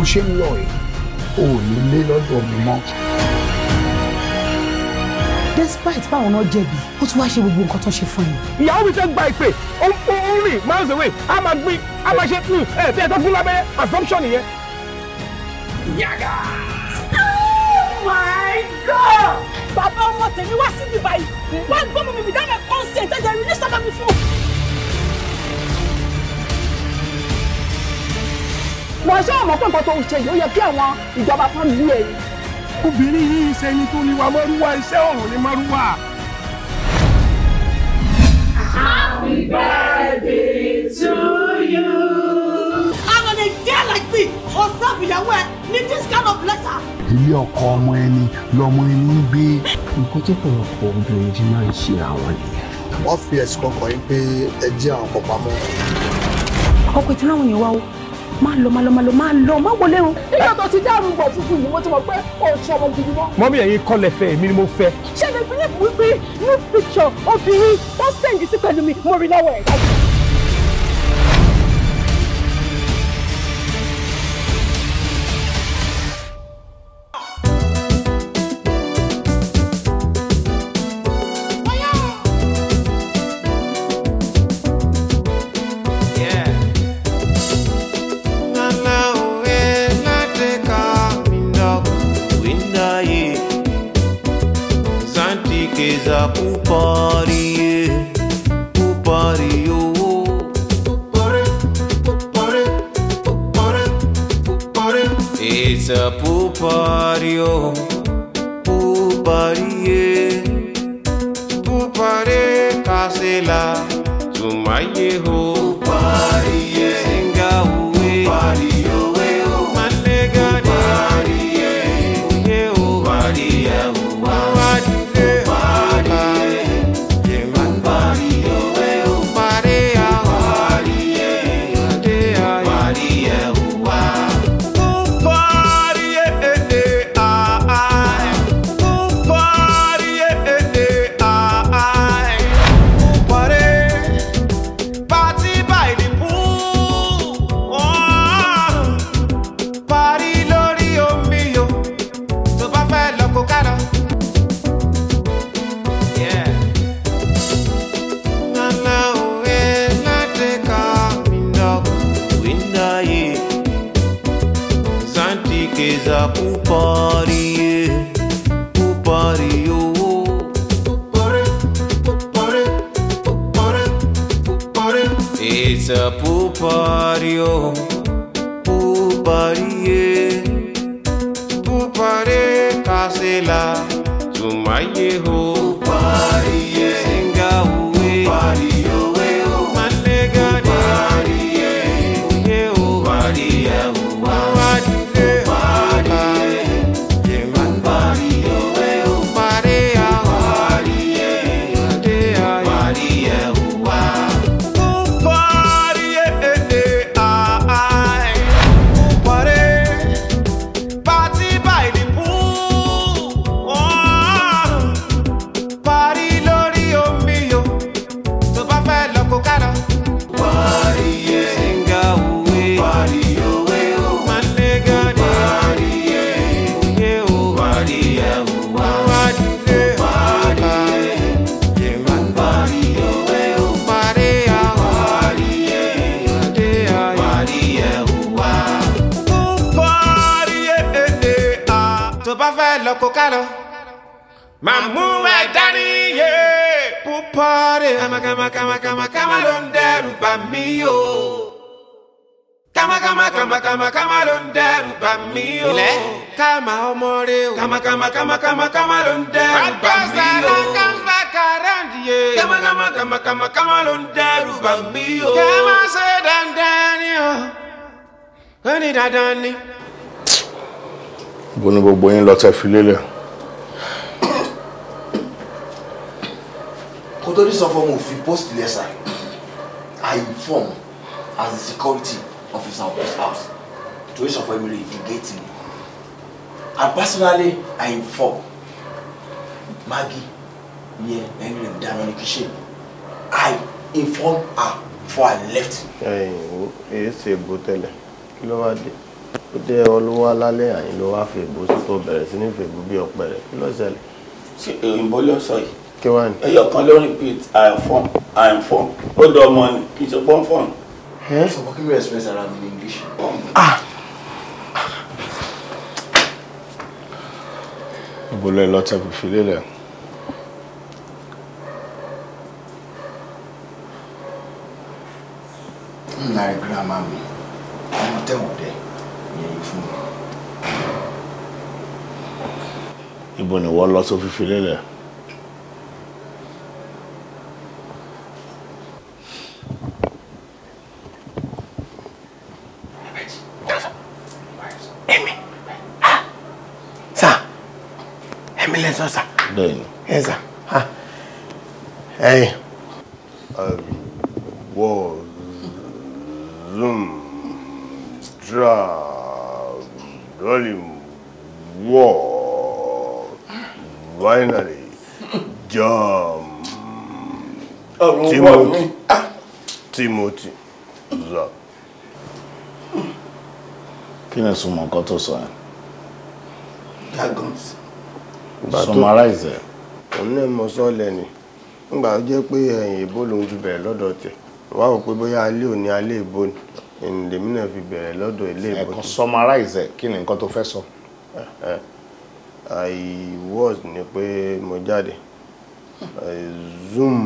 bó ṣe ń lọ yìí ò ní lé lọ́dọ̀ mi mọ́. despite báwọn náà jẹ̀bi ó tún wá ṣe gbogbo nǹkan tó ṣe fún yín. ìyàwó mi fẹ́ gba ìpè ó ń pọ́n ó ń rìn miles away a máa gbin a máa ṣe hmm, ẹ bí ẹ tó gún lábẹ́rẹ́ assumption yẹn. yàgà. oh my god. bàbá ọmọ tèmi wá síbi báyìí wá gbọ́mọ mi bí dáná consent ẹ̀jẹ̀ release sábà mi fún un. wọ́n ṣé ọmọ pé nǹkan tó ṣe yìí yẹ kí àwọn ìjọba fún mi lé e. obìnrin yìí ṣe ni tó ní wa mọ́rúwá iṣẹ́ ọ̀run ni mọ́rúwá. happy birthday to you. and on a day like this ọ̀sán ìyàwó ẹ ní this kind of letter. ilé ọkọ ọmọ ẹni lọmọ ẹni ń gbé. nǹkan tó pọ̀lọpọ̀ obìnrin ti máa ń ṣe àwọn nìyẹn. wọ́n fi ẹ̀sùn kọkàn yín pé ẹ jẹ́ àwọn kọ̀ pamọ́. ọkọ̀ ìtura wọn yẹn wá o má lọ má lọ má lọ má lọ má wọlé o. nígbà tó ti dáhùn bọ̀ tuntun yìí mo ti mọ̀ pé o ṣe ọmọ gidi mọ́. mọ́mí ẹ̀yin kọ́ lẹ fẹ́ èmi ni mo fẹ́. ṣé lè wípé new picture obìnrin wọ́n sẹ́ǹdì sí pẹ̀lú mi mo rí lọ́wọ́ ẹ̀. It's pupare, pupare, pupare, oh, poo party, Poo casela, party. Kama kama kama kama kama ló ń dẹ́rù bà mí Kama kama kama kama kama ló ń dẹ́rù bà mí o. kama ọmọ o. Kama kama kama kama kama ló ń dẹ́rù bà mí o. Kama kama kama kama kama kama ló ń dẹ́rù bà mí o. Kama ṣe dandan ni o. Ó ní dandan ni. Gbogbo ni gbogbo yín lọ tẹ́ kó tó ní sọ fún ọmọ òfin post lẹ́sà I inform as the security officer of this house torí sọ fún emily you get me and personally I inform Maggie yẹn ẹni rẹ̀ dáná ní kíṣẹ́ I inform her before I left. ẹ̀yin èyí ṣe ègbò tẹ́lẹ̀ kí ló wá dé ó jẹ́ olówó alálẹ̀ àyìn ló wá fèèbó sí tó bẹ̀rẹ̀ sí ní fèèbó bí ọ̀pẹ̀rẹ̀ kí ló ṣẹlẹ̀. ṣe òyìnbó ló sọ yìí kí wàá ní. ẹyọ kan ló repeat i am fun i am fun ó dọ ọmọ ni kì í ṣe pọ́n fọ́n. ẹ sọ fún kí mi express ara mi ní english. ìbòlẹ̀ ah! lọ́tẹ̀ kò fi lélẹ̀. ńlá gírámà mi ọmọ tẹ̀wọ̀n dẹ̀ yẹ̀yìn fún mi. ibo ni wọ́n lọ tó fi fi lélẹ̀. ẹ sọ sà. bẹ́ẹ̀ ni. ẹ sà um, wọ zoom dra lọlì wọ binary jam Timoti, Timoti, za. kí ni sùnmọ̀ nǹkan tó sọ yẹn. dragons. summarize m òun náà mọ sọ́ọ̀lẹ̀ ni pé ẹ̀yìn ìbò lòun ti bẹ̀rẹ̀ lọ́dọ̀ tẹ̀ wá wò pé bóyá alẹ́ òní alẹ́ ìbò ni èmi náà fi bẹrẹ lọ́dọ̀ ilé ìbò. ẹ̀kan summarize ẹ̀ kí ni nǹkan tó fẹ́ sọ. Eh, eh, I was ni pé mo jáde eh, zoom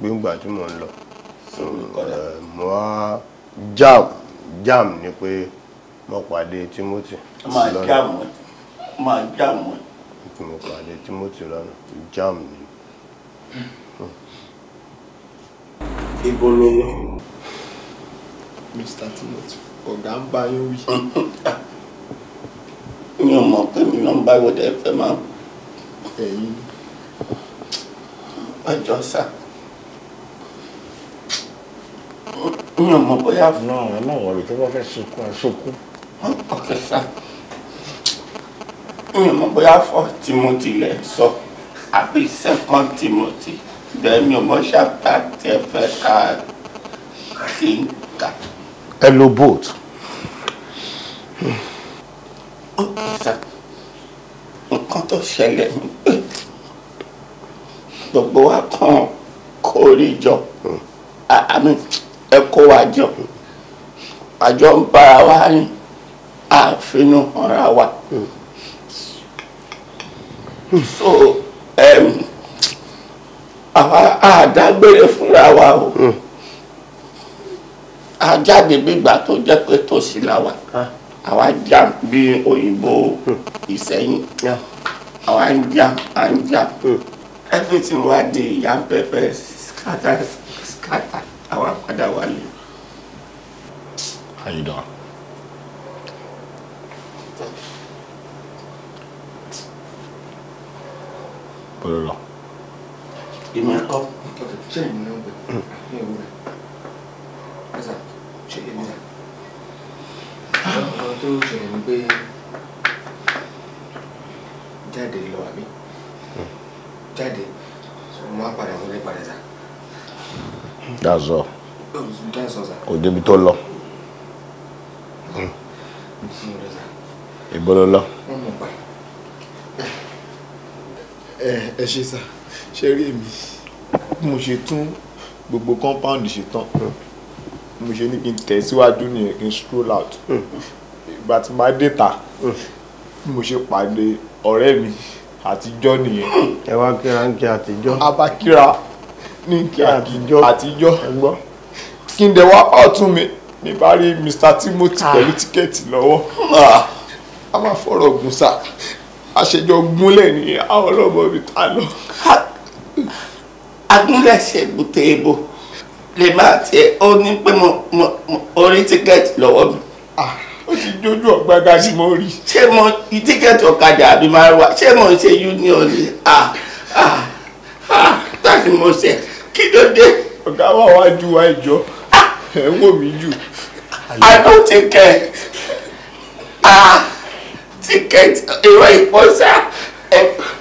pé ngbà tí mo ń lọ mo wá jam jam ni pé mo pàdé Timothy. ọmọ jam wọn. máa jáàmù ẹ̀. kí mo pàdé Timothy lánàá jáàmù ni. ibo ló lọ. Mr. Timothy ọ̀gá ń bá yín wí. mi ò mọ̀ pé mi náà ń bá ìwọ́de ẹ̀fẹ̀ máa. ẹ̀yin. ọjọ́ sá. mi ò mọ̀ bóyá. náà ẹ má wọlé tó bá fẹ́ sunkún ẹ sunkún. ọkẹ́ sá mọ̀ bóyá fọ́ Timothy lẹ̀ sọ àbí second Timothy bẹ́ẹ̀ mi ò mọ̀ ṣáfítà tí ẹ fẹ́ ká sí ń kà. ẹ lo boat. ó kì í sá nǹkan tó ṣẹlẹ̀ ni pé gbogbo wa kàn kórè jọ àmì hmm. ẹ kó wa jọ àjọ hmm. ń bára wa rìn àfinú ọ̀ra wa. Mm so um, àwa àdágbére fúnra wa o hmm. a jáde gbígbà tó jẹ́ pé tòsí la wà ah. àwa já bí òyìnbó hmm. ìsẹ́yìn àwa ń já à ń já hmm. everything wa di ìyá pẹpẹ scatter scatter àwa padà wálé. How you doing? pẹ̀lú lọ. èmi akọ ṣé èmi náà gbẹ ní ìwú rẹ ẹsà ṣe èmi náà ọ̀rọ̀ tó ṣẹlẹ̀ ni pé jáde lọ àbí hmm. jáde mo á padà wọlé padà sá. that's all. Oh, débi tó lọ. Hmm. Hmm. ìbọn lọ. wọ́n ẹ ṣe sá ṣe rí èmi mo ṣe tún gbogbo compound ṣe tán mo ṣe ní kí n tẹ̀síwájú nìyẹn kí n stroll out hmm. ìgbà tí máa dé ta hmm. mo ṣe pàdé ọ̀rẹ́ mi àtijọ́ nìyẹn. ẹ wá kíra ń kí àtijọ́. abakíra ní kí àtijọ́ àtijọ́ kí n dẹ̀ wá ọ̀tún mi ní bá rí Mr Timothy ah. pẹ̀lú tíkẹ́ẹ̀tì lọ́wọ́ ah, a máa fọ̀rọ̀ gùn sá àṣejọ gúnlẹ̀ ní àwọn ọlọ́mọ mi ta lọ. agúnlẹ̀ ṣe èbúté ebo lè máa tiẹ̀ ó ní pé mo orí tíkẹ́ẹ̀tì lọ́wọ́ mi. ó ti jójú ọ̀gbága sí mo rí. ṣé mo tíkẹ́ẹ̀tì ọ̀kadà àbí máa wà ṣé mo ṣe union ni táàkì mo ṣe kí ló dé. ọ̀gá wa wá ju wa ìjọ ah! ẹ̀ ń wò mí jù. I don't take eh, ah! care tíkẹ́ẹ̀tì ìrọ̀ ìpọ́ sá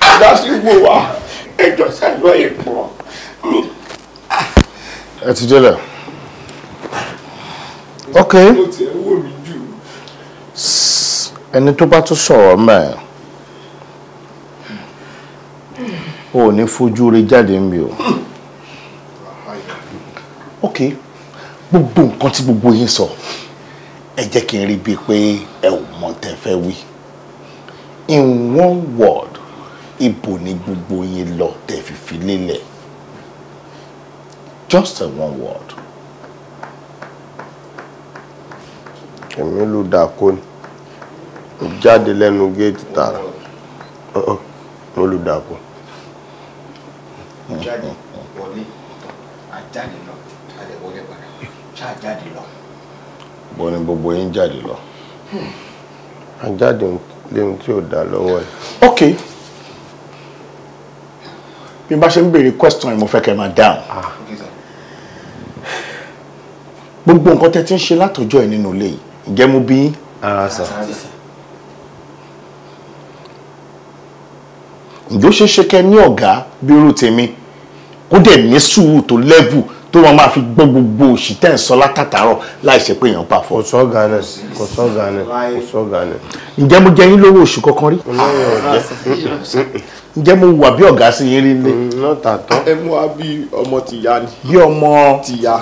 àdásígbò wa ẹjọ́ sá ìrọ̀ ìpọ́ mi. ẹ ti délẹ̀ ok ẹni tó bá tún sọ̀rọ̀ mẹ́ẹ̀ o ò ní fojú rẹ jáde ń bí o ok gbogbo nǹkan tí gbogbo yín sọ ẹ jẹ́ kí n rí bíi pé ẹ ò mọ̀ tẹ́ fẹ́ wí in one word ibo ni gbogbo yín lọ tẹ́ fi fi lélẹ̀ just in one word. èmi ló dáa kó ni mo jáde lẹ́nu géètì tààrà mo ló dáa kó. jáde wọlé àjáde lọ àjẹ wọlé padà ṣáà jáde lọ. bọ́ ni gbogbo yín jáde lọ. àjáde ń kọ́ léhun tí ò dá lọ́wọ́ ẹ̀. ok bí n bá ṣe ń béèrè question yìí mo fẹ́ kẹ́ ẹ máa dáhùn. Ah. gbogbo nǹkan tẹ́ ti ń ṣe látọjọ́ ẹ̀ nínú ilé yìí ǹjẹ́ mo bí. ara sà. ǹjọ́ ṣeéṣe kẹ́ ní ọ̀gá bí irú tèmi kó dẹ̀ ní sùúrù tó lẹ́bù tó wọn máa fi gbọ́ gbogbo òṣì tẹ́ ń sọ látàtàárọ̀ láì ṣe pé èèyàn pa fọ́. kò sọ gánà kò sọ gánà kò sọ gánà. ǹjẹ́ mo jẹ yín lówó oṣù kankan rí. ǹjẹ́ mo wà bí ọ̀gá sí yín rí ní. lọ́tà tán. ẹ mú wa bí ọmọ tìyá ni. bí ọmọ tìyá.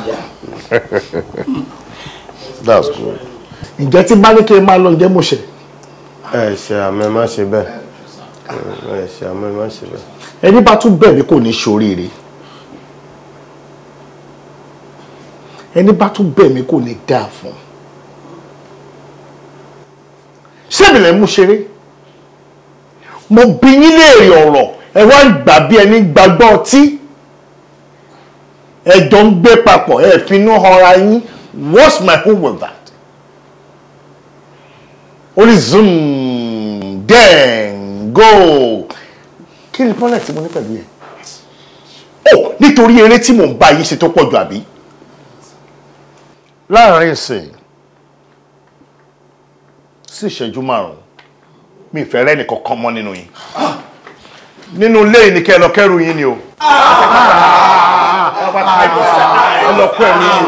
that's good. ǹjẹ́ tí bá máa lọ ǹjẹ́ mo ṣe. ẹ ṣe àmì má ṣe bẹ́ẹ̀ ẹ ṣe àmì má ṣe bẹ́ẹ̀. ẹni bá tún bẹ̀ mí kò ní ẹni bá tún bẹ̀ mí kò ní dáa fún ṣebí lẹ mú ṣeré mo bi yín léèrè ọ̀rọ̀ ẹ wá ń gbà bí ẹni gbàgbọ́ ọtí ẹ jọ ń gbé papọ̀ ẹ finú ọra yín what's my home with that ó ní zoom then go kí ni pọ́nlẹ̀ tí mo ní pẹ̀lú yẹn o oh, nítorí eré tí mò ń bá yín ṣe tó pọ̀ jù àbí láàrin ìsìn sí ìṣẹ́jú márùn-ún mi ìfẹ́ rẹ́ nìkan kan mọ́ nínú yín nínú ilé yìí ni kẹ́ ẹ lọ kẹ́rù yín ni o ẹ lọ kọ́ ẹ̀rù yín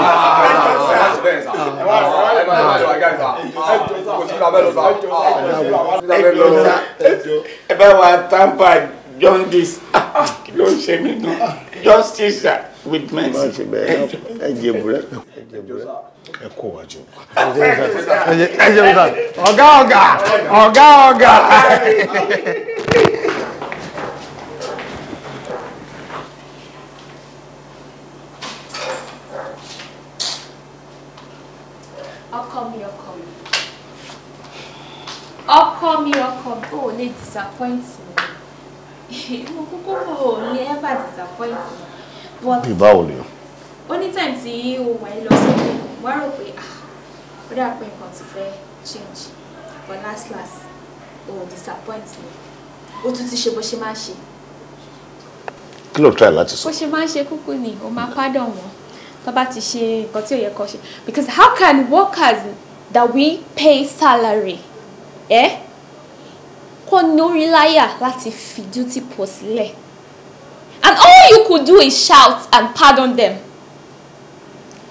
o. ẹ bá wa tamper jaundice ah, kí ló ń ṣe mí nù justice with mercy. ẹ jẹ búrẹ́ ẹ kó wa jọ. ẹ jẹ búrẹ́ ọ̀gá ọ̀gá ọ̀gá ọ̀gá. ọkọ mi ọkọ mi ò lè disappoint mi mo kúkú kò ní ever disappoint mi but báwo ni o. anytime tí o wà lọ sókè wá rò pé ah, ó dà pé nǹkan ti fẹ́ change but last last o disappoint me o tún ti ṣe bó ṣe máa ṣe. kí ló try láti sọ. bó ṣe máa ń ṣe kúkú ni o máa pardon wọn tó bá ti ṣe nǹkan tí ò yẹ kó ṣe because how can workers that we pay salary eh? kó ní orí láyà láti fi duty post sílẹ̀. And all you could do is shout and pardon them.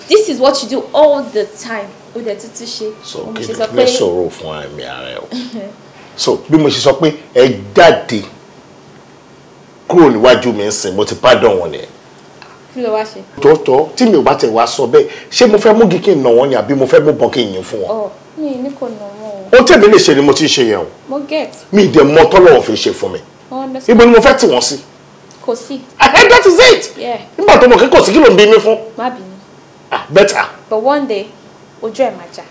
This is what you do all the time. So okay, so rough ni fẹ́ sọ̀rọ̀ so bí mo ṣe sọ pé ẹ jáde kúrò níwájú mi ń sìn mo pardon wọn nìyẹn. kí ló wá ṣe. tọ́tọ́ tí mi ò bá tẹ̀ wá sọ bẹ́ẹ̀ ṣé mo fẹ́ mú kí n nà wọ́n ni àbí mo fẹ́ mú Oh, kí me, yìn fún wọn. ọ mi ní kò nà wọn Oh, ohun tèmi lè ṣe ni mo ti ń ṣe yẹn o. mo get. mi ì dẹ̀ kò sí. and ah, eh, that is it. nígbà tó mọ̀ kí kò sí kí ló ń bí mi fún. má bínú. ah better. but one day ojú ẹ̀ máa jà.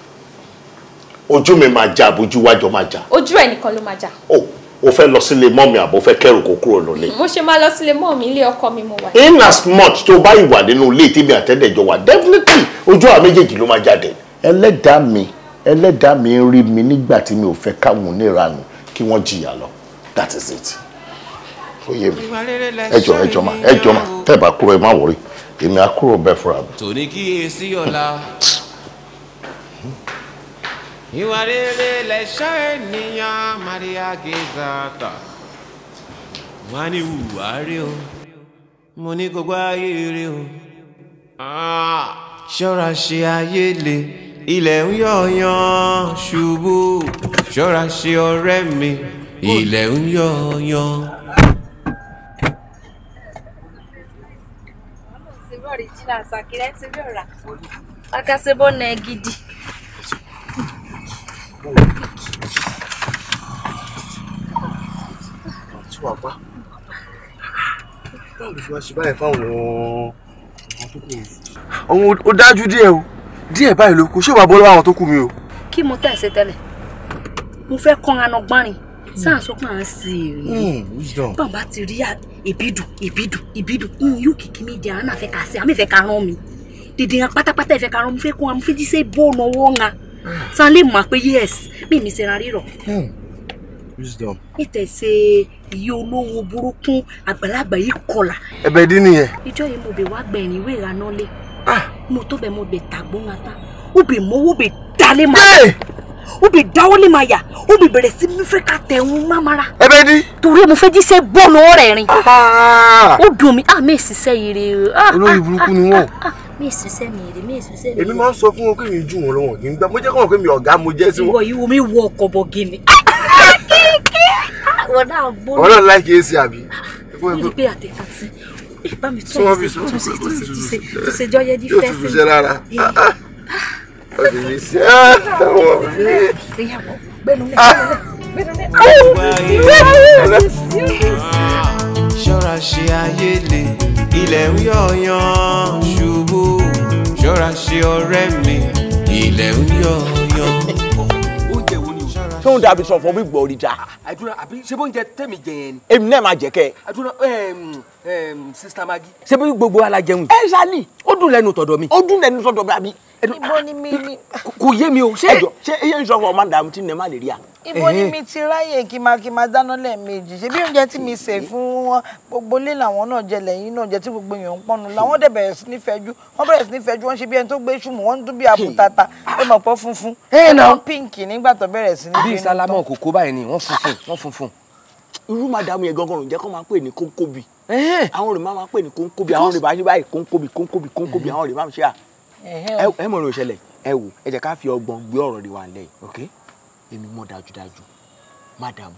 ojú mi máa jà àbójú wájọ máa jà. ojú ẹ̀ nìkan ló máa jà. o oh, o fẹ́ lọ sílé mọ́ mi àbò fẹ́ kẹ́rù kó kúrò lọ́lé. mo ṣe máa lọ sílé mọ́ mi ilé ọkọ mi mo wà. in as much tó bá ìwà nínú ilé tèmi àtẹ́dẹ̀jọ wà definitely ojú àwọn méjèèjì ló máa jáde. ẹlẹ́dàá mi ẹlẹ́dàá mi ń rí mi nígbà tí mi ò fẹ́ káwọn oníranù kí wọ́n jìyà lọ that is it ó yé mi ẹjọ ẹjọ ma ẹjọ ma tẹ́ ẹ bá kúrò ẹ má wọrí èmi á kúrò bẹ́ẹ̀ fúnra mi. tòní kí èsì ọ̀la ìwà rere lẹ̀ṣọ́ ènìyàn Maria Gizata wọn á ní ìwà rí o mo ní gbogbo ayé rí o ah, ṣọ́ra ṣe ayé le ilẹ̀ ń yọ̀ọ̀yàn ṣubú ṣọ́ra ṣe ọ̀rẹ́ mi ilẹ̀ ń yọ̀ọ̀yàn. akasebo na gidi wàpá báwo ló ṣe wá ṣe báyìí fáwọn àwọn tó kù mi. ọ̀hún ó dájú díẹ̀ o díẹ̀ báyìí ló kù ṣé wàá bọ́ lọ́wọ́ àwọn tó kù mi o. kí mo tẹ̀ ṣe tẹ́lẹ̀ mo fẹ́ kán aná gbárin sáà sọ pé à ń ṣe èrè bàbá ti rí ìbídùn ìbídùn ìbídùn ìyún yóò kìkì mí di àánà fẹ́ kà sí àmì ìfẹ́ karán mi dèdè hàn pátápátá ìfẹ́ karán mo fẹ́ kó hàn mo fẹ́ jí sẹ́ bọ́ọ̀nù ọwọ́ ńlá sáà lè mọ̀ pé yes mi mi ṣe rírọ̀ hmm, wisdom. nítẹ̀sẹ̀ iye olówó burúkú àgbàlagbà yìí kọlà. ẹbẹ dín nìyẹn. ìjọ yìí mo bẹ wá gbẹ̀yìn ìwé ìlànà lé. Ah. mo tó bẹ mo bẹ tàgbọ́n ata ó bẹ mọ́wó bẹ dalé ma o bẹ dáwọ́ lè máa yà o bẹ bẹ̀rẹ̀ sí mi fẹ́ ka tẹ̀hún mámara. ẹ bẹ di. torí mo fẹ́ jíṣẹ́ bọ́ọ̀lù ọ̀rẹ́ rin. ó dùn mí àmì ìṣiṣẹ́ yìí rè. olórí burúkú ni wọ́n mi ìṣiṣẹ́ mi èrè mi ìṣiṣẹ́ mi. èmi máa ń sọ fún wọn mi jù wọn lọ́wọ́ kì í gbà mo jẹ́ kọ́ wọn mi ọ̀gá mo jẹ́ sí wọn. ìwọ yìí mi wọ ọkọ̀ bọ̀ gini. wọn náà gbóná. wọn náà àbí. níbi pé àtẹ̀kọ́ bá mi tún ṣe tún ṣe tún ṣe tún di fẹ́ yóò tún ṣe rárá ó ti fi sí àtàwọn òbí. ṣọ́ra ṣe ayé le ilẹ̀ ń yọ̀ọ̀yàn ṣubú ṣọ́ra ṣe ọ̀rẹ́ mi ilẹ̀ ń yọ̀ọ̀yàn. ṣé oúnjẹ àbí sọ̀fọ̀ bí gbọ̀ọ́rì ta. àdúrà àbí ṣé bóúnjẹ tẹ̀mí jẹ yẹn ni. èmi náà máa jẹ kẹ́. àdúrà ẹ̀ẹ́m sista magi. ṣé bí gbogbo ala jẹun. ẹ ṣáni. ó dùn lẹ́nu tọ̀dọ̀ mi. ó dùn lẹ́nu tọ̀dọ̀ mi àbí. ibo ni mi ni. kò yé mi o ṣé ẹjọ ṣé eyín ń sọ fún ọmọ dàmú tí nìyẹn má lè rí a. ibo ni mi ti ráyè kìmàkìmà dáná lẹ́ẹ̀mejì ṣé bí oúnjẹ tí mi sè fún wọn gbogbo lé làwọn náà jẹ lẹ́yìn náà jẹ tí gbogbo èèyàn ń pọnu làwọn dẹ̀ bẹ̀rẹ̀ sí ní fẹ́jú wọ́n bẹ̀rẹ̀ sí ní fẹ́jú wọ́n ṣe bí ẹni tó gbé ṣùmù wọ́n dún bí àbùtata ó mọ̀ pọ́ funfun. wọ́n pínkì nígbà tó bẹ̀rẹ̀ sí ní bí sálámọ̀ kòkó báyìí ni wọ́n funfun wọ́n funfun. irú màdàmú yẹn gangan ò jẹ́ kó máa pè ní kókóbi àwọn Yorùbá máa ń pè ní kónkóbi àwọn Yorùbá ṣe báyìí kónkóbi kónkóbi kónkóbi àwọn Yorùbá ṣe à ẹ mọ̀ ọ̀rọ̀ ìṣẹ̀lẹ̀ ẹ wò ẹ jẹ́ ká fi ọgbọ́n gbé ọ̀rọ̀ rẹ̀ wà lẹ́yìn ok èmi mọ̀ dájúdájú madam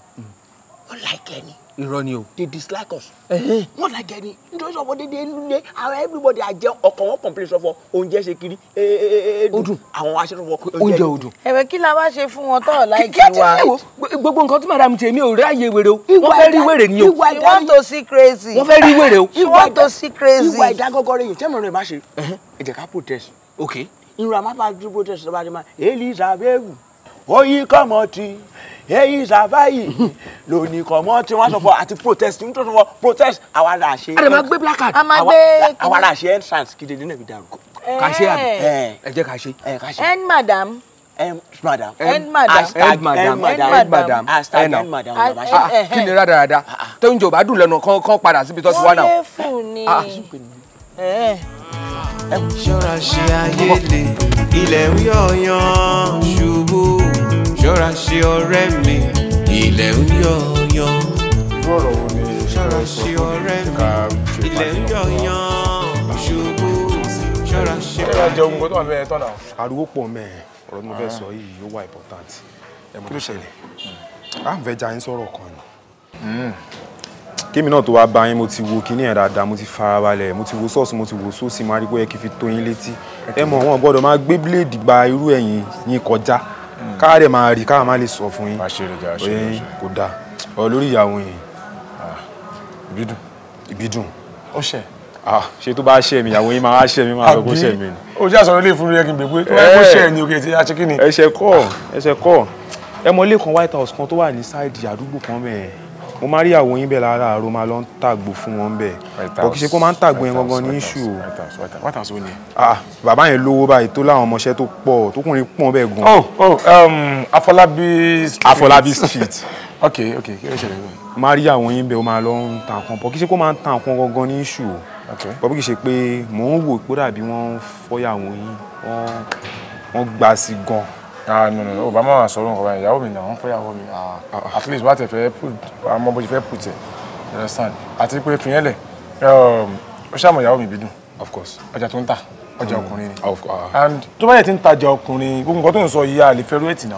ọ̀la mm. ìkẹ́ni irọ́ ni o. they dislike us. wọ́n láì jẹ ni nítorí sọ fún dédé nílé àwọn everybody àjẹ ọkàn wọn complain sọ fún oúnjẹ ṣe kiri e, e, e, odun àwọn aṣọ fún oúnjẹ odun. ẹ̀wẹ̀ kí la wá ṣe fún wọn tọ́ ah, láìkí wa. gbogbo nǹkan tí madam tèmi ò rí àyè wèrè o wọ́n fẹ́ rí wèrè ni o. you want to see crazy. wọ́n fẹ́ rí wèrè o. you want to see crazy. ìwà ìdágọ́gọ́ rẹ̀ yìí tẹ́mọ̀ rẹ̀ má ṣe ẹ jẹ́ ká protest. ok. ìrora má bá dúró protest lọ́ba ẹyin sàfáyì lónìí kan mọ́ tí wọ́n sọ fún àti protest nítorí wọ́n sọ fún protest àwa là ṣe. a lè máa gbé placard. a máa gbé àwa là ṣe entrance kìdìdì náà fi dàrú. kà ṣe àbí eh. ẹ jẹ́ kà ṣe. madam. Eh, end madam. end madam. end madam. end madam. end madam. Ah, eh, kí ni rádaràda ah, ah. tó ń jẹ òbá dùn lẹ́nu kan padà síbi tó ti wá náà. ó lè fún ni ṣọ́ra ṣe ayé lè ilẹ̀ ń yọ̀ọ̀yàn ṣubú ṣọ́ra ṣe ọ̀rẹ́ mi ilẹ̀ ń yọ̀ yọ̀. irú ọ̀rọ̀ wo ni ṣọ́ra ṣe ọ̀rẹ́ mi ilẹ̀ ń yọ̀ yọ̀ ṣubú ṣọ́ra ṣe ọ̀rẹ́ mi. ṣọ́ra jẹun gbọ́dọ̀ bẹ́ẹ̀ tọ́nà. ariwo pọ̀ mẹ́ẹ̀ ọ̀rọ̀ tí mo fẹ́ ah. sọ yìí ó wà important ẹ mọ̀ tó ṣẹlẹ̀ à hmm. ń ah, fẹ́ ja yín sọ̀rọ̀ kan ni. Hmm. kémi náà tó wá bá yín mo ti wo kíní ẹ̀ dáadáa mo ti farabalẹ̀ mo ti wo sọ́ọ̀sì mo ti wo sóòsì máa rí pé ẹ kì í fi tó yín létí ẹ mọ̀ wọn gbọ́dọ̀ máa gbé bíléèdì gba irú ẹ̀yìn yín kọjá Hmm. ká rẹ̀ máa rí ká máa lè sọ fún yín oye kò dáa ọ lórí ìyàwó yìí ah, ìbídùn ìbídùn ọṣẹ ah, ṣe tó bá ṣe mi ìyàwó yín máa ṣe mi máa lọ ṣe mi ni. o jẹ́ àsọ̀rọ̀ ilé ìfúnni yẹn kí n gbé pé tó bá kó eh. ṣe ẹ̀ ní òkè tí ni. ẹsẹ̀ kọ́ ah. ẹsẹ̀ kọ́ ẹ ilé kan white house kan tó wà ní sáìdì àdúgbò kan bẹ́ẹ̀ mo máa rí àwọn yín bẹ̀ lára àrò máa lọ ń tàgbò fún wọn bẹ̀ kò kí ṣe pé ó máa ń tàgbò yẹn gangan ní iṣu o. wàtà so ni. Ah, bàbá yẹn lówó báyìí tó láwọn ọmọọṣẹ́ tó pọ̀ tó kùnrin pọ̀ bẹ́ẹ̀ gan. oh oh um, Afọlábí street. Afọlábí street. ok ok kí ló ṣẹlẹ̀ lónìí. máa rí àwọn yín bẹ̀ ó máa lọ ń ta nǹkan pọ̀ kí ṣe pé ó máa ń ta nǹkan gangan ní iṣu o. bọ́ bí kì í ṣe pé mò ń wò pé dàbí wọ́n fọ́yà wọ́n gbà sí gan-an ah no no o oh, ba ma sọ̀rọ̀ nǹkan báyìí ìyàwó mi náà wọn fẹ́ ah, ah, ah at least what tẹ fẹ́ put I'm about to put it. you understand àti pé fi yẹn lẹ Um, Oshama ìyàwó mi bídùn of course ọjà tó ń tà hmm. Of course. Ah. and toba bá yẹ ti ń tajà ọkùnrin gbogbo nǹkan tó ń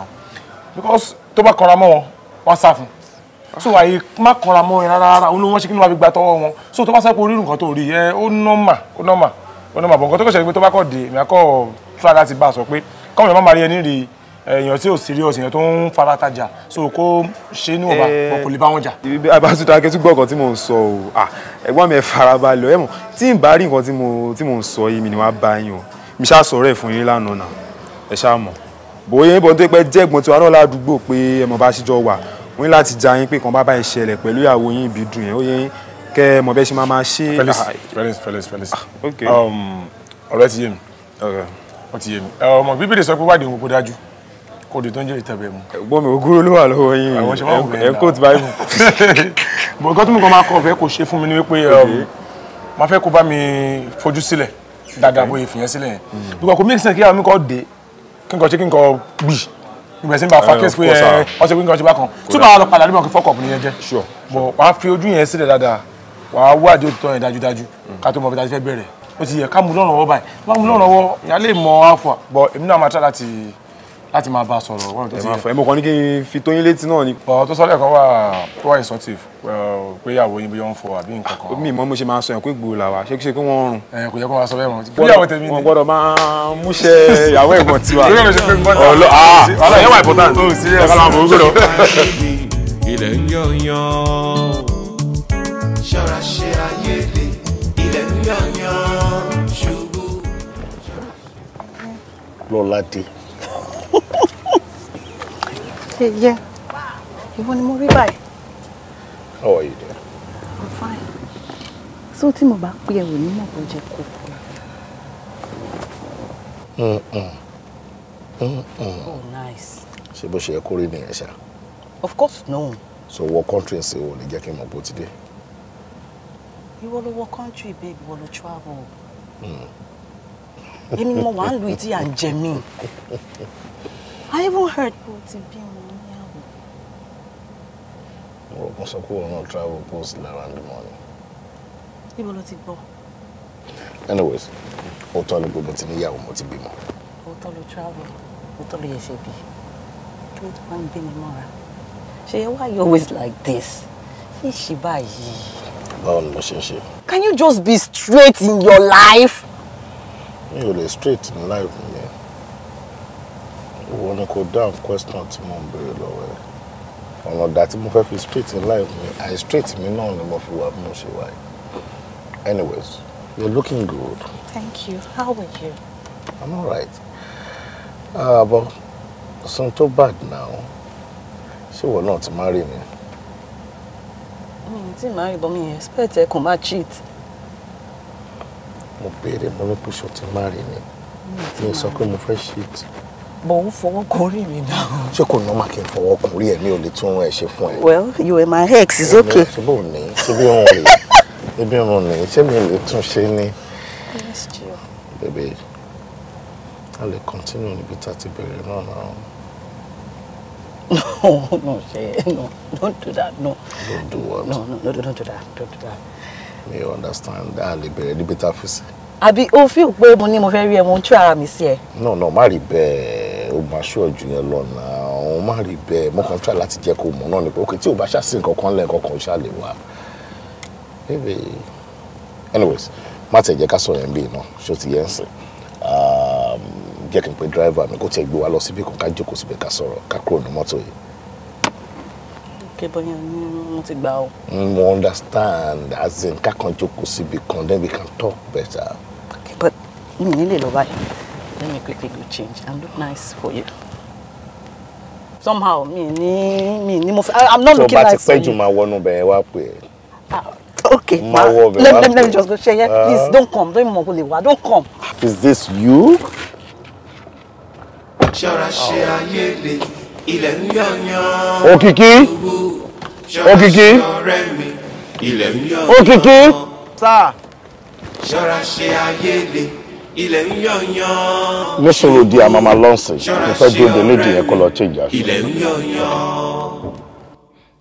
because toba bá kanra mọ́ so àyè má kanra mọ́ ẹ rárá olú wọn ṣe kí ni wọ́n so toba sa kuri pé orí nǹkan tó rí ẹ ó nọ́mà ó nọ́mà ó nọ́mà bọ̀ nǹkan tó kọ̀ ṣẹlẹ̀ pé tó bá try láti bá a sọ pé kọ́mọ̀ yẹn má máa rí ẹni rí èèyàn tí ò serious èèyàn tó ń faratajà so kó ṣe é níwọ̀nba wọn eh, kò lè bá wọn jà. abasuta akẹ́tù gbọ́ nǹkan tí mò ń sọ o ẹ̀gbọ́n mi ẹ̀ farabalẹ̀ ẹ̀mọ̀ tí n bá rí nǹkan tí mò ń sọ yìí mi ni wàá bá yín o mi ṣáà sọ̀rọ̀ ẹ̀ fún yín lánàá náà ẹ̀ ṣáà mọ̀ bóyá yín bọ̀ tó pẹ́ jẹ́gbọ́n tiwa náà ládùúgbò pé ẹ̀mọ̀ bá ṣíjọ wà wọ́n ní láti ja yín pé kan bá bá ìṣẹ̀lẹ̀ pẹ̀lú ìyàwó yín ìbí dùn yẹn ó yẹ yín kẹ́ mọ̀ bẹ́ẹ̀ ti yé mi ọmọ bíbélì sọ pé wádìí òun kò dájú kóòdù tó ń jẹ́ ìtẹ̀bẹ̀ mu. ẹ̀gbọ́n mi ògúrò ló wà lọ́wọ́ yín ẹ̀ kó ti báyìí. bọ̀ nǹkan tó mú kan máa kọ̀ fẹ́ kò ṣe fún mi ni wípé máa um, fẹ́ kó bá mi fojú sílẹ̀ dáadáa bóyá ìfìyẹn sílẹ̀ yẹn. Mm. bíkọ́ kò make sense kí àwọn mi kọ́ dé kí n kọ́ ṣe kí n kọ́ gbì ìgbà sí bá fàkẹ́ sí pé eh, ọ̀sẹ̀ pé nǹkan ṣe bá kan tí màá lọ padà nígbà kí fọ́kọ̀ nìyẹn jẹ́ bọ̀ wàá fi mm. tó ti bá mú lọ́rùn láti láti máa bá a sọ̀rọ̀ wọ́n tó ti yẹ. ẹ̀mọ̀kan ní kí n fi tóyín létí náà ni. ọ̀rọ̀ tó sọ́lẹ̀ kan wà tó wà insultive pé ìyàwó yín bí wọ́n ń fọ àbí nǹkan kan. mi mọ mo ṣe máa sọ yẹn pé gbòòlà wa ṣé ṣe kí wọ́n rùn. ẹ kò yẹ kó máa sọ bẹ́ẹ̀ mọ́ bí ìyàwó tèmi ni. wọ́n gbọ́dọ̀ máa múṣẹ ìyàwó ẹ̀gbọ́n tiwa. Ah, ilẹ̀ ń yọ̀ yan lọ́ládé Ṣé yẹ? Ìwọ ni mo rí báyìí. How are you doing? I'm fine. So tí mo bá pé ẹ̀wò more project kó jẹ kó. Oh nice. She bó ṣe yẹ kó rí nìyẹn Of course no. So wọ country and say, lè jẹ́ kí n mọ̀ bó ti dé. Ìwọ ló wọ country babe, ìwọ ló travel. Mm. Èmi mo wà ń lu ìtí and ń I even heard pé o ti bí wọn níyàwó. Mo rò kún sọ pé òun náà travel post around the morning. Níbo ló ti gbọ́? Anyways, ó tọ́ ni pé mo ti níyàwó mo ti travel, ó tọ́ ló yẹ ṣe bí. Kí ló tó máa ń gbé you always like this? Ṣé ìṣì báyìí? Can you just be straight in your life? Mi straight in life mi òun ni kò dáhùn question tí mo ń béèrè lọ́wọ́ ẹ̀ ọ̀nà ọ̀dà tí mo fẹ́ fi straight in life mi àì straight mi náà ni mo fi wà bí mo ṣe wà yìí anyways you're looking good. thank you how are you. i'm alright uh, ah, but sun tó bad now ṣé ìwọ náà ti marry mi. mi ò tí ì marry but mi ì expect ẹ kàn máa cheat. mo béèrè mo ní pé ṣó ti marry mi mi ì sọ pé mo fẹ́ cheat mo ń fọwọ́ mi náà. ṣé kò nọ́mà kí n fọwọ́ ẹ mi ò lè tún ẹ ṣe fún ẹ. well you were my ex is okay. ṣé bò ní ṣé bí òun rè é bí òun rè ṣé mi ò lè tún ṣe ní. bèbè a lè continue níbi tá a ti bẹ̀rẹ̀ náà náà. no no ṣe no don't do that no. don't do what. no no no don't do that don't do that. mi ò understand a lè bẹ̀rẹ̀ níbi tá a fi sí. àbí o fi pé mo ní mo fẹ́ rí ẹ mo ń tú ara mi sí ẹ. no no má rí bẹ́ẹ̀ ó máa ṣú ọ̀jù yẹn lọ́nà òun má rí bẹ́ẹ̀ mo kàn láti jẹ́ kó mọ̀ náà ni pé ok tí o bá ṣàṣì nǹkan kan lẹ́ẹ̀kan kan ṣáà lè wà. anyways má tẹ̀ jẹ́ ká sọ̀rọ̀ ẹ̀ ń bì náà ṣó ti yẹn ń sìn um, jẹ́ kí n pe dírẹ́fà mi kó tẹ̀ gbé wa lọ síbi kan ká jókòó síbi ká sọ̀rọ̀ ká kúrò ní mọ́tò yìí. Okay, but mo ti gbà o. Mo understand as in ká kan jókòó síbi kan then we can talk better. Okay, but mi ò ní lè lọ báyìí. Let me quickly go change and look nice for you. Somehow, me, me, me, me, I'm not so looking nice for you. So, but you my one to Okay, ma, let, let, let me just go share. Yeah, uh, please ah. don't come. Don't even Don't come. Is this you? Oh. Okiki. Okiki. Okiki. Sir ilẹ̀ ń yọ̀yàn. níṣòro di àmàmà lọ́sìn mo fẹ́ bí obìnrin méjì yẹn lọ tí ìjà ṣe. ilẹ̀ ń yọ̀yàn.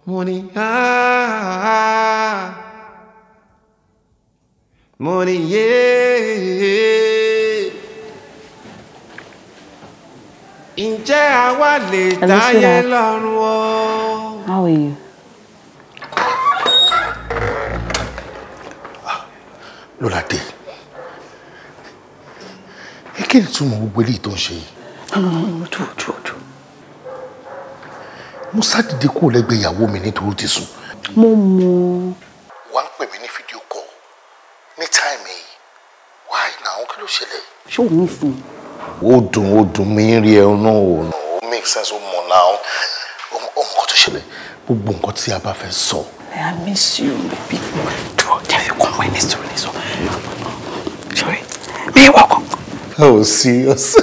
mo ní ah, mo ní yéé. ǹjẹ́ àwa lè dáyé lọ́rùn o. How are you? Ah, Lọ́ládé ẹ kí ni túmọ̀ gbogbo eléyìí tó ń ṣe yìí. ojú ojú ojú. mo sádìde kúrò lẹ́gbẹ̀ẹ́ ìyàwó mi nítorí ti sùn. mo mọ. wà á pè mí ní fídíò kọ ní táìmì yìí wáyé náà àwọn kí ló ṣẹlẹ̀. ṣé o mi fún un. ó dùn ó dùn mí rí ẹ náà ó make sense ó mọ̀ náà ó mọ̀ nǹkan tó ṣẹlẹ̀ gbogbo nǹkan tí a bá fẹ́ sọ. I miss you baby. Dúró jẹ́ fi kún wẹ́ni sọ̀rọ̀ ní sọ. Sorry, mi wọ́kọ̀ oh serious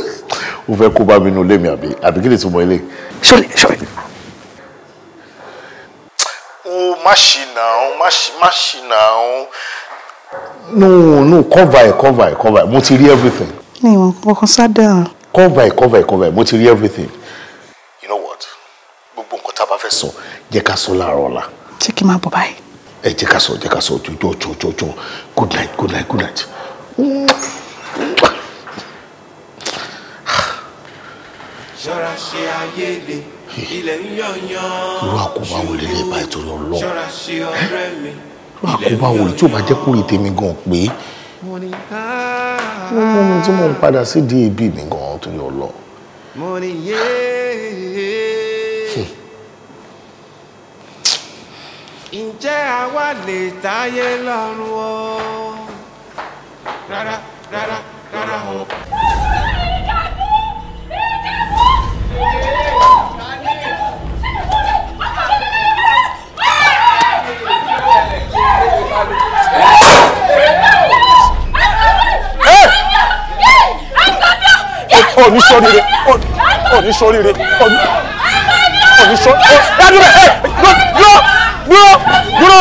o fẹ́ kó bá mi nù lémi àbí àbí kí lè tún mọ ilé. sọlẹ sọlẹ. o má ṣì nà ó má ṣì nà ó. no no cover it cover it cover it mo ti rí everything. mi ìwọ̀n kankan sá dáa. cover it cover it cover it mo ti rí everything. you know what gbogbo nǹkan tá a bá fẹ́ sọ jẹ́ ká sọ láàárọ̀ ọ̀la. ṣé kí n máa bọ̀ báyìí. ẹ jẹ́ ká sọ jẹ́ ká sọ jọjọ jọjọ good night good night good night. ṣọ́ra ṣe ayé le ilẹ̀ ń yọ̀yàn irú àkóbá wo lè lè bá ìtòrí ọlọ́ ṣọ́ra ṣe ọ̀rẹ́ mi ilẹ̀ ń yọ̀yàn irú àkóbá wo tí ò bá jẹ́ kórè tèmi gan pé wọ́n ah. mú mi tí mò ń padà sí di ibi mi gan torí ọlọ́. ǹjẹ́ àwa lè táyé lọ́rùn o rárá rárá rárá o. ọ̀ní sọ́ríire ọ̀ní sọ́ríire ọ̀ní sọ́ríire dádúró ẹ dúró dúró dúró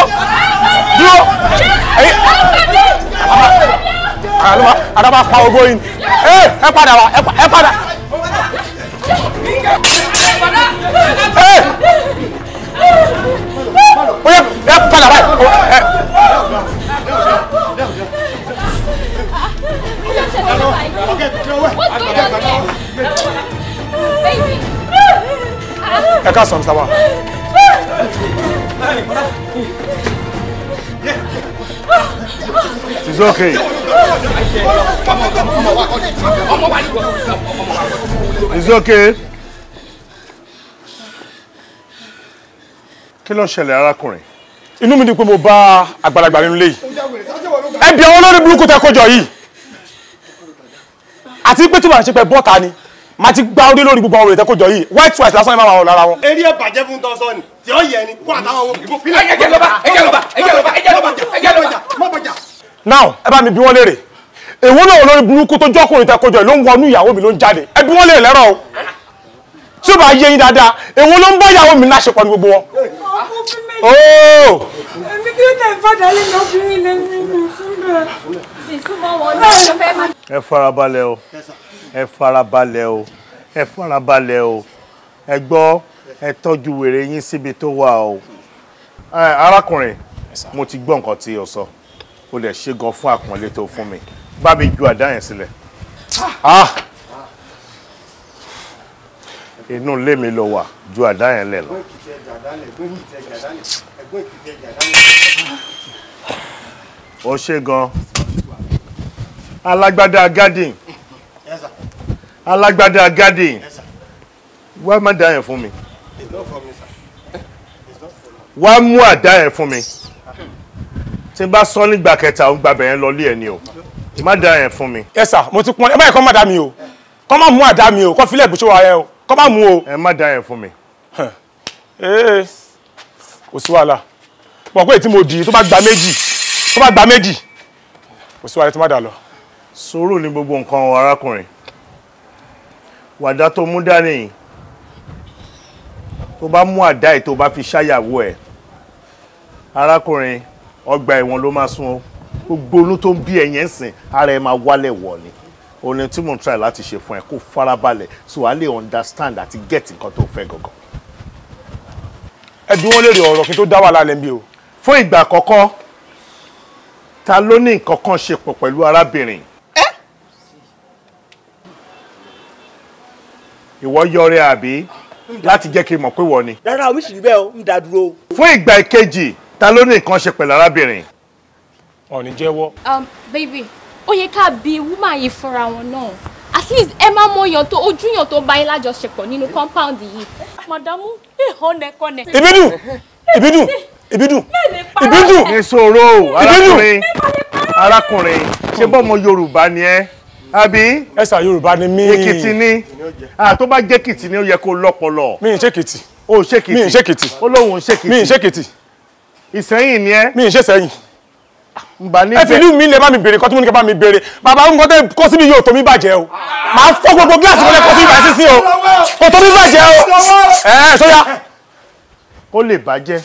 dúró ẹyẹ àlùmọ́ àdàbà pa ogo yìí ẹ ẹ padà wá ẹ padà. ó yẹ ẹ padà báyìí. ẹ ká sọ mr wa. it's okay. it's okay. kí ló ṣẹlẹ̀ arákùnrin inú mi ni pé mo bá àgbàlagbà nínú ilé yìí ẹ bí àwọn olórí burúkú tẹ yìí àti pé tí wàá ṣe pẹ bọ́ta ni ma ti gba orí lórí gbogbo àwọn ètò ìkójọ yìí white rice lásán máa wọ lára wọn. eré ẹ̀bàjẹ́ fún tọ́sán ni tí ó yẹ ni kó àtàwọn ohun ìbò fílẹ̀. ẹjẹ ló bá ẹjẹ ló bá ẹjẹ ló bá ẹjẹ ló bá ẹjẹ ló bá má bàjá. now ẹ bá mi bí wọn léèrè èwo náà olórí burúkú tó jọkùnrin tẹ kójọ ló ń wọnú ìyàwó mi ló ń jáde ẹ bí wọn léèrè lẹ́rọ̀ o tí ó bá yé yín dáadáa èwo ló ń bá ìyàwó mi láṣẹ pọ̀ ní gbogbo wọn. ọmọ fún mi sì súnmọ́ wọn ní ọjọ́ fẹ́ máa. ẹ farabalẹ̀ o ẹ farabalẹ̀ o ẹ farabalẹ̀ o ẹ gbọ́ ẹ tọ́jú wèrè yín síbi tó wà o. arákùnrin mo ti gbọ́ nǹkan tí o sọ o lè ṣe gan fún àpọ́nlé tó fún mi bá mi ju àdá yẹn sílẹ̀. Ah! Ah! inú ilé mi ló wà ju àdá yẹn lẹ̀ lọ. ó ṣe gan alágbádá garden alágbádá garden wá má dá yẹn fún mi wá mú àdá yẹn fún mi tí n bá sọ nígbà kẹta ó gbàbẹ̀ yẹn lọ lé ẹ ni o má dá yẹn fún mi. ẹ sà mo ti pọn ẹ báyìí kọ́ má dá mi o kọ́ má mú àdá mi o kọ́ filẹ̀ bùsùn wa yẹn o kọ́ má mú o. ẹ má dá yẹn fún mi. ee kò sí wàhálà mọ̀ pé tí mo dì í tó bá gba méjì tó bá gba méjì kò sí wàhálà tó má dà lọ sùúrù ni gbogbo nǹkan arákùnrin wàdá tó mú dání tó bá mú àdá ẹ̀ tó bá fi ṣáyàwó ẹ̀ arákùnrin ọgbà ẹ̀wọ̀n ló máa sún o gbogbo olú tó ń bí ẹ̀yẹ́ ń ara ẹ̀ máa wálẹ̀ wọ̀ ni òní tí mò ń try láti ṣe fún ẹ kó farabalẹ̀ so a lè understand àti get nǹkan tó fẹ́ gangan. ẹ bí wọ́n lè rí ọ̀rọ̀ kí n tó dá wàhálà lẹ́bi o. fún ìgbà àkọ́kọ́ ta ló ní nǹkan kan ṣe pọ̀ pẹ̀lú arábìnrin ìwọ yọrẹ àbí láti jẹ́ kí n mọ̀ pé wọ ni. rárá omi sì rí bẹ́ẹ̀ ń dá dúró. fún ìgbà ìkejì ta ló ní nǹkan ṣe pẹ̀lú arábìnrin. ọ̀nì jẹ́wọ́. Um, baby ó yẹ ká bi woman yìí fúnra wọn náà at least ẹ máa mọ èèyàn tó ojú èèyàn tó bá yín lájọṣepọ̀ nínú compound yìí. màdàmú ìhọ́nẹ́kọ́nẹ́. ìbídùn ìbídùn ìbídùn ìbídùn. ìṣòro arákùnrin arákùnrin ṣé bọ́mọ yorùbá ni ẹ́ àbí. ẹ̀sà yorùbá ni mí. èkìtì ni tó bá jẹ́ kìtì ni ó yẹ kó lọ́pọlọ. mi ì ṣe kìtì. o ṣe kìtì. mi ì ṣe kìtì. ó lóun ṣe kìtì. mi ì ṣe kìtì. ìsẹ́yìn ni ẹ. mi ì ṣe sẹ́yìn. ngbà ní bẹ́ẹ̀. ẹ fi ìlú mi lè bá mi béèrè kọ́ tí mo ní kẹ́ bá mi béèrè bàbá ń kọ́tẹ́ kó síbi yóò tó mi bàjẹ́ o màá fọ́ gbogbo gíláàsì wọlé kó síbi bàjẹ́ sí o kò tó mi bàjẹ́ o ẹ sọ́yà. kó lè bàjẹ́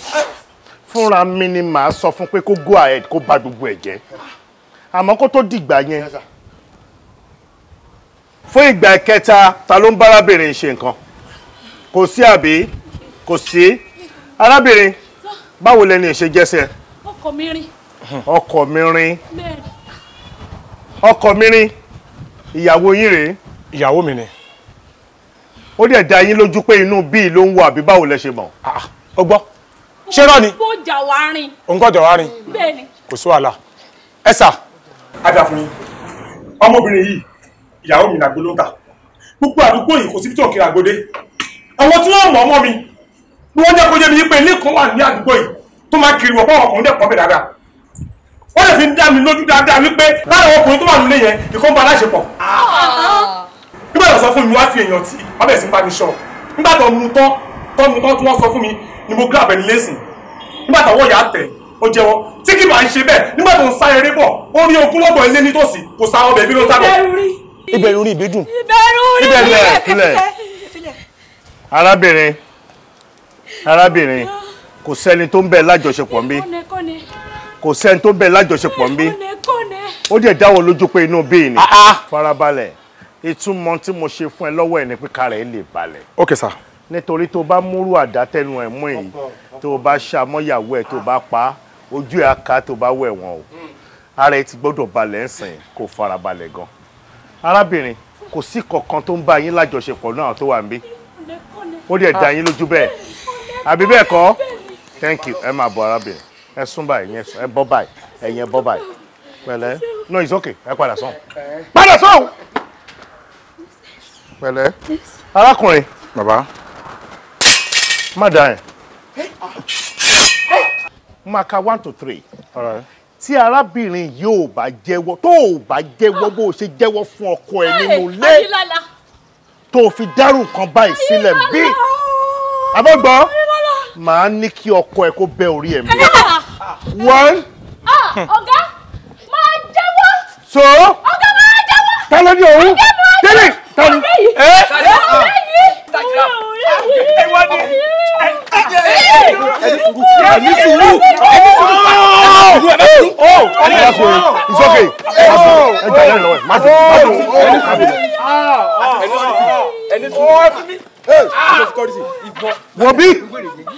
fúnra mi ni màá sọ fún pé kó go ahead kó bà gbogbo ẹ̀ jẹ́ àmọ́ kó tó dìgbà yẹn fún ìgbà kẹta ta ló ń bárábìnrin ṣe nǹkan kò sí àbí kò sí arábìnrin báwo lẹni ìṣe jẹsẹ. ọkọ mi rin. ọkọ mi rin. ọkọ mi rin ìyàwó yín rèé. ìyàwó mi ni. ó dẹ̀ dá yín lójú pé inú bíi ló ń wọ àbí báwo lẹ ṣe mọ̀. Ah, ó gbọ́ ṣé rọ ni. ó jà wá rìn. ó ń gọ́jà wá rìn. bẹ́ẹ̀ ni. kò sí wàhálà ẹ sà. adàfin ọmọbìnrin yìí ìyàwó mi làgbo ló ń ta gbogbo àdúgbò yìí kò síbi tó kí làgbo dé àwọn tí wọ́n mọ̀ ọmọ mi ni wọ́n jẹ́ kó yé mi pé ilé kan wà ní àdúgbò yìí tó máa kiri wọ̀pọ̀ ọkùnrin dẹ̀ pọ̀ bẹ̀ dáadáa wọ́n lè fi dá mi lójú dáadáa wípé lára ọkùnrin tó wà nílé yẹn ìkó ń ba aláṣepọ̀ nígbà tó sọ fún mi wá fi èèyàn tí wọ́n bẹ̀rẹ̀ sí ń bá mi sọ nígbà tó mu tán tó mu tán tí wọ́n sọ fún mi ni mo gíra bẹ̀rẹ̀ lẹ́sìn nígbà tó wọ́n yà á tẹ̀ ó jẹ́wọ́ tí kì máa ń ṣe bẹ́ẹ̀ nígbà tó ń sá eré bọ̀ ó rí ogún ilé nítòsí kò sá ọbẹ̀ bí ló sá bọ̀ ìbẹ̀rù orin ìbídùn. ìbẹ̀rù orin ìbílẹ̀ filẹ̀. arábìnrin arábìnrin ah. kò sẹ́ni tó ń bẹ lájọṣepọ̀ ń bí kò sẹ́ni tó ń bẹ lájọṣepọ̀ ń bí ó dẹ̀ dáwọ́ lójú pé inú bíi ni ah, ah. farabalẹ̀ ìtumọ̀ tí mo ṣe fún ẹ lọ́wọ́ ẹ̀ ni pé kárẹ̀ lè balẹ̀. ok sir. nítorí tó bá múrú àdátẹ́nu ẹ̀ mú èyí tó bá ṣàmọ́yàwó ẹ̀ tó bá pa ojú ẹ̀ á tó bá wẹ̀ wọ́n o ara ẹ ti gbọ́dọ̀ balẹ̀ ń sìn kó farabalẹ̀ gan arábìnrin kò sí kankan tó ń bá yín lájọṣepọ̀ náà tó wà níbí ó dẹ̀ dá yín lójú bẹ́ẹ̀ àbí bẹ́ẹ̀ kọ́ thank you ẹ máa bọ̀ arábìnrin ẹ sún báyìí ẹ sún ẹ bọ́ báyìí ẹ̀yin ẹ bọ́ báyìí pẹ̀lẹ́ no it's okay ẹ padà sọ̀hún padà sọ̀hún pẹ̀lẹ́ arákùnrin bàbá má dà yẹn máa ka one to three. All right tí arábìnrin yìí ò bá jẹ́wọ́ tó ò bá jẹ́wọ́ bó o ṣe jẹ́wọ́ fún ọkọ ẹ̀ nínú ilé tó fi dárú nǹkan báyìí sílẹ̀ bí abọ́gbọ́ màá ní kí ọkọ ẹ̀ kó bẹ orí ẹ̀ mi. one. ọ̀gá máa jẹ́wọ́. so. ọ̀gá máa jẹ́wọ́. ta ló ní òun. ọ̀gá máa jẹ́wọ́. tẹ́lẹ̀ ọ̀gá yìí. Eh? tajira ẹ wá ní ẹ jẹ ẹ ní sùúrù ẹ ní sùúrù ẹ ní sùúrù ẹ ní sùúrù ẹ ní sùúrù ìsókè ẹ ní sùúrù ẹ gbà lẹ́nu ẹ má sì má dùn ẹ ní sùúrù ẹ ní sùúrù wọ̀bí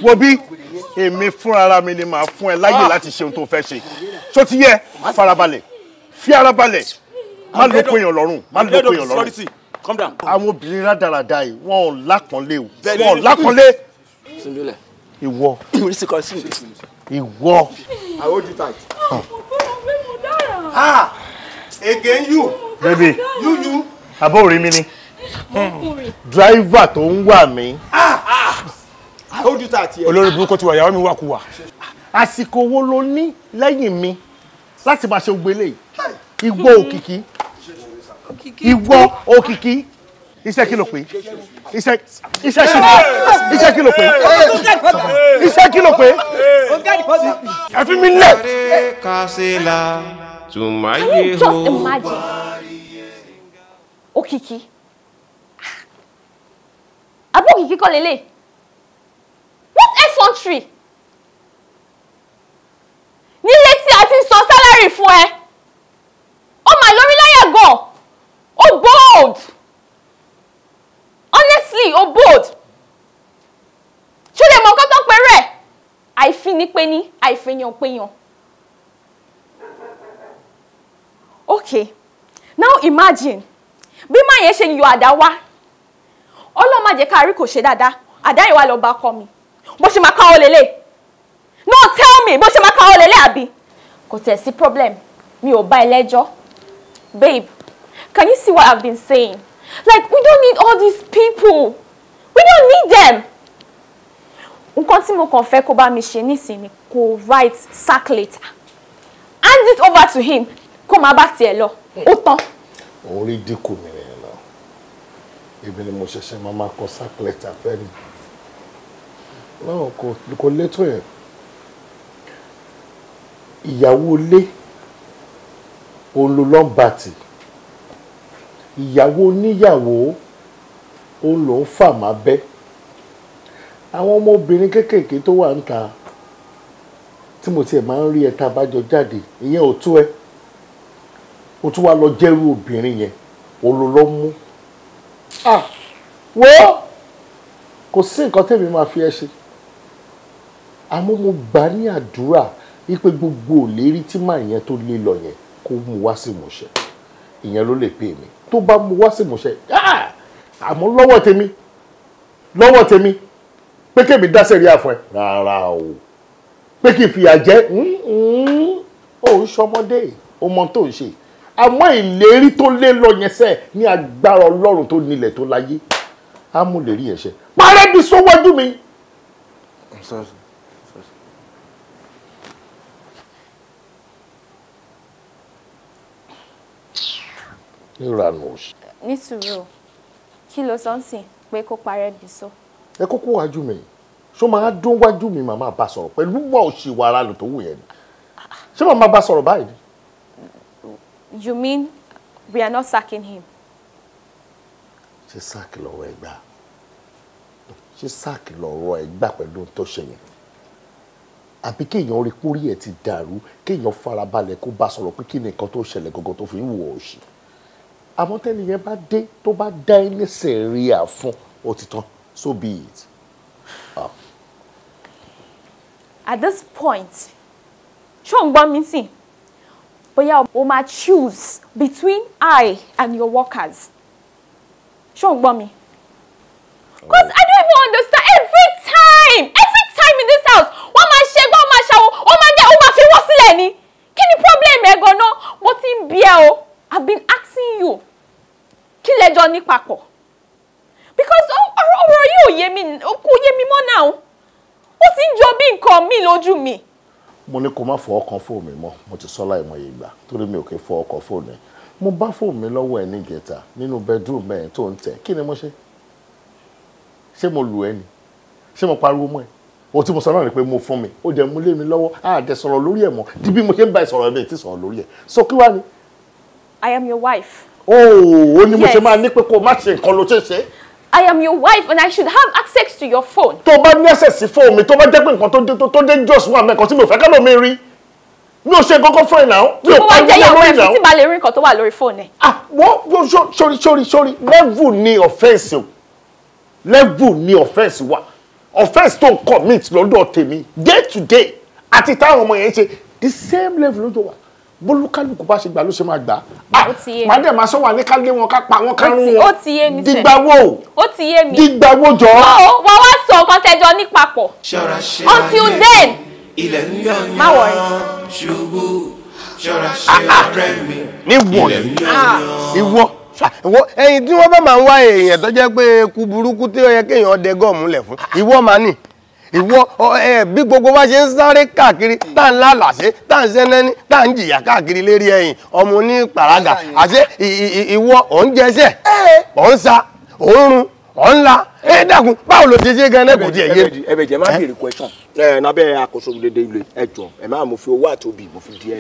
wọ̀bí èmi fúnra mi ni màá fún ẹ láyè láti ṣe ohun tó fẹ́ ṣe ṣó ti yẹ farabalẹ̀ fi ara balẹ̀ má lóko èèyàn lọ́rùn má lóko èèyàn lọ́rùn calm down. àwọn obìnrin rádaràda yìí wọn ò lápọ̀nlé o wọn ò lápọ̀nlé. sindulẹ. ìwọ. ìwé sì kọ sí mi. ìwọ. i hold you tight. Ah! ah again you. baby you you. àbọ̀ orí mi ni. driver tó ń wà mí. ah ah i hold you tight yẹn. olórí burúkú ti wà ìyàwó mi wà kú wà. àsìkò wo ló ní lẹ́yìn mi láti máa ṣe gbélé ìwọ òkìkí ìwọ òkìkí iṣẹ́ kí ló pé iṣẹ́ iṣẹ́ kí ló iṣẹ́ kí ló pé iṣẹ́ kí ló pé ẹ mi lẹ̀. Can you just imagine? Òkìkí abọ́ òkìkí kọ́ lélẹ̀ what else country nílé tí a ti ń san sálárì fún ẹ ó mà lórí láyà gan-an. Oh bold honestly oh bold ṣó lè mọ kọ́tọ́ pẹ́rẹ́ àìfinipeni àìfẹ̀yànpẹ̀yàn okay now imagine bí máa yẹn ṣe yọ àdá wá ọlọ́run má jẹ́ ká rí kò ṣe dáadáa àdá yẹn wá lọ bá kọ́ mi bó ṣe máa káwọ́ lélẹ̀ no tell me bó ṣe máa káwọ́ lélẹ̀ àbí kò tẹ̀ sí problem mi ò bá ẹ lẹ́jọ́ babe Can you see what I've been saying? Like, we don't need all these people. We don't need them. Nǹkan tí mo kàn fẹ́ kó bá mi ṣe nísìn ni write sack letter. Hand it over to him. Kó máa bá tiẹ̀ lọ. Ó tán. Orí dínkù mi rẹ̀ lọ. Ibi ni mo ṣẹ̀ṣẹ̀ máa máa kọ sack letter fẹ́ni. Náà kò létò yẹn. Ìyàwó ilé òun ló lọ́n bàtì ìyàwó oníyàwó ó lọ fà má bẹ́ àwọn ọmọbìnrin kéékèèké tó wà ń ta tí mo tiẹ̀ máa ń rí ẹ tá a bá jọ jáde ìyẹn ò tó ẹ o tún wá lọ jẹ́rú obìnrin yẹn o ló lọ mú ah wo kò sí nǹkan tèmi máa fi ẹ ṣe àmọ́ mo gbà ní àdúrà wípé gbogbo òlérí tí màá yẹn tó lé lọ yẹn kó mú wá sí ìmúṣẹ ìyẹn ló lè pè mí tó bá mu wá sí ìmúṣẹ àmọ́ lọ́wọ́ tèmi lọ́wọ́ tèmi pé kébì dáṣẹ́ rí àfọ̀ ẹ̀ rárá o pé kí n fìyà jẹ́ ò ń ṣọmọdé o mọ tó ń ṣe àmọ́ ìlérí tó lé lọ yẹn sẹ́ẹ̀ ní agbára ọlọ́run tó nílẹ̀ tó láyé á mú lè rí yẹn ṣe parẹ́ bí sọ́wọ́jú mi. níranù òsì. ní sùúrù kí ló sọ ń sìn pé kó parẹ́ bí so. ẹ kókó wájú mi ṣó máa dún wájú mi màmá bá sọ̀rọ̀ pẹ̀lú wà òsì wàrà lò tó wù yẹn ni ṣé màmá bá sọ̀rọ̀ báyìí ni. you mean we are not sacking him. ṣé sáàkì lọ́rọ̀ ẹ gbà ṣé sáàkì lọ́rọ̀ ẹ gbà pẹ̀lú tó ṣe yẹn àbí kéèyàn rí pórí ẹ ti dàrú kéèyàn farabalẹ̀ kó bá sọ̀rọ̀ pé kí ni nǹkan tó ṣẹlẹ̀ gangan tó fi ń wò ó ṣe àmọ́ tẹ́ni yẹn bá dé tó bá dá ẹ lẹ́sẹ̀ rí à fún ó ti tán so be it. Ah. at this point ṣó ń gbọ́ mi sìn bóyá o máa choose between I and your workers ṣó ń gbọ́ mi. cause I don't even understand every time every time in this house wọ́n máa ṣe gbọ́ wọ́n máa ṣàwọ́ wọ́n máa dẹ́ wọ́n máa fi wọ́n sílẹ̀ ni kí ni problem ẹ̀ gan-an mo ti ń bí ẹ o I've been asking you kí lẹ́jọ́ ní papọ̀ because ọ̀rọ̀ yìí ò yé mi kò yé mi mọ́ náà ó ti ń jọ bí nǹkan mi lójú mi. mo ní kó má fọ ọkàn fóònù mi mo ti sọ láìmọye ìgbà torí mi ò kí fọ ọkàn fóònù mo bá fóònù mi lọ́wọ́ ẹ ní gẹ̀ẹ́ta nínú bedroom mẹ́rin tó ń tẹ̀ kí ni mo ṣe ṣé mo lù ẹ́ ni ṣé mo pariwo mọ́ ẹ o tí mo sọ náà ni pé mo fún mi ó jẹ mú lé mi lọ́wọ́ àdẹ sọ̀rọ̀ lórí ẹ̀ mọ́ di bí mo ṣe ń bá ẹ sọ̀rọ̀ ẹ̀ mi ti sọ̀rọ̀ lórí ẹ̀ so kí wàá ni. I am your wife oh ó ní mo ṣe máa ní pé I am your wife and I should have access to your phone. Tó o bá ní access sí fóònù mi, tó o bá jẹ́ pé nǹkan tó dé tó dé jọ̀s wà mẹ́kan tí mi ò fẹ́ kálọ̀ mi rí. Mi ò ṣe nǹkankan fún ẹ̀ náà. Mi ò pariwo lórí náà. Kí tí ba lè rí nǹkan tó Ah wọ́n sori sori sori level ni offense. o level ni offence wa offence tó ń commit lọ́dọ̀ day to day àti táwọn ọmọ yẹn ṣe the same level ló tó wà bólúkálùkù bá ṣe gbà ló ṣe máa gbà á ah, màdé màá sọ wà ní ká lé wọn ká pa wọn ká rún wọn dìgbàwó dìgbàwó jọ. wọ́n wá sọ nǹkan tẹjọ ní papọ̀ until then má wọ̀rẹ́. Ah, ah. ní wọ̀n ìwọ ìwọ ẹyin tí wọ́n bá máa ń wá èèyàn tó jẹ́ pé eku burúkú tí ó yẹ kéèyàn ọdẹ gọ́ọ̀mù lẹ̀ fún ìwọ máa nì. ìwọ ẹ bí gbogbo wa ṣe ń sáré káàkiri tá ń lálàṣẹ tá ń sẹnẹni tá jìyà káàkiri lérí ẹyìn ọmọ ní pàràgà àṣẹ ìwọ ò ń jẹsẹ sa ò run ò la ẹ báwo yé. ẹbẹ jẹ question ẹ ilé ẹ máa mo fi owó àti obì mo fi di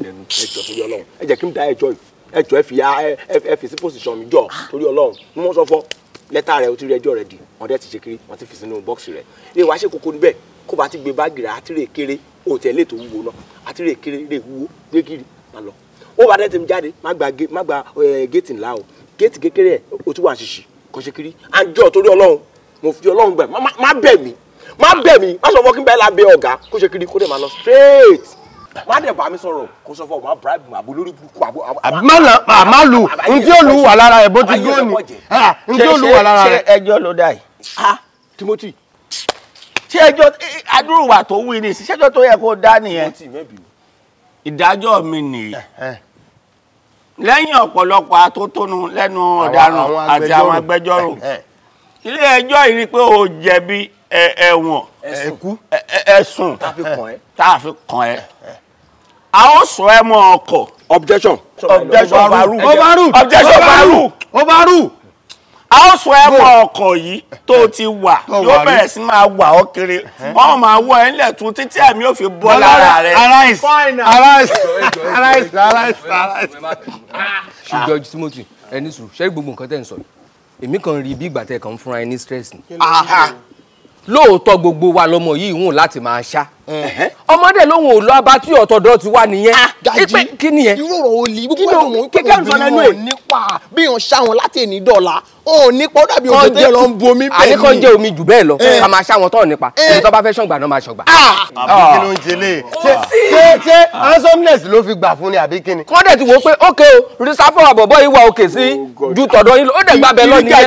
ẹ wọn dẹ ti ṣe kiri wọn ti fi sínú bọ́ọ̀sì rẹ ilé wa ṣe kókó níbẹ̀ kó bá ti gbé báàgì rẹ àtìrè kéré òtẹ́lẹ̀ tó wúwo náà àtìrè kéré lè wúwo gbégiri má lọ ó wà dẹ́tẹ̀ mi jáde má gba má gba géètì ńlá o géètì kékeré ẹ̀ o tún wà ṣìṣì kò ṣe kiri àjọ torí ọlọ́run mo fi ọlọ́run gbà má bẹ̀ mí má bẹ̀ mí má sọ fọkínbẹ́ la bẹ ọ̀gá kó ṣe kiri kó dẹ̀ má lọ straight má dẹ̀ bá mi sọ̀rọ̀ kó sọ fọ ma bribe ma àbò lórí burúkú àbò. àmàlù ǹjẹ́ olùwà lára ẹ̀ bó ti gbóni ah, ǹjẹ́ olùwà lára rẹ̀. ṣé ẹjọ́ ló dà yìí. Timothy ṣé ẹjọ́ adúrúwà tó wí ni ṣẹ́jọ́ tó yẹ kó dá nìyẹn ìdájọ́ mi nìyí lẹ́yìn ọ̀pọ̀lọpọ̀ atótónu lẹ́nu ọ̀daràn àti àwọn agbẹjọ́rò ilé ẹjọ́ yìí rí pé o jẹ̀bi ẹ̀wọ̀n ẹ̀sùn tá a fi kàn ẹ́ a ó sọ ẹ mọ́ ọkọ̀ objection objection overruled objection overruled overruled a ó sọ ẹ mọ ọkọ̀ yìí tó ti wà yóò bẹ̀rẹ̀ sí máa wà ọ́ kiri wọ́n máa wọ ẹ nílẹ̀ tún títí ẹ̀mí ò fi bọ́ lára rẹ̀. arise arise arise arise arise. ṣùgbọ́n Timothy ẹ ní sùúrù ṣé gbogbo nǹkan tẹ̀ ń sọ èmi kàn rí bí ìgbà tẹ̀ kàn ń fúnra ẹ ní stress ni. lóòótọ́ gbogbo wa lọmọ yìí ń hùn láti máa ṣá ọmọdé lóhùn ò lọ abatí ọ̀tọ̀dọ̀ ti wà nìyẹn. Ah, ipe kí nìyẹn. irúrò olè gbogbo ẹ̀dùn mọ̀ pé obìnrin wọn ò nípa bí wọn ṣáwọn láti èní dọ̀la ò nípa ó dàbí ojú bẹ́ẹ̀ lọ ń bomi bẹ́ẹ̀ ni. àníkàn jẹ́ omi jù bẹ́ẹ̀ lọ eh. ká máa ṣáwọn tọ́ nípa èyí eh. tó bá fẹ́ ṣọ̀gbà náà máa ṣọ̀gbà. Ah. àbí kí ló ń jele ṣé ṣé handsomeness ló fi gbà fún ni àbí kí ni. kọ́ndẹ̀ ti wò pé ókè o rìsáfọ́ àbọ̀bọ̀ ìwà oh ju tọ̀dọ̀ yín lọ ó dẹ̀ gbàbẹ̀ lọ nìyẹn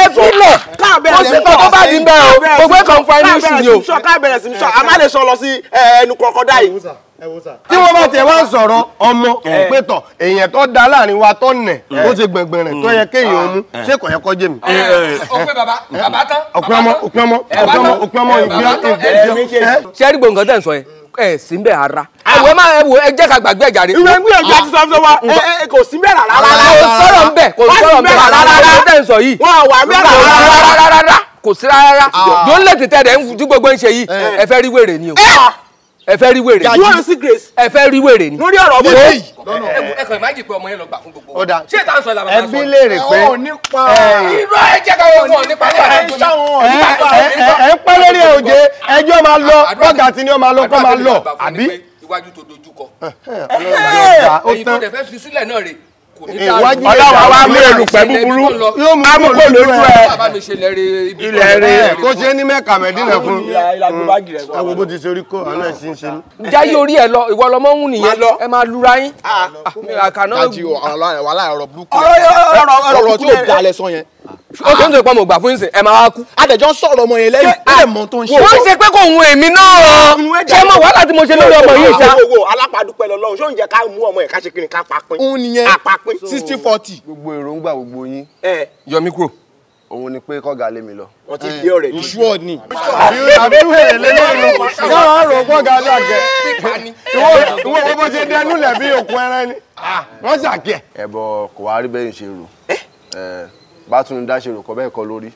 ẹ fi lẹ̀ kó sì tọ́ tó bá dín bẹ́ẹ̀ o gbogbo lọ sí eh, ẹnu kọkọdá yìí. tí wọ́n bá tiẹ̀ wá sọ̀rọ̀ ọmọ eh. pétọ̀ èèyàn tó da láàrin wa tó nẹ̀ eh. ó ti gbẹ̀ngbẹ̀n rẹ̀ tó yẹ kéèyàn mú ṣé kò yẹ jẹ́ mi. ọpẹ bàbá ọpẹ ọmọ ọpẹ ọmọ ọpẹ ọmọ gbòǹgàn ara ah. máa ẹ jẹ́ ká gbàgbé rẹ. ìwé ah. wa ah. kò sí bẹ́ẹ̀ rárá. kò sọ̀rọ̀ ń kò sí rárá don't let it tell them tí gbogbo ń ṣe yìí eh. ẹ fẹ́ rí wèrè ni o eh. ah. ẹ fẹ́ rí wèrè ni ẹ fẹ́ rí wèrè ni lórí ọ̀rọ̀ ọmọ yìí ẹ kàn pé ọmọ yẹn lọ gbà fún gbogbo ọ̀dà ṣé ìta ń sọ ìlànà ẹbí léèrè pé eh. irú ẹ jẹ́ ká wọ́n wọ̀ nípa ẹ ń pẹ́ lórí òjé ẹjọ́ máa lọ bọ́gà tí ni ó máa lọ kó máa lọ àbí. iwájú tó dojú kọ ẹ̀yin tó dẹ̀ fẹ́ fi sílẹ̀ náà rèé ọlọ́wọ́ wa mú erùpẹ̀ búburú amúkò lójú ẹ ilẹ̀ rẹ kó ṣe ní mẹ́ka mẹ́dínà fún ẹwọ bó ti ṣe orí kó àná ẹ̀ sì ń ṣe mí. jáyé orí ẹ lọ ìwọ lọmọ ń nìyẹn ẹ máa lura yín. àti ah, ah, wàhálà ọ̀rọ̀ burúkú ọ̀rọ̀ tí ò dalẹ̀ sọ yẹn ó tó ń tẹ̀ pọ́ mọ̀ gbà fún ìsìn ẹ̀ máa wá kú. àtẹ̀jọ́ sọ̀rọ̀ ọmọ yẹn lẹ́yìn ẹ̀ mọ̀ tó ń ṣe. wọ́n ṣe pé kò hun èmi náà ṣé mo wàhálà tí mo ṣe lórí ọmọ yìí ṣá. owó alápàdúpẹ́ lọ́lọ́run ṣó ń jẹ́ ká mú ọmọ yẹn ká ṣe kiri ká papin. òun nìyẹn apapin sixty forty. gbogbo èròǹgbà gbogbo yín yọmí kúrò òun ni pé kọ́ga lé mi lọ. wọ́n ti dé ọ̀rẹ́ ní. ìṣúọ̀ bátúni dáṣe rò kọ́ bẹ́ẹ̀ kọ́ lórí.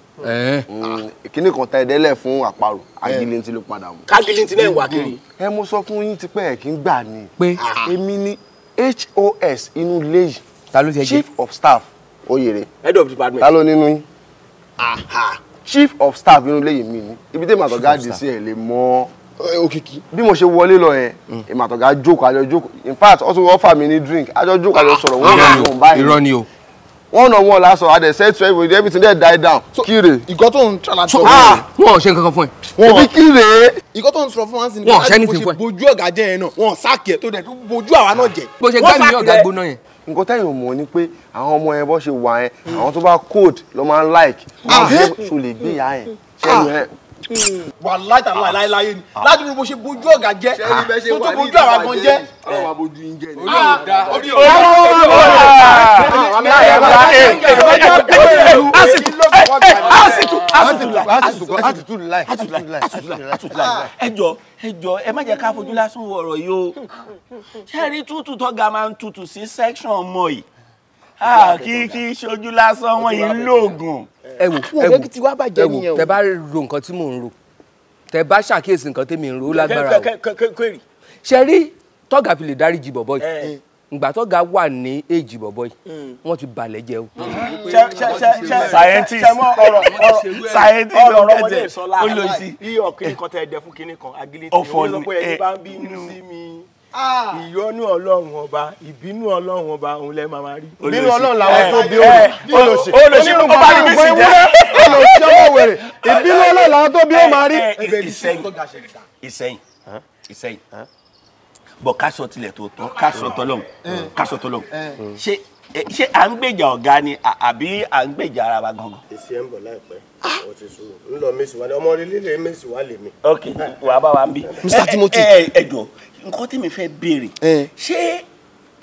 Mm, kíní kan ta ẹ̀dẹ́lẹ̀ fún àparò agilinti ló padà mú. kágilinti náà wà kiri. Mm, ẹ mo sọ fún yín tipẹ́ ẹ̀ kí n gbà ní. pé èmi ni HOS inú ilé yìí chief of staff oyèrè. head of department. ta ló nínú yín. chief of staff inú ilé yìí mi ni ibi tí màtọ́ gáàdì sí ẹ̀ lè mọ́ òkìkí. bí mo ṣe wọlé lọ yẹn èmi mm. jókòó àjọ jókòó in fact ó tún offer mi ní drink àjọ jókòó àjọ sọ̀rọ̀ wọ́n ní ọ̀hún báyìí. irọ́ ni o one on one last lásán adẹ̀ settle everything everything there die down. kíre. ìkọ́ tó ń tra láti ọ̀rọ̀ rẹ̀. wọn ò ṣe nǹkan kan fún ẹ. wọn ò kíre. ìkọ́ tó ń sọ̀rọ̀ fún wa ń sin. wọn ò ṣe anything fún ẹ. bojú ọ̀gá jẹ́ yẹn náà wọn ò sáàkì ẹ̀ tó dẹ̀ tó bojú àwa náà jẹ́. bó ṣe gbá mi ọ̀gá gbóná yẹn nǹkan tẹ́yìn ò mọ̀ ni pé àwọn ọmọ yẹn bó ṣe wà yẹn àwọn tó bá code ló máa ń like. Ah. ṣo lè gbé ìyá yẹn ṣẹ́yìn ah. yẹn wà láìta láìláyé ni ah. láti rí bó ṣe bójú ọ̀gá jẹ́ tó tó bójú àwọn àgbọn jẹ́. ọlọ́run abojú yín jẹ́ ni. Ah. orí o da orí o da ẹjọ ẹjọ ẹ má jẹ́ ká fojú lásán wọ̀rọ̀ yìí o ṣe é rí tútù tó ga máa ń tutù sí section ọmọ yìí Ah, kí kí ṣojú lásán wọn yìí ń lóògùn. ẹ wò ẹ wò ẹ wò tẹ bá ro nǹkan tí mò ń ro tẹ bá ṣàkíyèsí nǹkan tèmi ń ro lágbára o ṣe rí tọ́gà fi lè dáríjì bọ̀bọ̀ yìí eh. ìgbà tọ́gà wà ní èjì bọ̀bọ̀ yìí hmm. wọ́n ti balẹ̀ jẹ́ o. scientist ọ̀rọ̀ scientist ọ̀rọ̀ ọmọdé ìsọlá àgbà yìí ọkùnrin kan tẹ ẹ dẹ fún kinní kan agilé tí ó lọ pé ẹni eh, bá ń bínú sí mi. Ah. ìyọ́nú ọlọ́run ọba ìbínú ọlọ́run ọba òun lẹ máa máa rí. ìbínú ọlọ́run làwọn eh, tó bí ó olóṣè onírú bàbá mi sí jẹ olóṣè ọwọ́ wèrè ìbínú ọlọ́run làwọn tó bí ó máa rí. Eh, eh, ìsẹ̀yìn ìsẹ̀yìn ìsẹ̀yìn bọ̀ káṣọ tilẹ̀ tó tọ́ káṣọ tọ́lọ́hún káṣọ tọ́lọ́hún ṣé ṣé à ń gbèjà ọ̀gá ni àbí à ń gbèjà ara wa gangan. èsì ẹ̀ ń bọ̀ láìpẹ́ o ti sùn ń lọ mẹ́sì wálé ọmọ orílẹ̀-èdè mẹ́sì wálé mi. ok wàá bá wa ń bí. Mr Timothy ẹ ẹ jọ nǹkan tèmi fẹ́ béèrè ṣé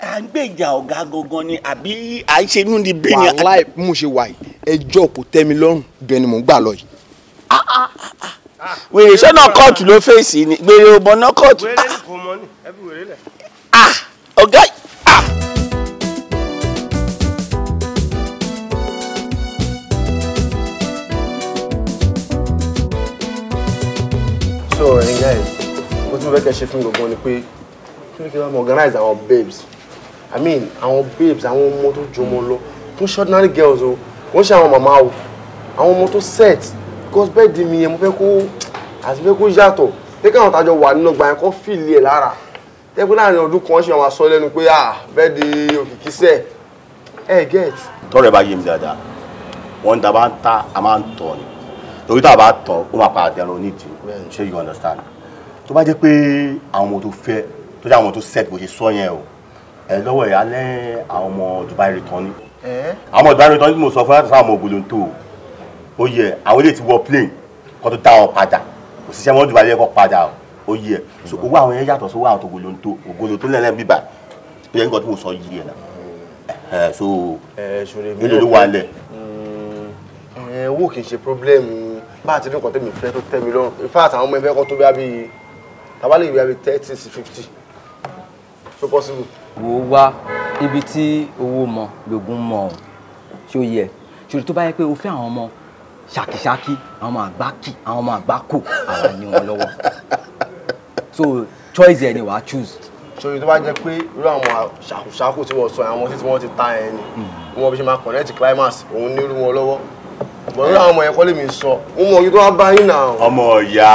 à ń gbèjà ọ̀gá gangan ni àbí à ń ṣe inú ni bí ni. wàhálà ẹ mú ṣe wà yìí ẹjọ́ kò tẹ́ mi lọ́rùn bẹ́ẹ̀ ni mò ń gbà lọ yìí. wèrè sọ́nà kóòtù ló fèsì ni gbèrè òbọ̀n náà kóòtù. ọ̀gá ah. So, any guys nǹkan tí mo fẹ́ kẹ́ ṣe fún mi ni pé kí ló kí wọ́n organize our babes i mean our babes àwọn ọmọ tó jọmọ lọ fún ordinary girls o wọ́n ṣe àwọn màmá o àwọn ọmọ tó set because bẹ́ẹ̀ di mi yẹn mo fẹ́ kó àti fẹ́ kó yàtọ̀ pé káwọn tàjọ wà nínú gbà yẹn kó fìlì ẹ̀ lára tẹ́gbẹ́ láàrin ọdún kan ṣe àwọn aṣọ lẹ́nu pé ah bẹ́ẹ̀ di òkìkí sẹ́ẹ̀ ẹ̀ get. tọrọ ẹ bá yé mi dáadáa wọn ta bá ń ta a máa ń tọ ni torí tá a bá tọ ó máa padà dẹrùn onídìí ṣé you understand tó bá jẹ́ pé àwọn tó fẹ́ tó jẹ́ àwọn tó set bó ṣe sọ yẹn o ẹ lọ́wọ́ ẹ̀ alẹ́ àwọn ọmọ Dubai return àwọn ọmọ Dubai return ni mo sọ fún yàtọ̀ sáwọn ọmọ ògbólóńtò ó yẹ àwọn ilé ti wọ plane kó tó dá wọn padà òṣìṣẹ́ wọn Dubai yẹ padà ó yẹ so owó àwọn yẹn yàtọ̀ sówó àwọn tó ògbólóńtò ògbólóńtò lẹ́lẹ́ bíbà tó yẹ kí wọ́n ti sọ yìí yẹn náà mm, ẹ owó kì í ṣe problem bá a ti dín nǹkan tẹ́mi fẹ́ tó tẹ́ lọ́rùn in àwọn ọmọ ẹgbẹ́ kan tó bí i tabale ìwé abi thirty sí fifty so possible. wò ó wá ibi tí owó mọ lògùn mọ ọ ṣé ó yẹ ṣòro tó bá yẹ pé o fẹ́ àwọn ọmọ ṣàkíṣàkí àwọn ọmọ àgbákì àwọn ọmọ ni wọn lọ́wọ́ so choice ẹ ni wàá choose. ṣòro tó bá jẹ pé irú àwọn ṣàkóṣàkó tí wọ́n sọ àwọn títí wọ́n ti ta ẹ̀ ni hmm. wọ́n bí ṣe máa connect climax òun ní irú wọn lọ́wọ́ bọ̀dọ̀ àwọn ọmọ yẹn kọ́ lèmi sọ mo mọ̀ ojú tó wá bá yín náà. ọmọ ìyá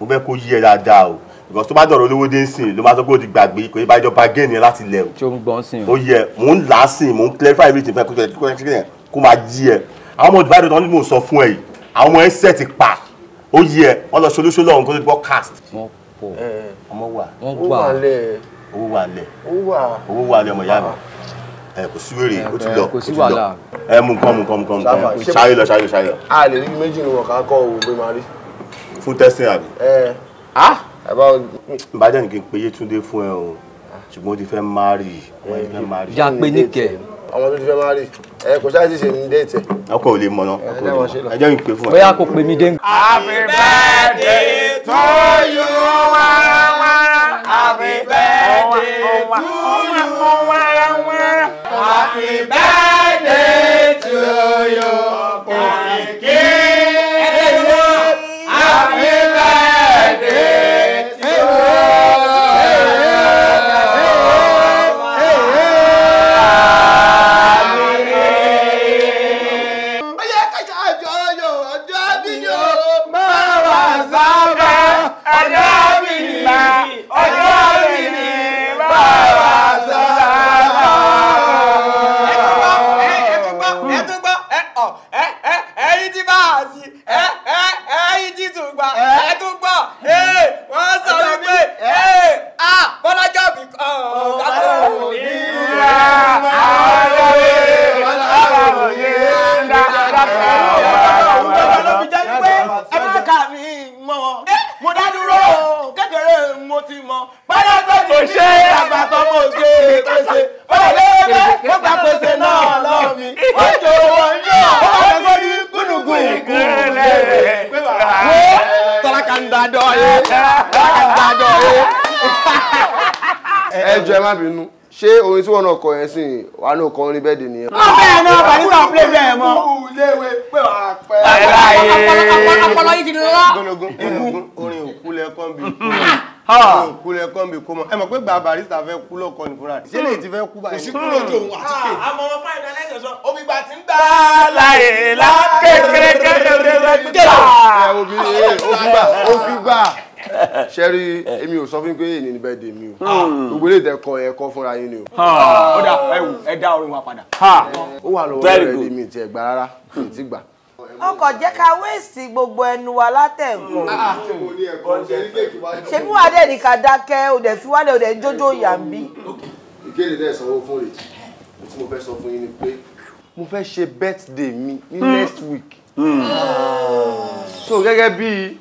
mo fẹ́ kó yí ẹ dáadáa o because tó bá dọ̀rọ̀ olówó dé sìn ló máa sọ pé o ti gbàgbé kò yẹ bá ìjọba gẹ́ẹ̀nì láti lẹ̀ o. tí ń gbọ́n sìn o. ó yẹ mò ń là á sìn mò ń clarify everything fún ẹ kó tẹ kó tẹ kó máa jí ẹ àwọn ọmọ ìdìbàdàn tó ń mò ń sọ fún ẹ yìí àwọn ọmọ ẹsẹ̀ ti pa ó yẹ kò sí wèrè ó ti lọ ó ti lọ ẹ mú nǹkan mú nǹkan mú nǹkan ṣáyé lọ ṣáyé lọ ṣáyé lọ. a lè rí méjì ní wọ̀ká kọ́ òwe máa rí. fún tẹ́sí àbí. ẹ ah ìbàdàn ni kí n pe Yétúndé fún ẹ o ṣùgbọ́n ó ti fẹ́ márì wọ́n ti fẹ́ márì. ya pé níkẹ́. ọmọ tó ti fẹ́ márì ẹ kò ṣáà ti ní déètì. ọkọ ò lè mọ náà ẹ jẹ́ ìpè fún ẹ. bóyá kò pè mí dé. happy birthday to you wàràwàrà happy birthday to you wàràwàrà happy birthday. ṣe bàbá tọmọ òṣè pèsè ọlẹ́ẹ̀dẹ́ nípa pèsè náà lọ́wọ́ mi ọjọ́ owó yóò ọlọ́gbọ́n ní gúnùgún ìgúnlẹ̀ wo tọ́lákà ń dájọ́ yé tọ́lákà ń dájọ́ yé. ẹ jọ̀ọ́ ẹ má bínú ṣé orin tí wọn náà kọ yẹn sìn wà ní ọkọ orin bẹ́ẹ̀dì nìyẹn. wọn bẹ́ẹ̀ náà bàbá nígbà pé bẹ́ẹ̀ mọ. léwe pé wàá pẹ. ẹ láyé ọpọlọ yìí ti dúró. gbọnọgbọn orin òkú lẹkọọ bíi kú lẹ mi kó mọ ẹ mọ̀ pé bàbá barista fẹ́ kú lọ́kọ́ ní fúnra rẹ̀ ṣé ti fẹ́ kú báyìí. kò sí kúrò tó òun àti ah, àmọ́ wọn fáìlì omi gbà tí ń dá. láyé lá kékeré kékeré kékeré. sẹ́rí ah! eh, ah! èmi ò sọ fún pé èyí ni bẹ́ẹ̀ dè o gbogbo ilé ìtẹ́kọ ẹ̀kọ́ fúnra yín ni o. ó dà ẹ orin wa padà. ó wà lọ́wọ́ rẹ̀ ní mi ti ẹ̀ gbà rárá mi ti gbà wọn kàn jẹ́ ká wéèsì gbogbo ẹnu wa látẹ̀kọ́. Ah, ah, ṣé bí wàá dẹ̀ ní ká dákẹ́ o dẹ̀ fi wálé o dẹ̀ jójó ìyà ń bí. ìkéde náà sanwó fún rèé tí mo fẹ́ sọ fún yín ni pé mo fẹ́ ṣe birthday mi ní hmm. next week. Hmm. so gẹ́gẹ́ bíi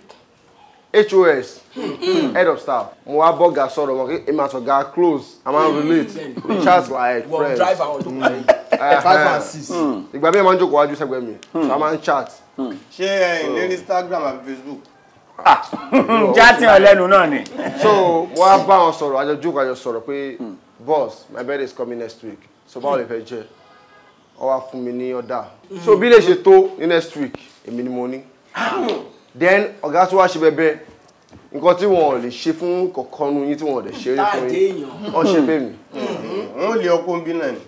HOS mm. head of staff mo wá bọ́gà sọ̀rọ̀ wọn kí èmi àtọ̀gá close àmà relate related? chat like friends five and six. Hmm. ìgbà mi jókòó wájú sẹ́gbẹ̀ẹ́ mi hmm. so a máa ń chat. Hmm. ṣé ẹ ní Instagram àbí Facebook. jati ah. ọlẹ́nu náà ni. so wọ́n á bá wọn sọ̀rọ̀ àjọ jókòó àjọ sọ̀rọ̀ pé boss my birthday is coming next week so báwo lè fẹ́ jẹ́ ọ wá fún mi ní ọ̀dà so bí lè ṣe tó ní next week èmi ni mo ní. Ah. then ọ̀gá tó wá ṣe bẹ́ẹ̀ bẹ́ẹ̀ nǹkan tí wọn ò lè ṣe fún kọ̀ọ̀kan nu yín tí wọn ò lè ṣe é fún yín wọ́n ṣe bẹ́ẹ̀ mi. Mm-hmm. wọ́n lè ọkọ ń bí náà ni.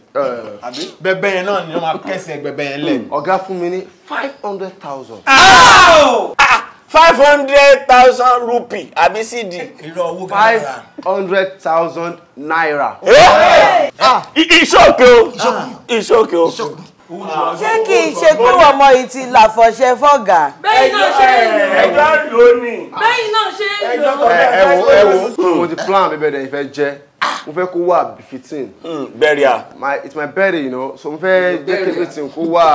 bẹ̀bẹ̀ yẹn náà ni wọ́n máa kẹ́sẹ̀ bẹ̀bẹ̀ yẹn lẹ̀. Mm. ọ̀gá fún mi ní five hundred thousand. Ah, ah, five hundred thousand rupee àbí cd. Eh, irọ́ owó kan five hundred thousand naira. ìṣòkè o ìṣòkè o ṣé kì í ṣe pé ọmọ yìí ti làfọ̀ṣẹ fọ̀gà. bẹ́ẹ̀ náà ṣe é lò ẹjọ́ lò ní. bẹ́ẹ̀ náà ṣe é lò. ẹ wo ẹ wo mo ti plan mi bẹ̀rẹ̀ ìfẹ́ jẹ́ mo fẹ́ kó wà fifteen. bẹ́ẹ̀rì à. my it's my birthday you know so mo fẹ́ jẹ́ kébé tí n kó wà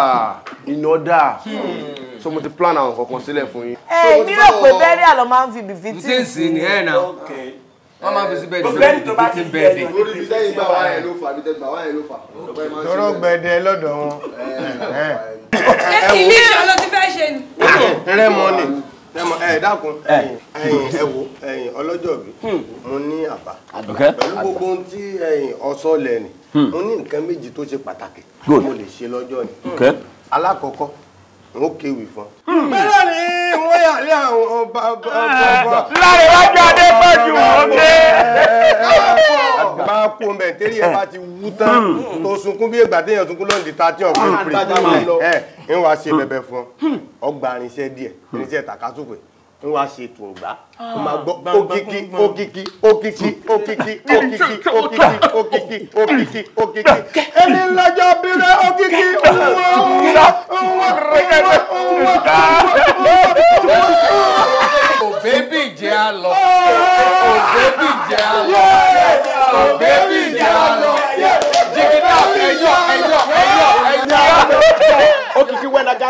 in order hmm. so mo ti plan àwọn kankan sílẹ̀ fún yín. ẹ mi rò pé bẹ́ẹ̀rì à ló máa ń fi bìfítì sí. bìfítì sí ni ẹ̀ náà wọ́n máa fi sí bẹ́ẹ̀dì bẹ́ẹ̀dì tó bá ti bẹ́ẹ̀dì. lórí ibi sẹ́yìn gbà wá yẹn ló fà bí tẹ́gbà wá yẹn ló fà. tọrọ gbẹdẹ lọ́dọ̀ wọn. Eh, eh. Eh. ṣé ilé ìrọ̀ ló ti fẹ́ ṣe ni. rẹ mọ ni ẹ dákun ẹ̀yin ẹ wo ẹ̀yin ọlọ́jọ́ bí hmm. mo ní àbá pẹ̀lú gbogbo ohun tí ẹ̀yin ọsọ lẹ́nu hmm. mo ní nǹkan méjì tó ṣe pàtàkì mo lè ṣe lọ́jọ́ ni alákọ̀ọ́kọ́ n ó kéwì fún. Hmm. bẹ́ẹ̀ ni wọ́n yà lé àwọn ọba ọba ọba. láì wájú adé pẹ̀jù òkè. bá a mẹ tẹ́lẹ̀ yẹn bá ti wú tán hmm. tó sunkún bí ìgbà téèyàn sunkún lọ́ọ̀dì ta ọ̀gbìn pèrè ẹ̀ ń wá ṣe hmm. bẹ̀bẹ̀ fún ọgbà irinṣẹ́ díẹ̀ irinṣẹ́ tàkásùpẹ̀ ń wá ṣe tùǹgbà ah. ó máa gbọ́ òkìkí òkìkí òkìkí òkìkí òkìkí òkìkí òkìkí òkìkí òkìkí ẹni lọ́jọ́ bílẹ̀ òkìkí òwò òwò òwò òwò òwò. òbẹ́bí jẹ́ àlọ́ ah. òbẹ́bí jẹ́ àlọ́.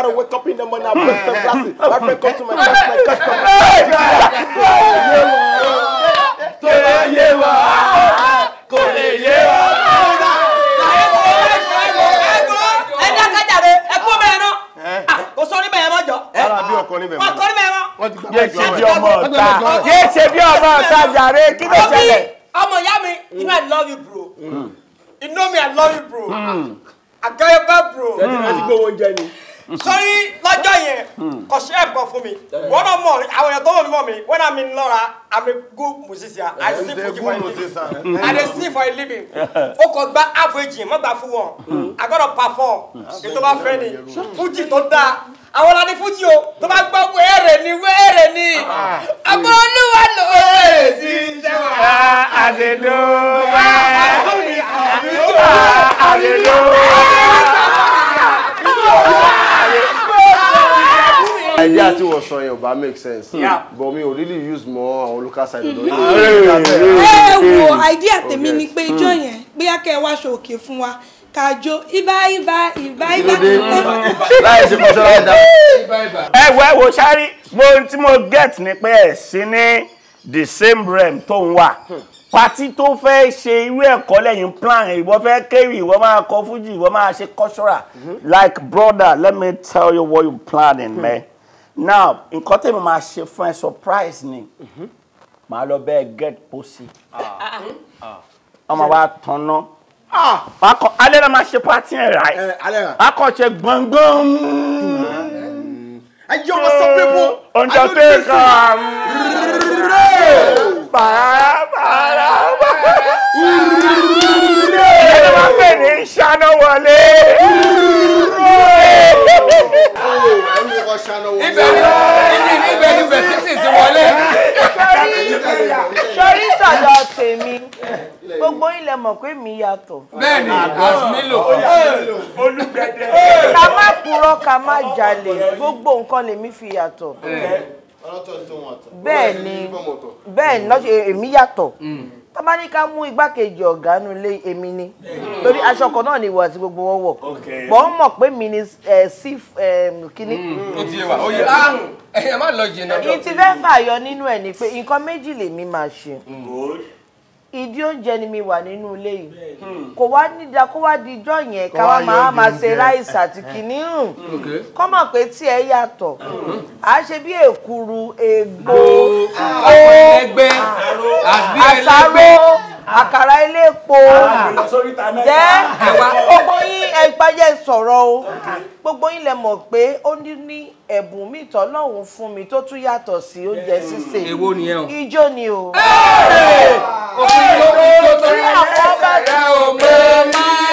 gotta wake up in the morning and break some glasses. My friend come to my class, my class come. Kò lè yé wa, kò lè yé wa. Kò sórí bẹ̀yẹn mọ́ jọ. Ọkọ níbẹ̀ mọ́. Ọkọ níbẹ̀ mọ́. Yé ṣe bí ọmọ ọ̀tá. Yé ṣe bí ọmọ ọ̀tá jàre kí ló ṣẹlẹ̀. Ọmọ ìyá mi, you know I love you bro. You know me I love you bro. Àgáyébá bro. Ẹ ti gbé owó oúnjẹ ni. Sorry, lọ́jọ́ yẹn kò ṣe ẹ̀kọ́ fún mi wọ́n náà mọ̀ àwọn èèyàn tó wọ̀ mí mọ̀ mi when I'm in Lora I'm a good musician I sing for you for a living I dey sing for a living o kò gba average yẹn mo gbà fún wọn I gotta perform ètò bá fẹ́ ni fújì tó dáa àwọn ọ̀la ní fújì o tó bá gbọ́ wẹ́ẹ̀rẹ̀ ni wẹ́ẹ̀rẹ̀ ni ah. àbọ̀ olúwa ló rẹ̀ sí sẹ́wà àdèlò àdèlò àdèlò idea tí wọ́n sọ yẹn ò bá make sense but mi ò really use more. àwọn local side ọ̀dọ́ yìí. ẹ wo idea tèmi ni pé ijó hmm. yẹn bóyá kẹ́ ẹ wá aṣọ òkè fún wa kàjọ ibà ibà ibà ibà. láì sí kọ́sọ́ láì ẹ wo ẹ wo sáré mo tí mo get ni pé ẹ sí ní the same realm tó ń wà hmm. pati tó fẹ́ ṣe irú ẹ̀kọ́ lẹ́yìn plan ìwọ fẹ́ kéwì ìwọ máa kọ fújì ìwọ máa ṣe cultural hmm. like brother let me tell you what you planning man. Hmm now nǹkan tèmi máa ṣe fún ẹ surprise ni mhm. màá lọ bẹ́ẹ̀ get pósí ah. Ah. Ah. ọmọ wa tanná akọ alẹ́ la máa ṣe pati ẹ̀ ra ẹ̀ akọ ṣe gbọ̀ngbọ̀n. ẹ yọ wọ́n sọ pé mo. ọ̀njà tó yẹ ká bàràbàrà ìyá ló máa pè ní ṣáná wọlé. Oh ibẹ̀ ni ibẹ̀ ni bẹ̀sítì ti wọlé. sọrí sọ̀dọ̀ tèmi gbogbo ilẹ̀ mọ̀ pé mi yàtọ̀. bẹ́ẹ̀ni àsìmílò olùgbẹ̀dẹ. ká má purọ́ ká má jalè gbogbo nǹkan lèmi fi yàtọ̀ bẹ́ẹ̀ ni bẹ́ẹ̀ ni èmi yàtọ̀. Mm tá bá ní ká mú igbákejì ọ̀gá nu ilé èmi ni lórí aṣọ kan náà ni ìwà àti gbogbo wọn wọ̀ bọ́ ń mọ̀ pé mi ni eh, sif kínní. o mm, mm. ti yẹ wa o yẹ ẹ má lọ jìnnà. ìyìn fàyọ nínú ẹ̀ ni pé nǹkan méjì lèmi máa ṣe ìdí oúnjẹ ni mi wà nínú ilé yìí kò wá nídà kó wá di ijọ́ yẹn ká wá máa máa ṣe ráìsì àti hmm. kìnnìún kọ́ mọ̀ pé tí ẹ yàtọ̀ à hmm. ṣe bí èkuru ègbò ó àsáró àkàrà iléepo ah, ah, jẹ́ ah. gbogbo yín ẹgbàjẹ́ sọ̀rọ̀ o gbogbo yín lẹ mọ̀ pé ó ní ní ẹ̀bùn mi tọ́lọ́hún fún mi tó tún yàtọ̀ sí oúnjẹ sísè ni o ijó ni o. òfin ló ń lò tó yẹ ẹsẹ̀ rẹ ò máa.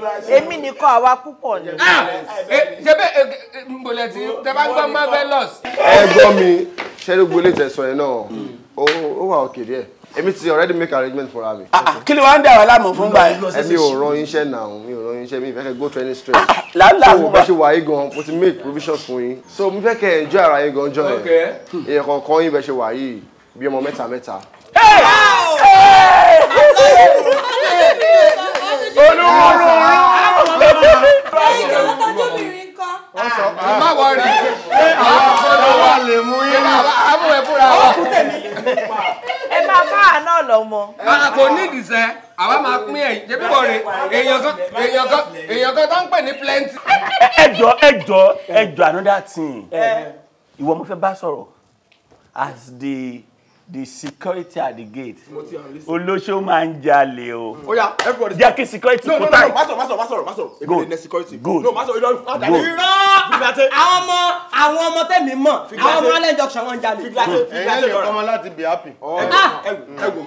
lòsì èmi nìkan àwa púpọ̀ ni. ṣé be, mbolẹ̀ tí tẹ bá ń gbọ́ marvelous. ẹ gbọ́ mi ṣẹ́rígbó lè tẹ̀sán yẹn náà hmm. ó wà òkè díẹ̀ Emi, ti already make arrangement for abi. Ah, ah, kí ni wàá ń dà wá láàmú fún báyìí. èmi ò rán iṣẹ́ náà mi ò rán iṣẹ́ mi ìfẹ́ kẹ́ go training straight. lálẹ́ àwọn bá ṣe wà yìí gan mo ti make provision fún yín so mo fẹ́ kẹ́ ẹ̀ enjoy ara yín gan jọ ẹ̀ èèyàn kọ̀ọ̀kan yín bẹ́ẹ̀ ṣe wà yìí bí ọmọ mẹ́ta mẹ́ta olúwúrúurú má wọ rí pé àwọn afọ́nà wa lè mú yín mú àbúrò ẹ fúnra wa. ẹ máa bá àná lọ́mọ. kò ní ìdìsẹ́ àwa máa pín ẹ̀yìn jẹ́bí bọ̀ rè èèyàn kan èèyàn kan èèyàn kan tó ń pè ní plenty. ẹjọ ẹjọ ẹjọ another thing ìwọ mo fẹ́ bá sọ̀rọ̀ as the the security at the gate olóṣó máa ń jalè o jẹ́ kí security kó táì. no no no má sọ̀rọ̀ má sọ̀rọ̀ èmi lè nẹ security. good no má sọ̀rọ̀ ìlọrin fún àtàlẹ́. irọ́ àwọn ọmọ àwọn ọmọ tẹ̀mí mọ̀ àwọn ọmọ alẹ́ junction wọn jalè. ẹ̀yẹ́ lè kọ́mọ láti be happy. ẹ̀wò ah!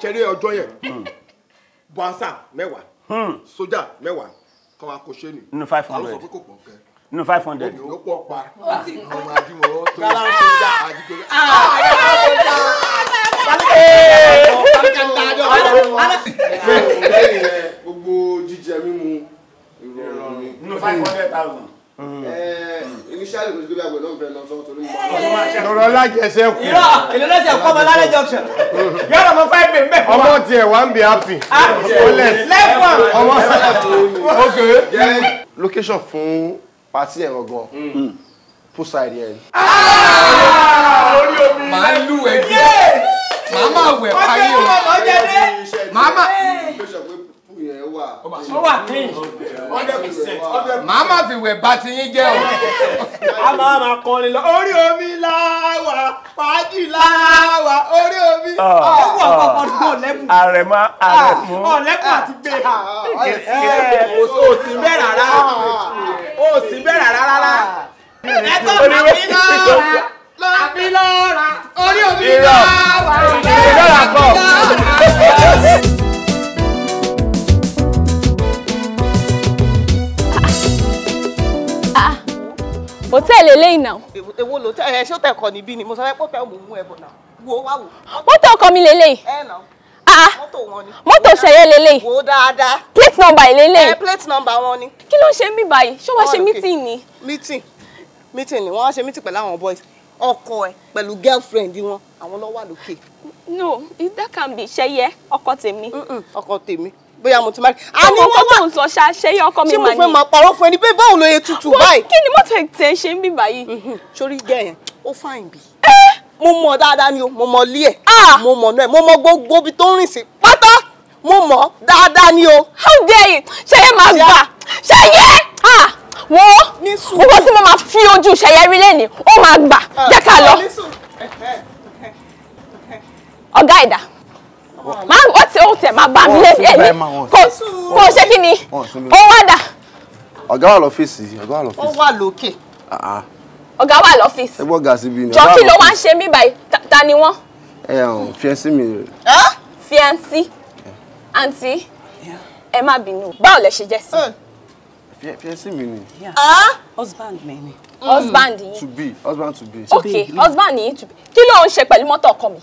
ṣẹ́rí ọjọ́ yẹn hmm. bọ́nsá mẹ́wàá hmm. sójà mẹ́wàá kọ́wa kò ṣe ni. nínú five hundred àwọn sọ pé kò pọ̀ kẹ́ nínú five hundred. ó pọ̀ pa àwọn àjùmọ̀ tó ń ṣe àjùmọ̀ gbogbo jíjẹ mímu ìrọ̀rùn mi. nínú five hundred thousand. initially kò sí gbé àgbẹ̀ náà bẹ̀rẹ̀ náà sọ́wọ́ torí mo máa ń. lọ́rọ̀ alájẹsẹ́ kù. irọ́ èlò lọ́sẹ̀ kọ́ ọmọ lálẹ́ junction. yọ̀rọ̀ mo fẹ́ bẹ̀ mbẹ́. ọmọ tiẹ̀ wá ń bi happy. left one. ọmọ ok. location fún pàtí ẹ̀rọ gan ah! poolside yẹn. Ah! orí omi. màá lù ẹgbẹ́ màmá wẹ̀ parí o màmá ó wà clean hundred percent. màmá fi wẹ̀ bá ti yín jẹ́ o. a máa ma kọrin lọ orí omi láwà fàájì láwà orí omi. ọwọ́ ọ̀pọ̀ ọdún ọ̀lẹ́kùn. àrẹ̀mọ ah, àrẹ̀mọ. ọ̀lẹ́kùn àti gbé. Ah, eh, eh. o sì bẹ́ẹ̀ rárá o sì bẹ́ẹ̀ rárá rárá. ẹ̀tọ́ màmí náà àbí orí omi ló wà lẹ́yìn ah. lọ́ra eléyìí náà. èwo ló tẹ ẹ ṣó tẹ kọ níbí ni mo sọ fẹ pọ tẹ òun mú náà wo wá wò. mọ́tò ọkọ mi lélẹ́yìí. ẹ nà ah, ah. mọ́tò wọn ni. mọ́tò ṣẹyẹ lélẹ́yìí. wò dáadáa. plate number lélẹ́yìí. ẹ plate number wọn ni. kí ló ń ṣe mí báyìí ṣó wàá ṣe meeting ni. meeting meeting ni wọ́n wá ṣe meeting pẹ̀lú àwọn boys ọkọ ẹ pẹ̀lú girlfriend wọn àwọn ló wà lókè. no that can be ṣẹyẹ ọkọ tèmi. ọkọ tèmi bóyá mo ti máa rí. àwọn ọkọ tó ń sọ ṣàṣeyẹ ọkọ mi máa ní. ṣé mo fẹ́ máa parọ́ fún ẹni pé báwo ló yẹ tutù báyìí. kí ni mo tẹ̀ tẹ̀ ṣe ń bì báyìí. Mm-hmm. sórí gẹ̀ yẹn ó fàìn bì. Eh? mo mọ dáadáa ni o mo mọ lé ẹ ah! mo mọ náà mo mọ gbogbo ibi tó ń rìn sí pátá mo mọ dáadáa ni o. how dare you ṣẹyẹ máa gbà ṣẹyẹ. Ah! wọ́n owó tí mo máa fi ojú ṣẹyẹrí lẹ́ni ó máa gbà ah, jẹ́ ká lọ. ọ̀gá ìdá máa ó ti ó tiẹ̀ máa bá mi lé ẹni kò ṣe kí ni ó wá dà. ọ̀gá wà lọ́fíìsì ọ̀gá wà lọ́fíìsì. ó wà lókè. Ah, ah. ọ̀gá wà lọ́fíìsì. ẹ gbọ́ ga síbi ni. jọ kí ló wá ń ṣe mí báyìí ta ni wọ́n. ẹ ọ̀hún fiẹ́nsì mi. fiẹ́nsì àǹtí ẹ má bínú báwo lẹ ṣe jẹ́ sí i. Fiancé mi ni. Ah! Husband mi ni. Mm. Husband To be, husband to be. Okay, husband ni to be. Kilo on ń ṣe pẹ̀lú mọ́tò ọkọ mi?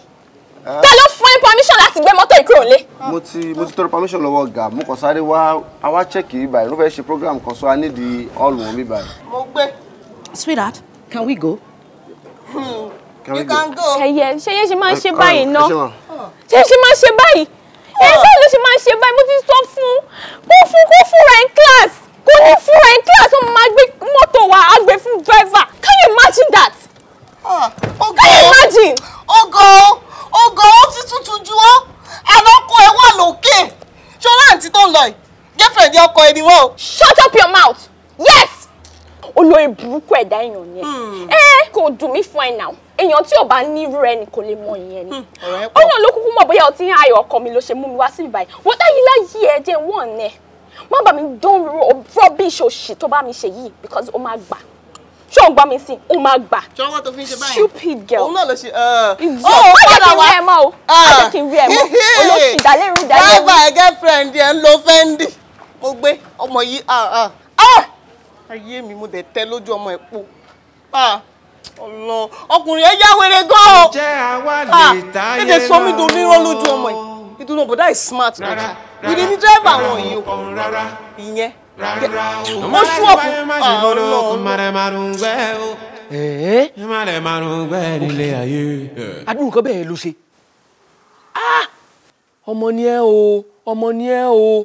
Ah. Ta ló fún permission láti gbé mọ́tò ìkúrò lé? Mo ti mo ti tọrọ permission lọ́wọ́ ọ̀gá, mo kàn wa, wá àwa chẹ́ẹ̀kì bíbá yìí, ló fẹ́ ṣe program kan so I need the all wọn bíbá yìí. Mo gbé. Sweetheart, can we go? Hmm. Can you can go? Ṣeyẹ ṣeyẹ ṣe máa ń ṣe uh, báyìí uh, náà. Ṣeyẹ ṣe máa ń ṣe báyìí. Ẹ̀ẹ́dẹ́ ló ṣe máa ń ṣe báyìí, mo ti sọ fun, kó fun kó fún rẹ̀ class kò ní fún ẹ class wọn máa gbé mọ́tò wa á fún driver can you imagine that. Ah, can you imagine. ọgọ ọgọ ó ti tutù ju ọ àlọkọ ẹ wà lókè ṣọlá àǹtí tó ń lọ yìí girlfriend ọkọ ẹni wọn o. shut up your mouth yes olórí burúkú ẹ̀dá èèyàn ni ẹ hmm. ẹ kò dùn mí fún ẹ náà èèyàn tí ò bá nírú ẹ ni kò lè mọ ìyẹn ni hmm, ọ̀nà ló kúkú mọ̀ bóyá o ti ń ayọ̀ ọkọ mi ló ṣe mú mi wá síbi báyìí wọ́n táyìí láyé ẹ wọ́n nẹ má bàa mi dán rubbish òṣì tó bá mi ṣe yìí because ó máa gbà ṣé òun gbà mí sí o máa gbà. stupid girl. òun náà ló ṣe. Uh, ìjọ padà wá ó má jẹ́ kí n rí ẹ mọ́ o má jẹ́ kí n rí ẹ mọ́ olóṣì dàlérú dàlérú. driver girlfriend yẹn lo fendi mo gbé ọmọ yìí ah, ah. Ah! ayé mi mo dẹ̀ tẹ́ lójú ọmọ ẹ̀ po ọlọ ọkùnrin ẹ yá wèrè gan o. ǹjẹ́ àwa lè ta yẹn lọ. ẹ dẹ̀ sọ mí dùn ní irọ́ lójú ọmọ yìí ìdùnnú bọ̀dá is smart. rárá ìdí ní dírẹ́fà àwọn yìí o ìyẹn ó ṣú ọ̀pọ̀ ọlọ́run. adúrú nǹkan bẹ́ẹ̀ ló ṣe ah! ọmọ ni ẹ o ọmọ ni ẹ o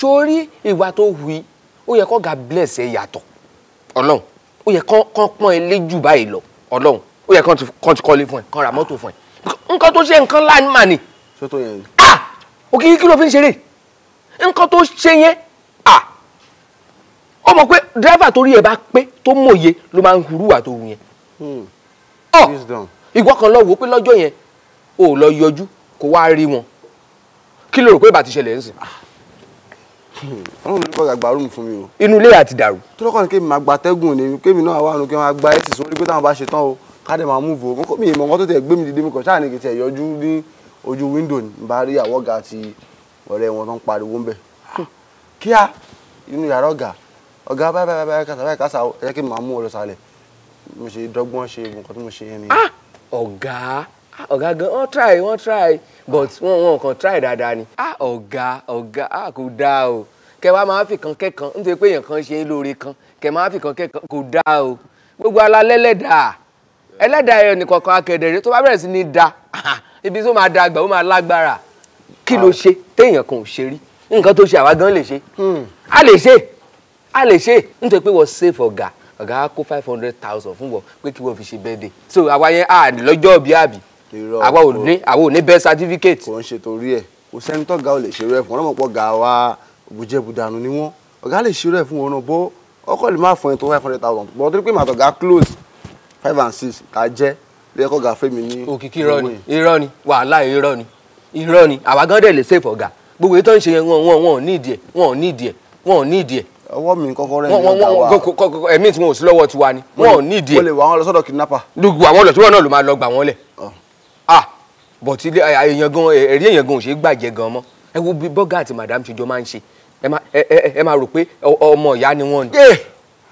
sórí ah! ìwà tó hù yìí ó yẹ kó ga bless ẹ yàtọ̀ ọlọ́run ó yẹ kán pọ́n ẹ léjù báyìí lọ ọlọ́run ó yẹ kán ti kọ́lé fún ẹ kán ra mọ́tò fún ẹ nǹkan tó ṣe nǹkan láàánú mà ni òkìkí kí ló fi ń ṣeré nǹkan tó ṣe yẹn à ó mọ̀ pé dírẹ́fà tó rí ẹ̀ bá pé tó mòye ló máa ń hurúwà tó wù yẹn hmm. ọ ìwọ kan lọ wò ó pé lọ́jọ́ yẹn ò lọ yọjú kó wá rí wọn kí ló rò pé ìbá ti ṣẹlẹ̀ ń sìn. Ah. Hmm. ọlọ́run ló kọ́ àgbà rúùmù fún mi o. inú ilé àti dàrú. tó lọ́kàn ní kémi máa gba atẹ́gùn ni kémi náà wà nù kí wọ́n gba ẹ̀sìn sórí pé táwọn bá ṣe tán o ká máa mú vò ó mi ìmọ̀ mi dìde ojú wíńdò ní bá rí àwọn ọ̀gá àti ọ̀rẹ́ wọn tó ń pariwo ń bẹ̀ ah, kíá inú yàrá ọ̀gá ọ̀gá báyìí báyìí báyìí kàtà báyìí kàtà ẹ jẹ́ kí màá mú ọ lọ sálẹ̀ mo ṣe dọ́gbọ́n ṣe nǹkan tó mo ṣe yẹn ni. Ah, ọ̀gá ah, ọ̀gá gan wọ́n try wọ́n try but wọ́n wọ́n kàn try dáadáa ni. ọ̀gá ọ̀gá kò dáa o kẹ wá máa fi kan kẹ́kan nítorí pé èèyàn kan ṣe é lóore kan kẹ máa fi kan kẹ́kan kò dáa o gbogbo alalẹ́lẹ́dàá ẹlẹ́dàá ẹ̀yọ̀ nìkọ̀ọ̀kan akẹ̀dẹ̀rẹ́ tó bá bẹ̀rẹ̀ sí ni da ibi tó máa dàgbà ó máa lágbára kí ló ah. ṣe téèyàn kan ò ṣe rí nǹkan tó ṣe àwa gan lè ṣe hmm. a lè ṣe a lè ṣe nítorí pé wọ́n save ọ̀gá ọ̀gá kó five hundred thousand fún wọn pé kí wọ́n fi ṣe birthday so àwa yẹn a lọ́jọ́ bí àbí àwa ò ní àwa ò ní best certificate. kò ń ṣe torí ẹ kò sẹ́ni tó ga ò lè ṣerú ẹ̀ fún ọlọ́mọ pọ̀ ga wa bùjẹ́bùdànù ni wọ́n ọ̀gá lè ṣerú ẹ̀ fún wọn náà bó ọkọ̀ lè má fọyín tó five hundred thousand bọ́n torí pé màtọ̀gá close five and six ká jẹ́ lè kọ́ gà fẹ́mi ní. òkìkí irọ́ ni irọ́ ni wàhálà irọ́ ni irọ́ ni àwa gan dẹ̀ lè ṣe ìfọ̀gà gbogbo ètò ìṣe yẹn wọn wọn ò ní ìdí ẹ̀ wọn ò ní ìdí ẹ̀ wọn ò ní ìdí ẹ̀. ọwọ́ mi kọ́kọ́ rẹ̀ ní ọ̀gá wa ẹ̀mí tí wọn ò sí lọ́wọ́ tiwa ni wọn ò ní ìdí ẹ̀. wọ́n lè wà wọ́n lọ sọ́dọ̀ kidnapper. gbogbo àwọn ọ̀dọ̀ tí wọ́n náà ló máa lọ gbà wọ́n lẹ̀. ah bọ̀tí èèyàn gan ẹ̀rí èèyàn gan ò ṣe é gbàjẹ́ gan mọ́ ẹ wo bí bọ́gà àti madam ṣe jọ máa ń ṣe ẹ máa rò pé ọmọ ìyá ni wọ́n ni. Eh!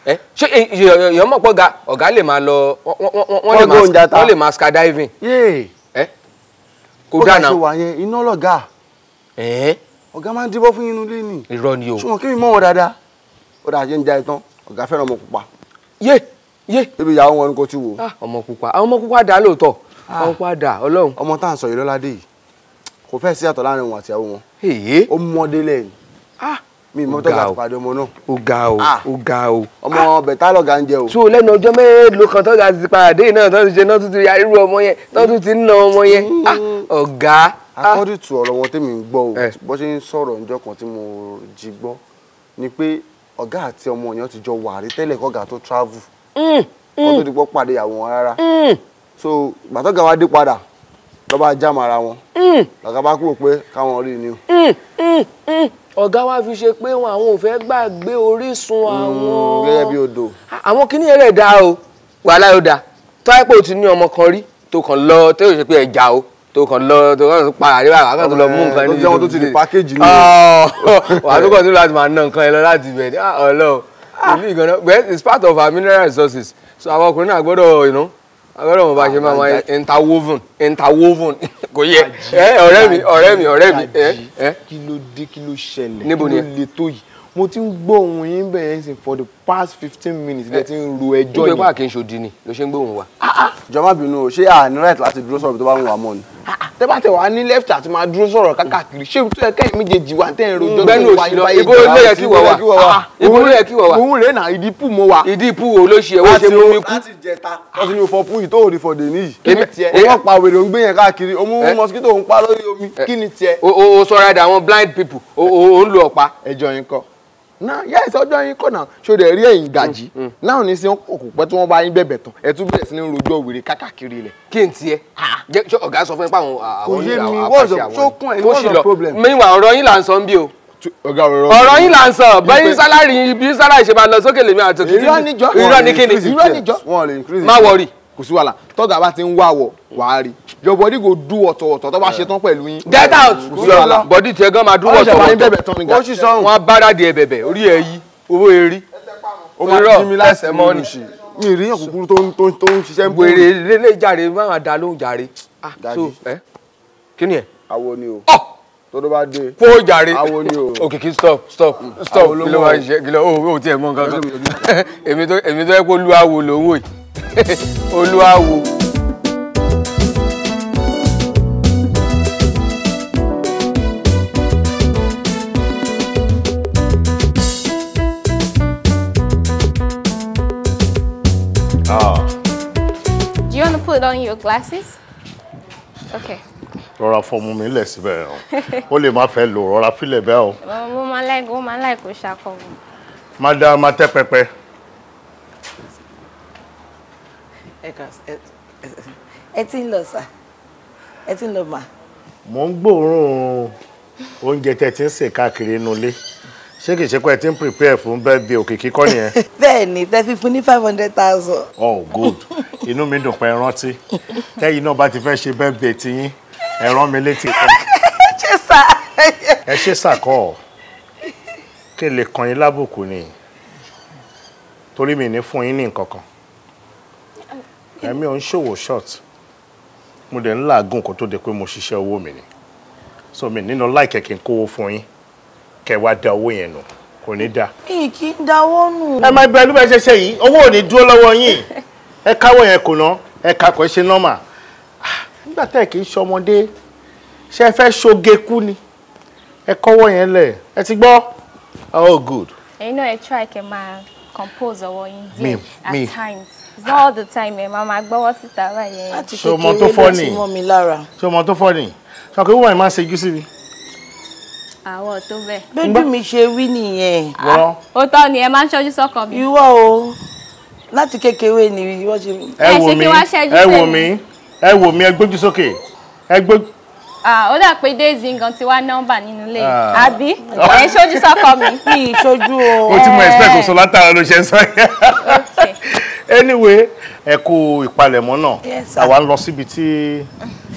Eh? ṣé èèyàn eh, eh, mọ̀ pé ọ̀gá lè máa lọ wọ́n lè máa skydiving kó dáná ọ̀gá ṣe iná ọ̀gá máa ń díbọ́ fún inú ilé ni irọ́ ni o ṣùgbọ́n kí mi mọ̀ wọ́n dáadáa ó dà ṣe ń ja ìtàn ọ̀gá fẹ́ràn ọmọ pupa. yé yé ìyàwó wọn kò ah, ọmọ pupa ah, ọmọ pupa dà lóòótọ́ ah. ọmọ pupa dà ọlọ́run. ọmọ tá à ń sọ yìí lọ́ládé yìí kò fẹ́ sí àtọ̀ láàrin òun wọn ó mi mọ tó ga ti pàdé ọmọ náà. ó ga o ah, ó ga o. ọmọ ah. bẹ̀tà lọ́gà ń jẹ o. so lẹ́nu ọjọ́ mélòó kan tó ga ti pàdé náà tó ti ṣe náà tó ti irú ọmọ yẹn tó tún ti ń na ọmọ yẹn mm. ah, ọ̀gá. according to ọ̀rọ̀ wọn tèmi ń gbọ́ o eh. bó ṣe ń sọ̀rọ̀ ọjọ́ kan tí mo jí gbọ́ ni pé ọ̀gá àti ọmọ yẹn ti jọ wà rí tẹ́lẹ̀ kọ́gà tó travel mm, kó tó ti mm. pọ́ pàdé àwọn rárá so gbàtọ́gà wa dé padà lọ́ba jàmọ̀ ara wọn lọ́gà bá kúrò pé káwọn rí ni o ọ̀gá wa fi ṣe pé àwọn ò fẹ́ gbàgbé orísun mm, àwọn. gẹ́gẹ́ bí odò. àwọn kìíní rẹ̀ dá o wàhálà yóò dá tó àìpò tí ní ọmọ kan rí tó kàn lọ tó yóò ṣe pé ẹja o tó kàn lọ tó kàn tó pa àríwá àwọn kan tó lọ mú nǹkan ní. ọjọ́ wọn tó ti di pákéjì ní. wà á tó kàn tó láti máa ná nǹkan ẹ lọ láti bẹ̀rẹ̀ ah, ọlọ́ọ̀ ah. ìlú ìgànnà but it's part of our mineral resources so àwọn ọkùnrin náà gbọ́dọ̀ you know ọ̀rọ̀ mo bá ṣe máa wáyé interwoven interwoven kò yẹ ọ̀rẹ́ mi ọ̀rẹ́ mi ọ̀rẹ́ mi. kí ló dé kí ló ṣẹlẹ̀ kí ló le tó yìí mo ti ń gbọ́ ohun yín bẹ́ẹ̀ ẹ̀ ń for the past fifteen minutes lẹ ti ń ro ẹjọ́ yìí. ìgbẹ́pà kì í ṣòdi ni ló ṣe ń gbóhùn wa. Ah, ah. jọ̀ọ́ bínú o ṣé àní right láti dúró sọ̀rọ̀ tó bá ń wà mọ́ ni. Ah, tẹ́bà tẹ̀ wá ní left àti máa dúró sọ̀rọ̀ kákàkiri ṣé ibi tó yẹ kẹ́yìn méjèèjì wà tẹ́ ẹ̀ rojọ́ tó wà yìí báyìí. ìbò ló yẹ kí wọ wa ìbò ló yẹ kí wọ wa. òun rèé na ìdí pù mọ́ wa. ìdí pù wo ló ṣe ẹ wọ́n ṣe mú mi kú. láti jẹta ọtí ni òfò púyì tó òrì fọ̀dẹ̀ níyì. èmi tiẹ̀. òun ọ̀pá wèrè òun gbé yẹn káàkiri òun mú eh. mọ́síkítò òun pa lórí omi. Eh. kí ni tiẹ̀. o sọ̀rọ̀ ẹ̀dá àwọn blind people òun lo ọ̀pá. ẹjọ́ yín kọ́ náà yá ẹsẹ ọjọ́ yín kọnà ṣòdẹ rí ẹ̀yin gàjí mm, mm. náà ní sí òkú pẹ tí wọ́n bá yín bẹ̀bẹ̀ tán ẹ tún bẹ̀rẹ̀ sí ní rojọ́ òwèrè kákàkiri rẹ. kí n tiẹ̀ jẹ ọ̀gá sọ fún mi pàwọn àwọn àpàṣẹ àwọn kó sì lọ mẹwàá ọ̀rọ̀ yín là ń sọ ń bí o ọ̀rọ̀ yín là ń sọ bẹ́yìn sálárì ibi sálárì ṣe máa lọ sókè lèmi àtòkè irọ́ níjọ́ irọ́ ní kò sí wàhálà tọ́gà bá ti ń wá wọ̀ wàá rí your body go do wọ̀tọ̀wọ̀tọ̀ tó bá ṣe tán pẹ̀lú yín. get out kò sí wàhálà body tiẹ̀ gan máa dún wọ̀tọ̀wọ̀tọ̀ ó sì sọ wọn bára di ẹ̀bẹ̀bẹ̀ orí ẹ̀ yí owó erí omi rọ ẹsẹ̀ mọ́ni. mi rí yàn tó ń ṣiṣẹ́ ń bọ̀. wèrè lélẹ̀ jàre máa dá lóhùn jàre. Ah, kí ni bá dé. kó jàre awo ni o. òkìkí stop stop mm. stop kí ló máa ń ṣe kí ló ó tiẹ̀ mọ́ nǹkan kan èmi tó yẹ kó lu awo lòun wò yìí. olúwa Do you want to put on your glasses? Okay. rọra fọmú mi lẹ síbẹ̀ ẹ̀ o lè má fẹ́ lò rọra fílẹ̀ bẹ́ẹ̀ o. mo máa ń láìkó máa ṣàkóso. má dá má tẹ́ pẹpẹ. ẹ ti ń lọ sà ẹ ti ń lọ mà. mò ń gbóòórùn oúnjẹ tẹ ti ń sè káàkiri inú ilé ṣé kìí ṣe pé ẹ ti ń prepare fún bẹ́ẹ̀ bí òkìkí kọ́ nìyẹn. bẹ́ẹ̀ ni tẹ fi fún ní five hundred thousand. oh good inú mi dùn pé ẹ rántí tẹ́yìn náà bá ti fẹ́ ṣe bẹ́ẹ̀ bẹ́ẹ̀ ti yín ẹ rán mi létí kan. sà. ẹ ṣe sà kí n lè kàn yín lábùkù ni torí mi ní fún yín ní nǹkan kan èmi ò ń ṣòwò short mo dẹ̀ ń làágùn kó tó de pé mo ṣiṣẹ́ owó mi ni so mi nínú láìkẹ́ kí n kówó fún yín kẹ wá da owó yẹn nù kò ní da. mi kì í dáwọ́ nù. ẹ máa bẹ ẹlúbẹ ṣẹṣẹ yìí owó ò ní dúró lọ́wọ́ yín ẹ káwọ́ yẹn kò ná ẹ kakọ̀ ẹ ṣe nọ́mà ah, nígbà tẹ́ ẹ kì í ṣọmọdé ṣe ẹ fẹ́ ṣoge kú ni ẹ kọ́wọ́ yẹn lẹ̀ ẹ ti gbọ́ oh good. ẹ̀yin náà ẹ try kẹ́ máa compose ọwọ́ yín díẹ̀ at times it's all the time eh, Mama. máa gbọ́wọ́ síta báyẹn. láti kékeré ló ti mọ́ mi lára. ṣé ọmọ tó fọ́ ni ṣọkẹ́ wúwo ẹ̀ máa ṣe gúúsì mi. àwọn tó bẹ́ẹ̀. bẹ́ẹ̀ mi ṣe wí nìyẹn. wọ́n. Ah, ó tọ́ ni ẹ máa ń ṣojú sọ́kàn mi. ìwọ o láti kékeré ni ìwọ ṣe. ẹ wò mí ẹ wò mí ẹ wò mí ẹ gbójú sókè ẹ Ah, ó dà pé Daisy nǹkan ti wá number nínú ilé ah. àbí ẹ ṣojú sọkọ mi. mi ìṣojú o. o ti mọ eh. expect kò sọ látara ló ṣe ń sọ anyway ẹ kú ìpalẹ̀mọ́ náà àwa ń lọ síbi tí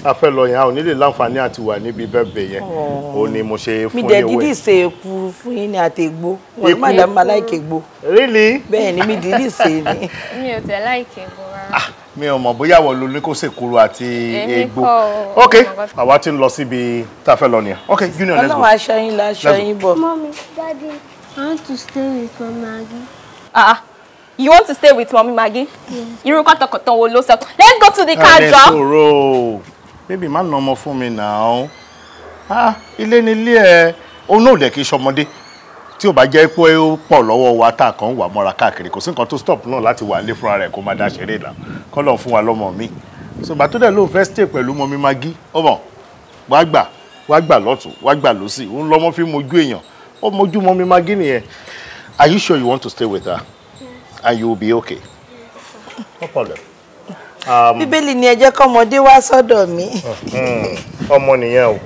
a fẹ́ lọ yẹn a ò ní lè láǹfààní àti wà níbi bẹ́ẹ̀bẹ̀ yẹn oh. ó ní mo ṣe fún yín wẹ̀. mi dẹ̀ dídì ṣe eku fún yín ní àtẹ̀gbó wọ́n má dá mi aláìkè gbó. really. bẹ́ẹ̀ ni mi dídì ṣe ni. mi ò tẹ̀ láìkè gbó rárá. Ah, mi ò mọ̀ bóyá wọ́n lo ní kó ṣèkúrú àti egbò ok àwa ti ń lọ síbi tá a fẹ́ lọ nìyẹn ok union let's go. ọlọ́run aṣọ yín la aṣọ yín bọ̀. mommy daddy i want to stay with my Maggie. ah, ah. You want to stay with Mommy Maggie? Irú kọ́tọ̀kọ̀tọ̀ wo ló sọ? Let's go to the car drop. Ẹ sọ̀rọ̀ bébì má nà ọmọ fún mi náà. Ah, ilé nílé ẹ̀ òun náà ò dẹ̀ kí sọmọdé tí ò bá jẹ́ pé ó pọ̀ lọ́wọ́ wa tá a kàn ń wà mọ́ra stop no láti wà nílé fúnra rẹ̀ kó má dá ṣeré ìlà kọ́ lọ́n fún wa lọ́mọ mi. Ṣùgbọ́n tó dẹ̀ ló ń fẹ́ stay Mommy Maggie ọmọ wàá gbà wagba gbà lọ́tún wàá gbà lọ́sì òun lọ́mọ fi mojú èèyàn ó mojú Mommy Maggie ni nìyẹn. Are you sure you want to stay with her? and you will be okay. No problem. Um, Bíbélì ni ẹ jẹ́ kọ́mọdé wá sọ́dọ̀ mi. Hmm, ọmọ nìyẹn o.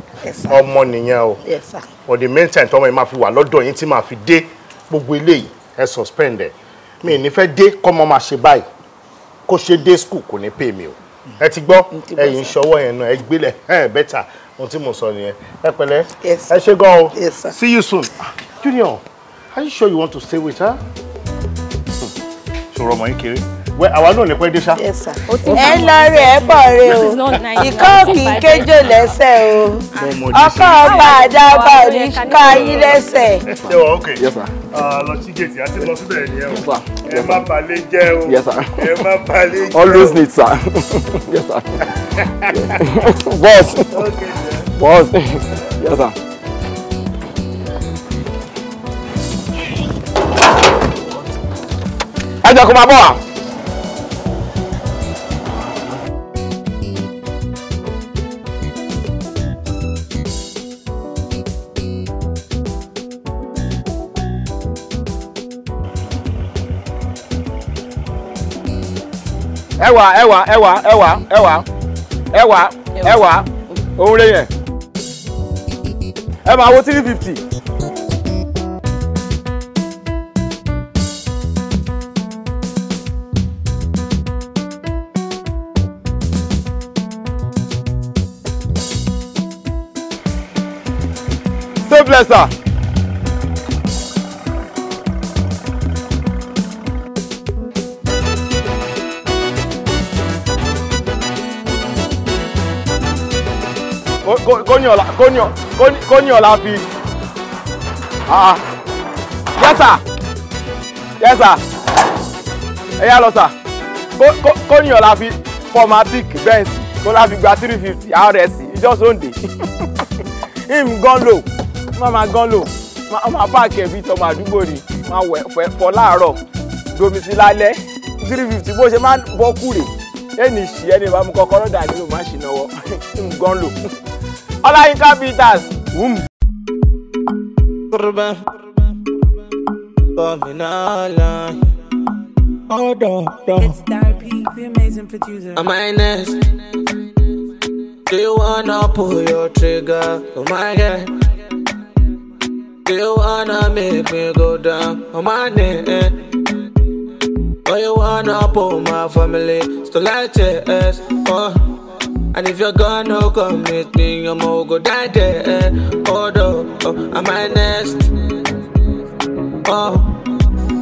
Ọmọ nìyẹn o. For the meantime, time tọ́mọ yìí máa fi wà lọ́dọ̀ yín tí máa fi dé gbogbo eléyìí ẹ suspend ẹ̀. Mi ò ní fẹ́ dé kọ́mọ máa ṣe báyìí. Kó ṣe dé school kò ní pè mí o. Ẹ ti gbọ́ ẹ̀yìn ṣọwọ́ yẹn náà ẹ gbélẹ̀ ẹ̀ bẹ́tà ohun tí mo sọ nìyẹn. Ẹ pẹ̀lẹ́ ẹ ṣe gan o. See you soon. Ah, Junior, are you sure you want to stay with her? sọ̀rọ̀ yín kéré wẹ àwa náà lè pẹ́ dé ṣá. ẹ ń lọ rí ẹ pọ̀ rí o ìkọ́ kì í kéjò lẹ́sẹ̀ o ọkọ̀ ọba àdáọba ò ní kọ́ ayé lẹ́sẹ̀. ṣé wà ok lọ sí gèètì àti lọ síbẹ̀ nìyẹn o ẹ má balẹ̀ jẹ́ o ẹ má balẹ̀ jẹ́ o. always need sir boss boss yes sir. jẹ́ kó máa bọ̀ wá. ẹwà ẹwà ẹwà ẹwà ẹwà ẹwà ẹwà òun lè yẹn ẹ máa wo three fifty. God bless her. kóníọ̀lá kóníọ̀ kóníọ̀lá fi ah, ah yes sir yes sir ẹ yá lọ sà kóníọ̀lá fi formatic benz kó láfi gba three fifty rsc ìjọ́sọ̀ǹdè e. him gan low má máa gán lò má bá kẹ̀bí tọmọ àdúgbò ni má wẹ̀ fọ́ láàárọ̀ domi sí lálẹ́ three fifty bó ṣe máa bọ́ kúrè ẹnì sí ẹni ìbámu kọ́kọ́rọ́ dà nínú má ṣì náwó ń gán lò. ọláyínká peters wùm. It's therapy, the amazing producer. Am I next? Do you wanna pull your trigger? Oh my god. You wanna make me go down on my knees. Eh. Or you wanna pull my family still like this. Eh. Oh. And if you're gonna come with me, you mo go die there. Eh. Oh no, oh, am I next? Oh,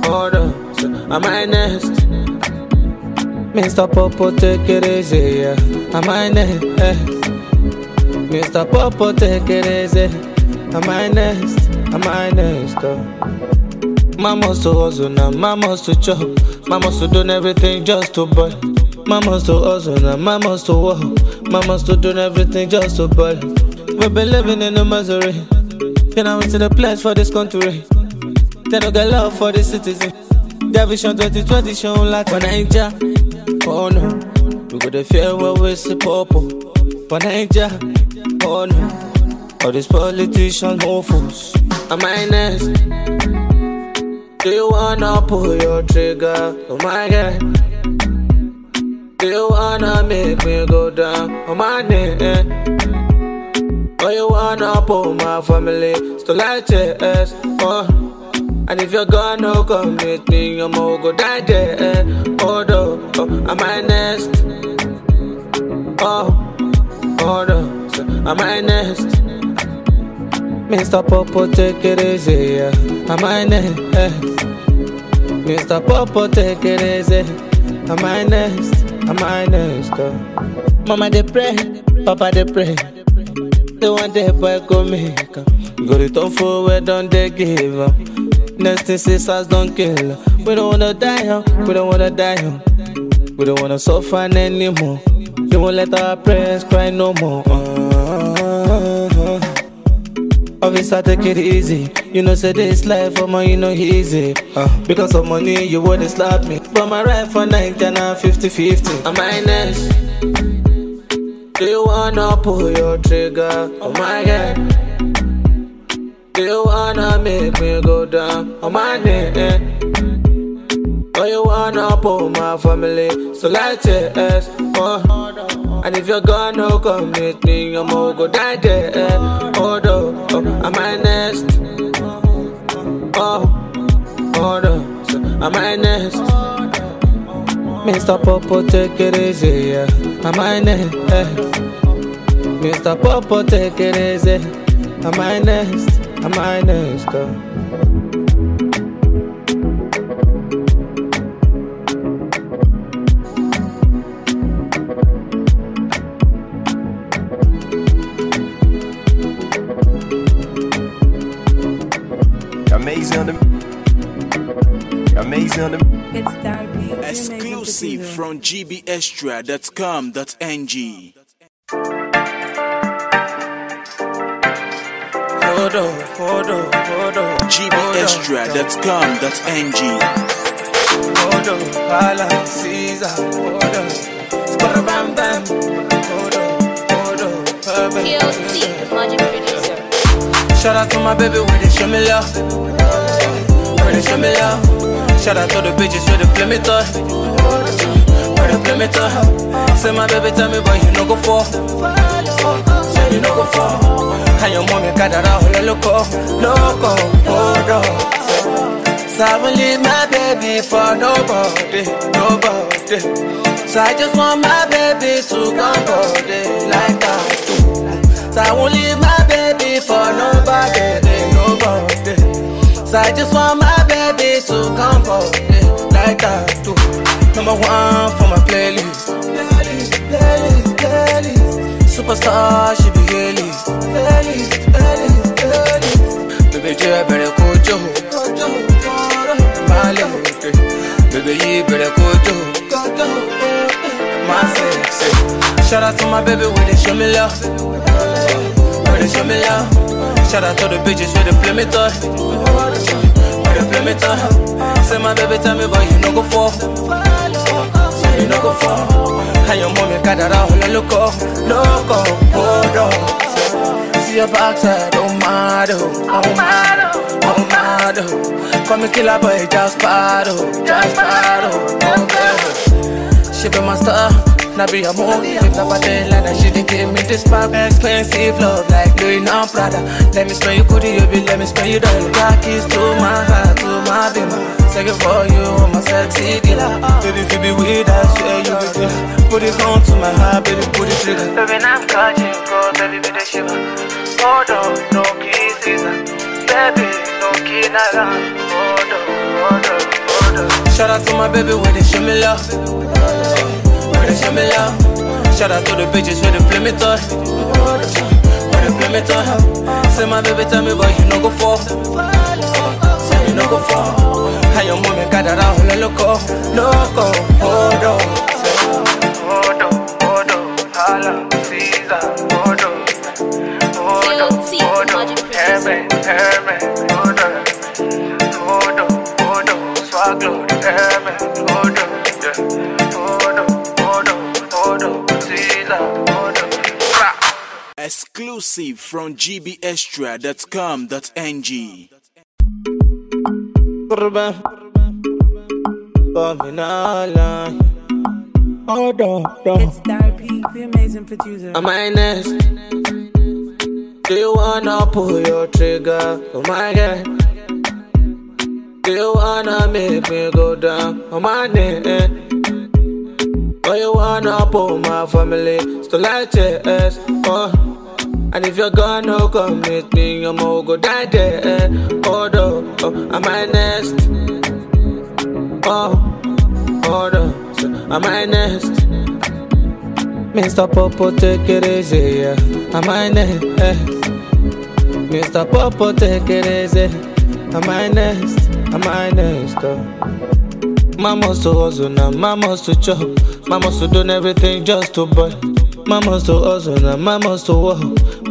oh no, so am I next? Mr. Popo, take it easy, yeah. Am I next? Mr. Popo, take it easy. Am I next? am my next up? Mama so hustle now, mama so chop Mama so done everything just to buy Mama so hustle now, mama so walk Mama so doing everything just to buy We be living in the misery Then I went to the place for this country They don't get love for the citizen Their vision 2020 show like when Niger Oh no, we got to fear where we see purple For Niger, oh no all these politicians, hopefuls on my Do you wanna pull your trigger? Oh my god. Do you wanna make me go down on oh my knee? Or oh, you wanna pull my family still like this? Oh. And if you're gonna come with me, I'm gonna go die there. Hold up, oh, am I next? Oh, hold up, so am I next? Mr. Popo, take it easy, yeah. I'm in it, Mr. Popo, take it easy. i Am my next? i Am my next? girl. Mama, they pray. Papa, they pray. They want the boy go make up. Uh. Go to the food where don't they give up? Uh. Next thing sisters don't kill. Her. Uh. We don't wanna die, huh? We don't wanna die, huh? We don't wanna suffer anymore. They won't let our prayers cry no more. Uh. Officer, take it easy. You know, say this life for oh, my, you know, easy. Uh, because of money, you wouldn't slap me. But my rifle for 90 and I'm 50 50. I'm minus. Do you wanna pull your trigger? Oh my god. Do you wanna make me go down? Oh my god. Oh, you wanna pull my family, so light it, yes. oh. Uh. And if you're gonna come with me, I'm going go die there. oh no. oh, am I next? Oh, oh no. so am I next? Mr. Popo, take it easy, yeah. Am I next? Mr. Popo, take it easy. Am I next? Am I next? Oh. Amazing on the Amazing on the It's therapy. Exclusive from gbextra.com.ng. Hold on, hold on, hold on. gbextra.com.ng. Odo, Hala, Caesar, Hold Sparabam Bam, Odo, hold Perfect. Yo, see, Magic Producer. Shout out to my baby where they show me love. Where they show me love. Shout out to the bitches where they play me tough. Where they play me tough. Say my baby tell me boy you no go fall. Say you no go fall. And your mommy got that all loco, loco, hold on. So I will not leave my baby for nobody, nobody. So I just want my baby to come for body like that. So I won't leave my baby for nobody, nobody. So I just want my baby to come for it like that too. Number one for my playlist. Playlist, playlist, playlist. Superstar, she be Haley. Playlist, playlist, playlist. Baby, you better go to Mali, baby, you better go to my sexy. Shout out to my baby when they show me love. Where they show me out. Shout out to the bitches with the play me thought. With the play me thought. Say my baby tell me, boy you no go fall. Say you no go fall. And your mommy got that out on the loco, loco, hold on. See your backside, oh my, oh my, oh my. Call me killer boy, just battle, just battle, oh, She be my star. Now be a more With Papa Della That she did not give me this pop Expensive love Like Louis on Prada Let me smell you goodie You be let me smell you down Rock keys to my heart To my dimmer Second for you on my sexy dealer Baby if you be with us, yeah, you be dealer Put it on to my heart Baby put it trigger Baby now I'm catching cold Baby be the shiver Hold on No kisses Baby no kid around Hold on Hold on Hold on Shout out to my baby where they show me love show me love. Shout out to the bitches with the play toy. With the toy. Say my baby tell me, boy, you no go fall. Say you no go fall. How your mommy got that out, loco, loco, hold on. swag Exclusive from gbextra.com.ng. قربة Dominala Oh, dog, dog. It's Therapy, the amazing producer. Am I next? Do you wanna pull your trigger? Oh my god. Do you wanna make me go down Oh my name. Or oh, you wanna pull my family? Still like this? Oh. And if you're gone, no come with me, your mo go die there. Oh no, oh, am I next? Oh, oh no, so am I next? Mr. Popo, take it easy, yeah. Am I next? Mr. Popo, take it easy. Am I next? Am I next? Oh. Mama so hustle now, mama so chop, mama so doing everything just to buy. Mama's to hustle now, mama's to walk.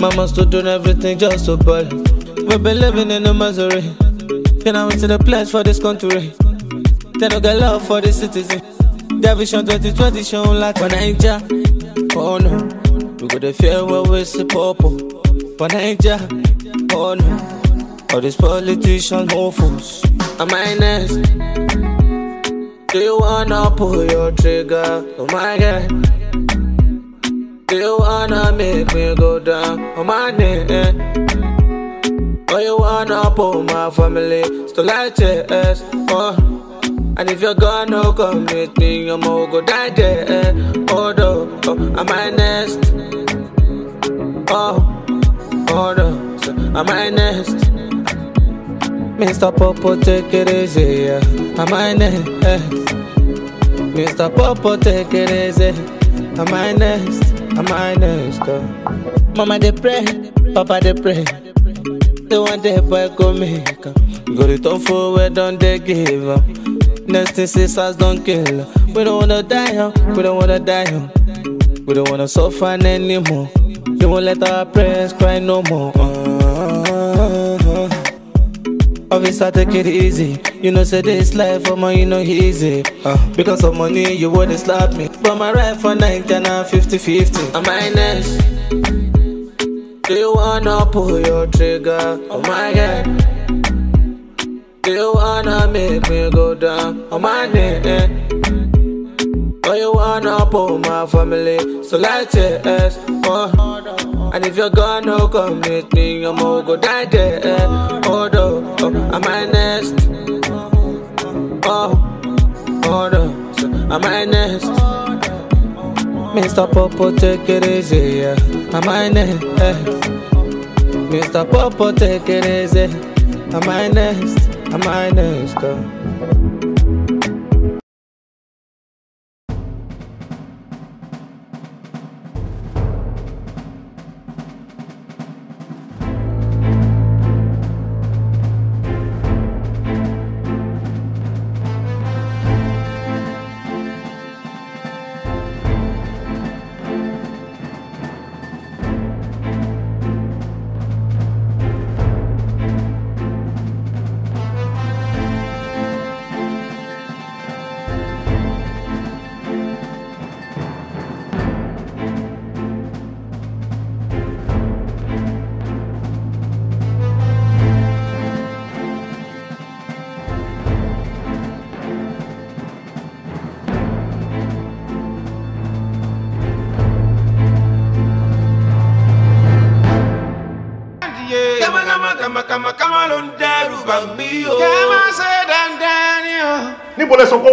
Mama's to doing everything just to buy we We been living in the misery. Then I went to the place for this country. They don't got love for the citizen. Their vision 2020 shown like for Niger. Oh no, we got the fear where we see purple. For Niger, oh no. All these politicians, i are minus. Do you wanna pull your trigger? Oh my god you wanna make me go down on my knee? Or oh, you wanna pull my family still like this? Oh. And if you're gonna come with me, going to go die there. oh, no, oh, am I next? Oh, oh, no, so, am I next? Mr. Popo, take it easy, yeah. Am I next? Mr. Popo, take it easy. Am I next? I'm my next door. Mama they pray, Papa they pray. They want they boy go make up. Uh. Go to for where don't they give up? Uh. Next thing sisters don't kill. Uh. We don't wanna die we don't wanna die We don't wanna suffer anymore. They won't let our prayers cry no more. Uh. Officer, take it easy. You know, say this life for oh, my, you know, easy. Uh, because of money, you wouldn't slap me. But my right for 90 and I'm 50 50. I'm minus. Do you wanna pull your trigger? Oh my god. Do you wanna make me go down? Oh my god. Oh, you wanna pull my family, so let it ask. Oh. Uh. And if you're your girl no come with me, I'm going go die there. Oh no, oh, am I next? Oh, oh no, so am I next? Mr. Popo, take it easy, yeah. Am I next? Eh. Mr. Popo, take it easy. Am I next? Am I next? Oh.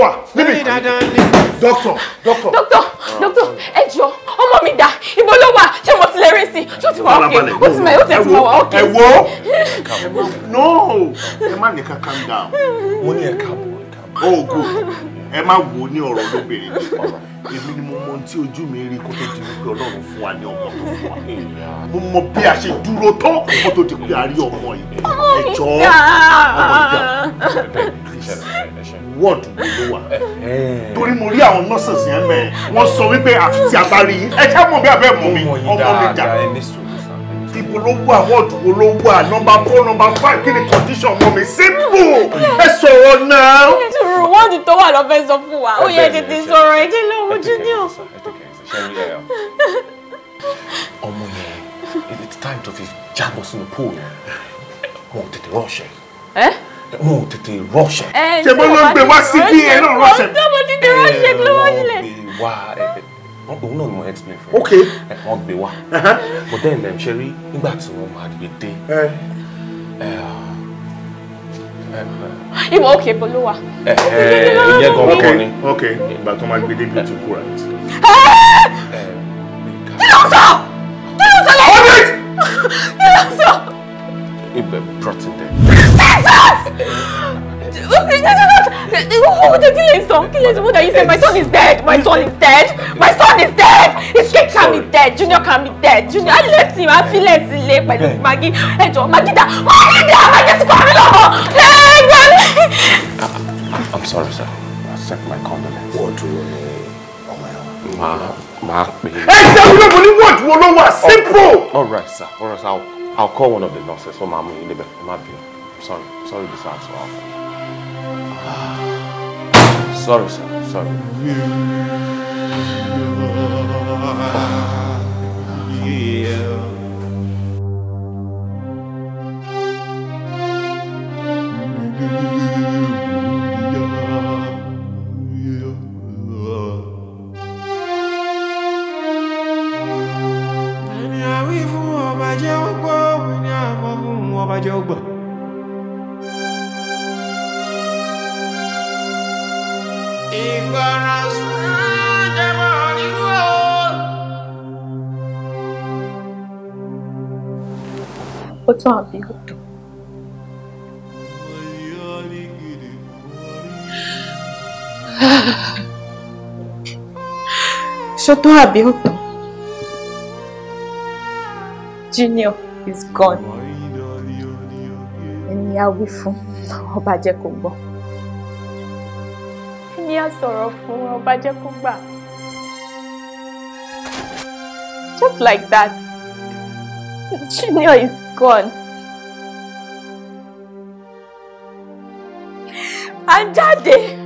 wà níbi dókítà dókítà. dókítà dókítà ẹ jọ ọmọ mi dà ibo ló wà ṣé mo ti lè rí sí i ṣó ti wà ókè ó ti mọ ẹ ó ti ti wà ókè. ẹ no ẹ má nìkan calm down mo ní ẹ káàbọ̀ oògùn. Oh, ẹ má wo ní ọ̀rọ̀ lóbìnrin nípa ọ̀rọ̀ èmi ni mo mọ ohun tí ojú mi rí kó tó di wípé ọlọ́run fún wa ní ọmọ tó fún wa mo mọ bí a ṣe dúró tán kó tó di pé a rí ọmọ yìí oh ẹ jọ ọmọ ìjà wọ́ọ̀dù ló wà torí mo rí àwọn nọ́ọ̀sì yẹn mẹ́ wọ́n sọ wípé àfi tí a bá rí ẹ ṣá mọ̀ bí abẹ́ mọ̀ mi ọmọ mi dà ibo ló wà wọ́ọ̀dù wo ló wà nọmba four nọmba five kí ni condition ọmọ mi simple ẹ sọ̀rọ̀ náà. nítorí wọ́ọ̀dù tó wà lọ́fẹ́ sọ fún wa ó yẹ tètè sọ̀rọ̀ ẹ lọ́wọ́ junior. ọmọ yẹn it's time to fi jábọ̀ sínú pool wọn tètè rọ̀ṣẹ̀. ẹ́ tètè rọ̀ṣẹ̀. ṣe bó ló ń gbé wá sí ẹ náà rọ̀ṣẹ̀. ọ̀dọ́ mo ti tẹ rọ̀ṣẹ̀ lọ́wọ́ sílẹ̀. wọ́n gbé wá òun náà ni mo explain fún ok wọ́n gbé wa but then dem ṣe rí nígbà tí wọ́n máa gbé dé. ìwọ òkè bolówà. ìyẹn gan ọkọ ni. ok ìgbà tó máa gbé dé bí o ti kí ló ń sọ kí ló ń sọ lẹ́yìn. ọ̀rẹ́ kí ló ń sọ. ibẹ̀ brought in Jesus! What did you say? Kí lè son! What are you saying? My son is dead. My son is dead. My son is dead. His kid can be dead. Junior can be dead. Junior, I left him. I feel left him late pẹ̀lú Maggie. Hey, jọ̀ọ́, Maggie da. Maggie da. Maggie ti pa mí lọ́wọ́. I'm sorry, sir. Accept my condolence. Wọ́ọ̀dù wo ni ọmọ ẹ̀ wá? Màá màá pè é. Ẹ ṣe ìwé wo ni wọ́ọ̀dù Simple. All right, sir. All right, sir. I'll, I'll call one of the nurses. Ó máa mú yín débẹ̀. Má bínú. I'm sorry. I'm sorry this is how. Ah. sorry, Sorry. Yeah. ọ̀tún àbí ọ̀tọ̀. ṣọ́tún àbí ọ̀tọ̀. Junior is gone. Ẹni a wí fún ọba jẹ́ kó gbọ́. Ẹni a sọ̀rọ̀ fún ọba jẹ́ kó gbà. Just like that. Junior is gone. And Daddy,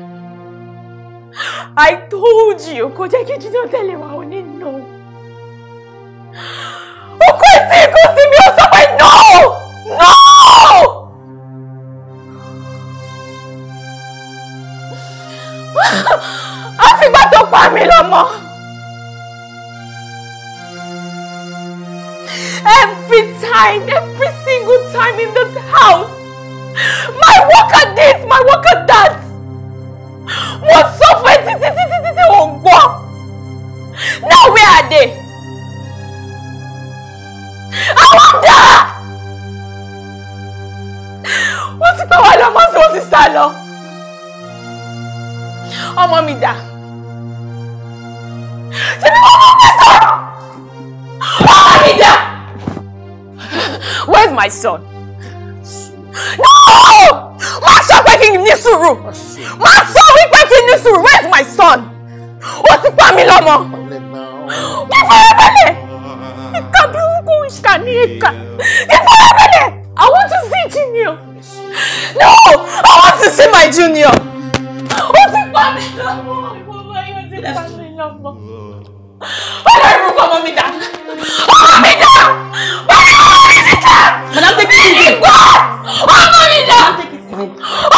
I told you, kò jẹ́ kí Junior tẹ̀lé wa ò ní nù. O kò tí kò no! No! tó time, every single time in this house. My work at this, my work at that. Mo suffer títí títí títí ò ń gbọ́. Now where are they? I want that. What's pẹ́ wá lọ, mọ́sí wọ́n ti sá lọ. Ọmọ mi dà. Ṣé bí wọ́n mọ̀ is my son. No! Má sọ pé kí n ní sùúrù. Má sọ wípé kí n ní sùúrù. Where is my son? Ó ti pa mí lọ́mọ. Kí fọlọ́bẹ̀lẹ̀? Ìka burúkú ìka ní ìka. Kí fọlọ́bẹ̀lẹ̀? I want to see Junior. No! I want to see my Junior. Ó ti pa mí lọ́mọ. Ìwọ bá yóò ti pa mí lọ́mọ. take it easy. What? I'm not in there. Don't take it easy. Oh,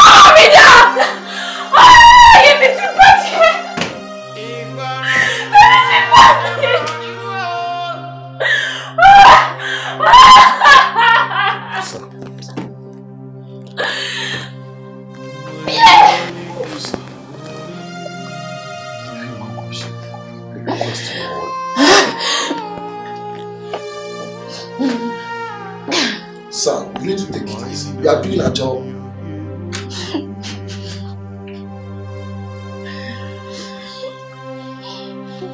fìlà jọ.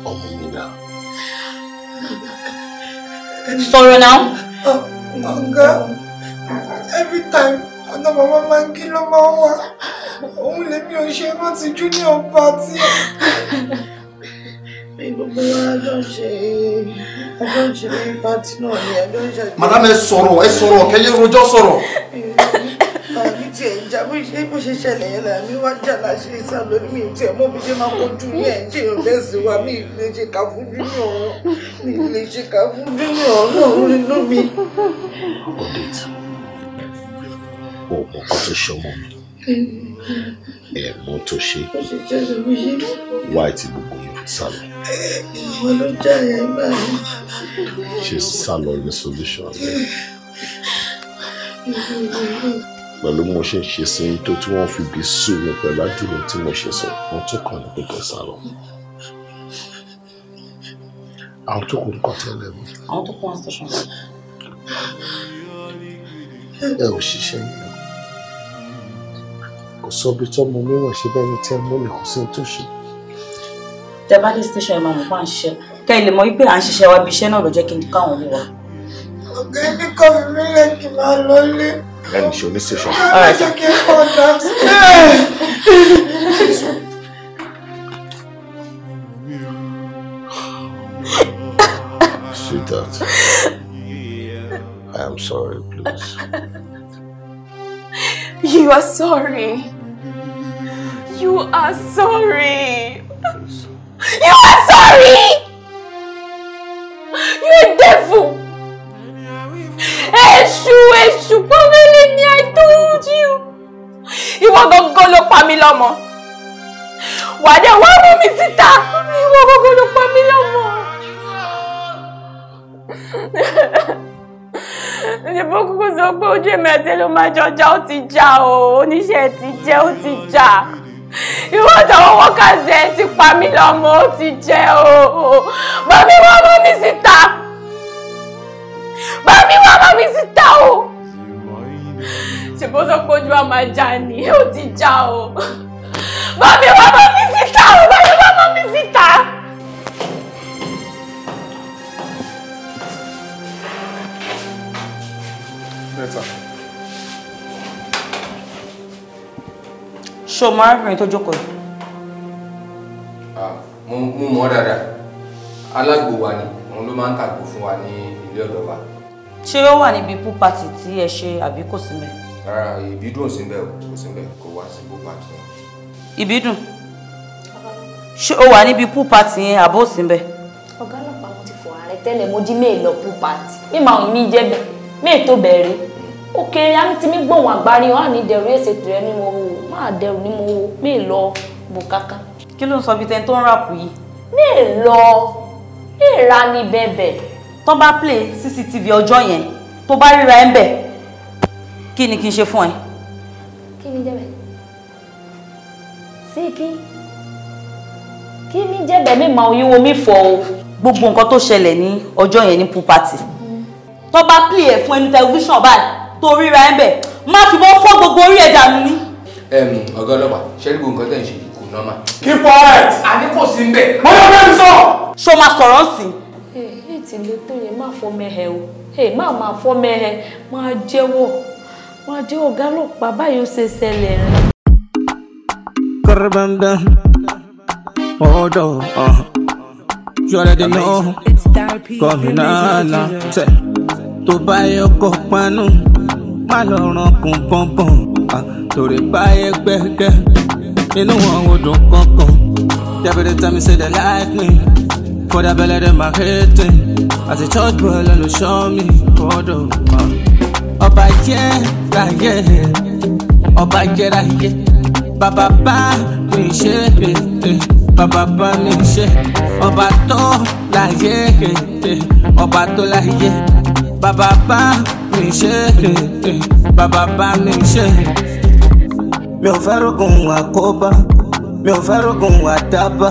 ọmọ mi dà. sọ̀rọ̀ náà. ọ̀gá every time ọ̀nà màmá máa ń kí ló máa ń wá òun lèmi ò ṣe rántí junior party madame ẹ sọ̀rọ̀ ẹ sọ̀rọ̀ kẹlẹ rojọ sọ̀rọ̀ bó ṣe bó ṣe ṣẹlẹ̀ yẹn là mí wá jà láṣẹ sá lórí mi tí ẹ̀ mọ́ ṣe máa kojú ní ẹ̀ ṣe èèyàn bẹ́ẹ̀ sí wa mi lè ṣe kà fún dúnú ọ̀rọ̀ mi lè ṣe kà fún dúnú ọ̀rọ̀ ọ̀rọ̀ inú mi. ọ̀dẹ̀ tí o mọ kó tó ṣe mi ẹ̀ tó ṣe wáì tí gbogbo yẹn sá lọ. ìwọ ló já yẹn gbà mí. ṣe sá lọ ní solution. Mm-hmm pẹ̀lú mo ṣe ń ṣe sí i tó tí wọ́n fi bí sùn mi pẹ̀lú àdúrà tí mo ṣe sọ wọ́n tún kàn ní pé kẹsàn àwọn tó kù kọ́ tẹ́lẹ̀ mi. àwọn tó kù wá station. ẹ ò ṣiṣẹ́ yìí kò sọ bí tọ́mọ níwọ̀n ṣe bẹ́ẹ̀ ni tẹ́ mọ́lẹ̀ kò sí tó ṣe. tẹ bá dé station ẹ máa mọ̀ fún à kẹ́ ẹ lè mọ̀ wípé à ń ṣiṣẹ́ wa bí iṣẹ́ náà ló jẹ́ kí n káwọn olúwa. ọ̀gá ẹni kọ́ mi mílẹ̀ kí n máa lọ lé. Let me show this station. All right. Sweetheart, I am sorry, please. You are sorry. You are sorry. You are sorry. You are devil. èṣù èṣù pọ́nrẹ́lẹ́ ni I told you. ìwọ gángan ló pa mí lọ́mọ. wà á dẹ̀ wá mú mi síta ìwọ gángan ló pa mí lọ́mọ. ìdìbò kúkú sọ pé ojú èmi àti ló máa jọjà ó ti já o oníṣẹ́ ti jẹ́ ó ti já ìwọ àtàwọn wọ́kàṣẹ́ ti pa mí lọ́mọ ó ti jẹ́ o bàbá mi wá mú mi síta bá mi wá bá mi síta o ṣèbó sọ pé ojú wa máa já ni ó ti já o bá mi wá bá mi síta o bá mi wá bá mi Better. ṣé o mọ arábìnrin tó jókòó yìí. Ah, mo mọ̀ dáadáa alágbòwa ni òun ló máa ń tàgbò fún wa ní ilé ọ̀dọ̀ wa ṣé ó wà níbi pool party tí ẹ ṣe àbí kò sí mẹ́. rárá ìbídùn ò sí mbẹ kò sí mbẹ kò wá sí pool party. ìbídùn ṣé ó wà níbi pool party yẹn àbó ò sí mbẹ. ọ̀gá ọlọ́pàá mo ti fọ ààrẹ tẹ́lẹ̀ mo jí méè lọ pool party mi máa ń ní jẹ́ bẹ́ẹ̀ méè tó bẹ̀rẹ̀ hmm. ó kéré á ní tí mi gbóhùn àgbárí wọn á dẹrù èsè tìrẹ ní mo wò máa dẹrù ní mo wò méè lọ bò kankan. kí ló ń sọ bí tẹni tó ń ràpù yìí. méè lọ èèra ni bẹ́ẹ̀ bẹ́ẹ̀ tó bá play cctv ọjọ́ yẹn tó bá ríra ẹ̀ ń bẹ̀ kí ni kí n ṣe fún ẹ. kí ni jẹ́bẹ̀ sí kí kí ni jẹ́bẹ̀ mi máa oyún omi fọ o. gbogbo nǹkan tó ṣẹlẹ̀ ní ọjọ́ yẹn ní pool party tó bá play ẹ̀ fún ẹnu tẹlifíṣàn báyìí tó ríra ẹ̀ ń bẹ̀ má fi bọ́ fọ́ gbogbo orí ẹ̀ dànù ni. ọ̀gá ọlọ́pàá ṣẹ́rí gbogbo nǹkan tẹ̀ ń ṣe yìí kò nọ́mà. keep quiet. àní sí ń bẹ̀. mo yọ bẹ́ẹ̀ sọ. ṣo máa sọ̀rọ̀ sí i ti le tó yẹn má fọ́ mẹ́hẹ o má má fọ́ mẹ́hẹ má jẹ́wọ́ má jẹ́wọ́ ọ̀gá ọlọ́pàá báyìí ó ṣe ṣẹlẹ̀ rẹ. Karabanda, hold on, uh. you tẹ̀ tó bá yẹ kọ́ panu má lọ ràn kún pọ́npọ́n ah, torí bá yẹ gbẹ́gẹ́ inú wọn ò dùn kankan. Every time you say they like me, for that belly they my hating. As a church boy, Lolo show me God Ọba jẹ́ láyé, ọba jẹ́ láyé, bàbá bá mi ṣe é, bàbá bá mi ṣe, ọba tó láyé, ọba tó láyé, bàbá bá mi ṣe é, me bá mi ṣe. Mi ò fẹ́ rògùn àkóbá, mi ò fẹ́ rògùn àdábá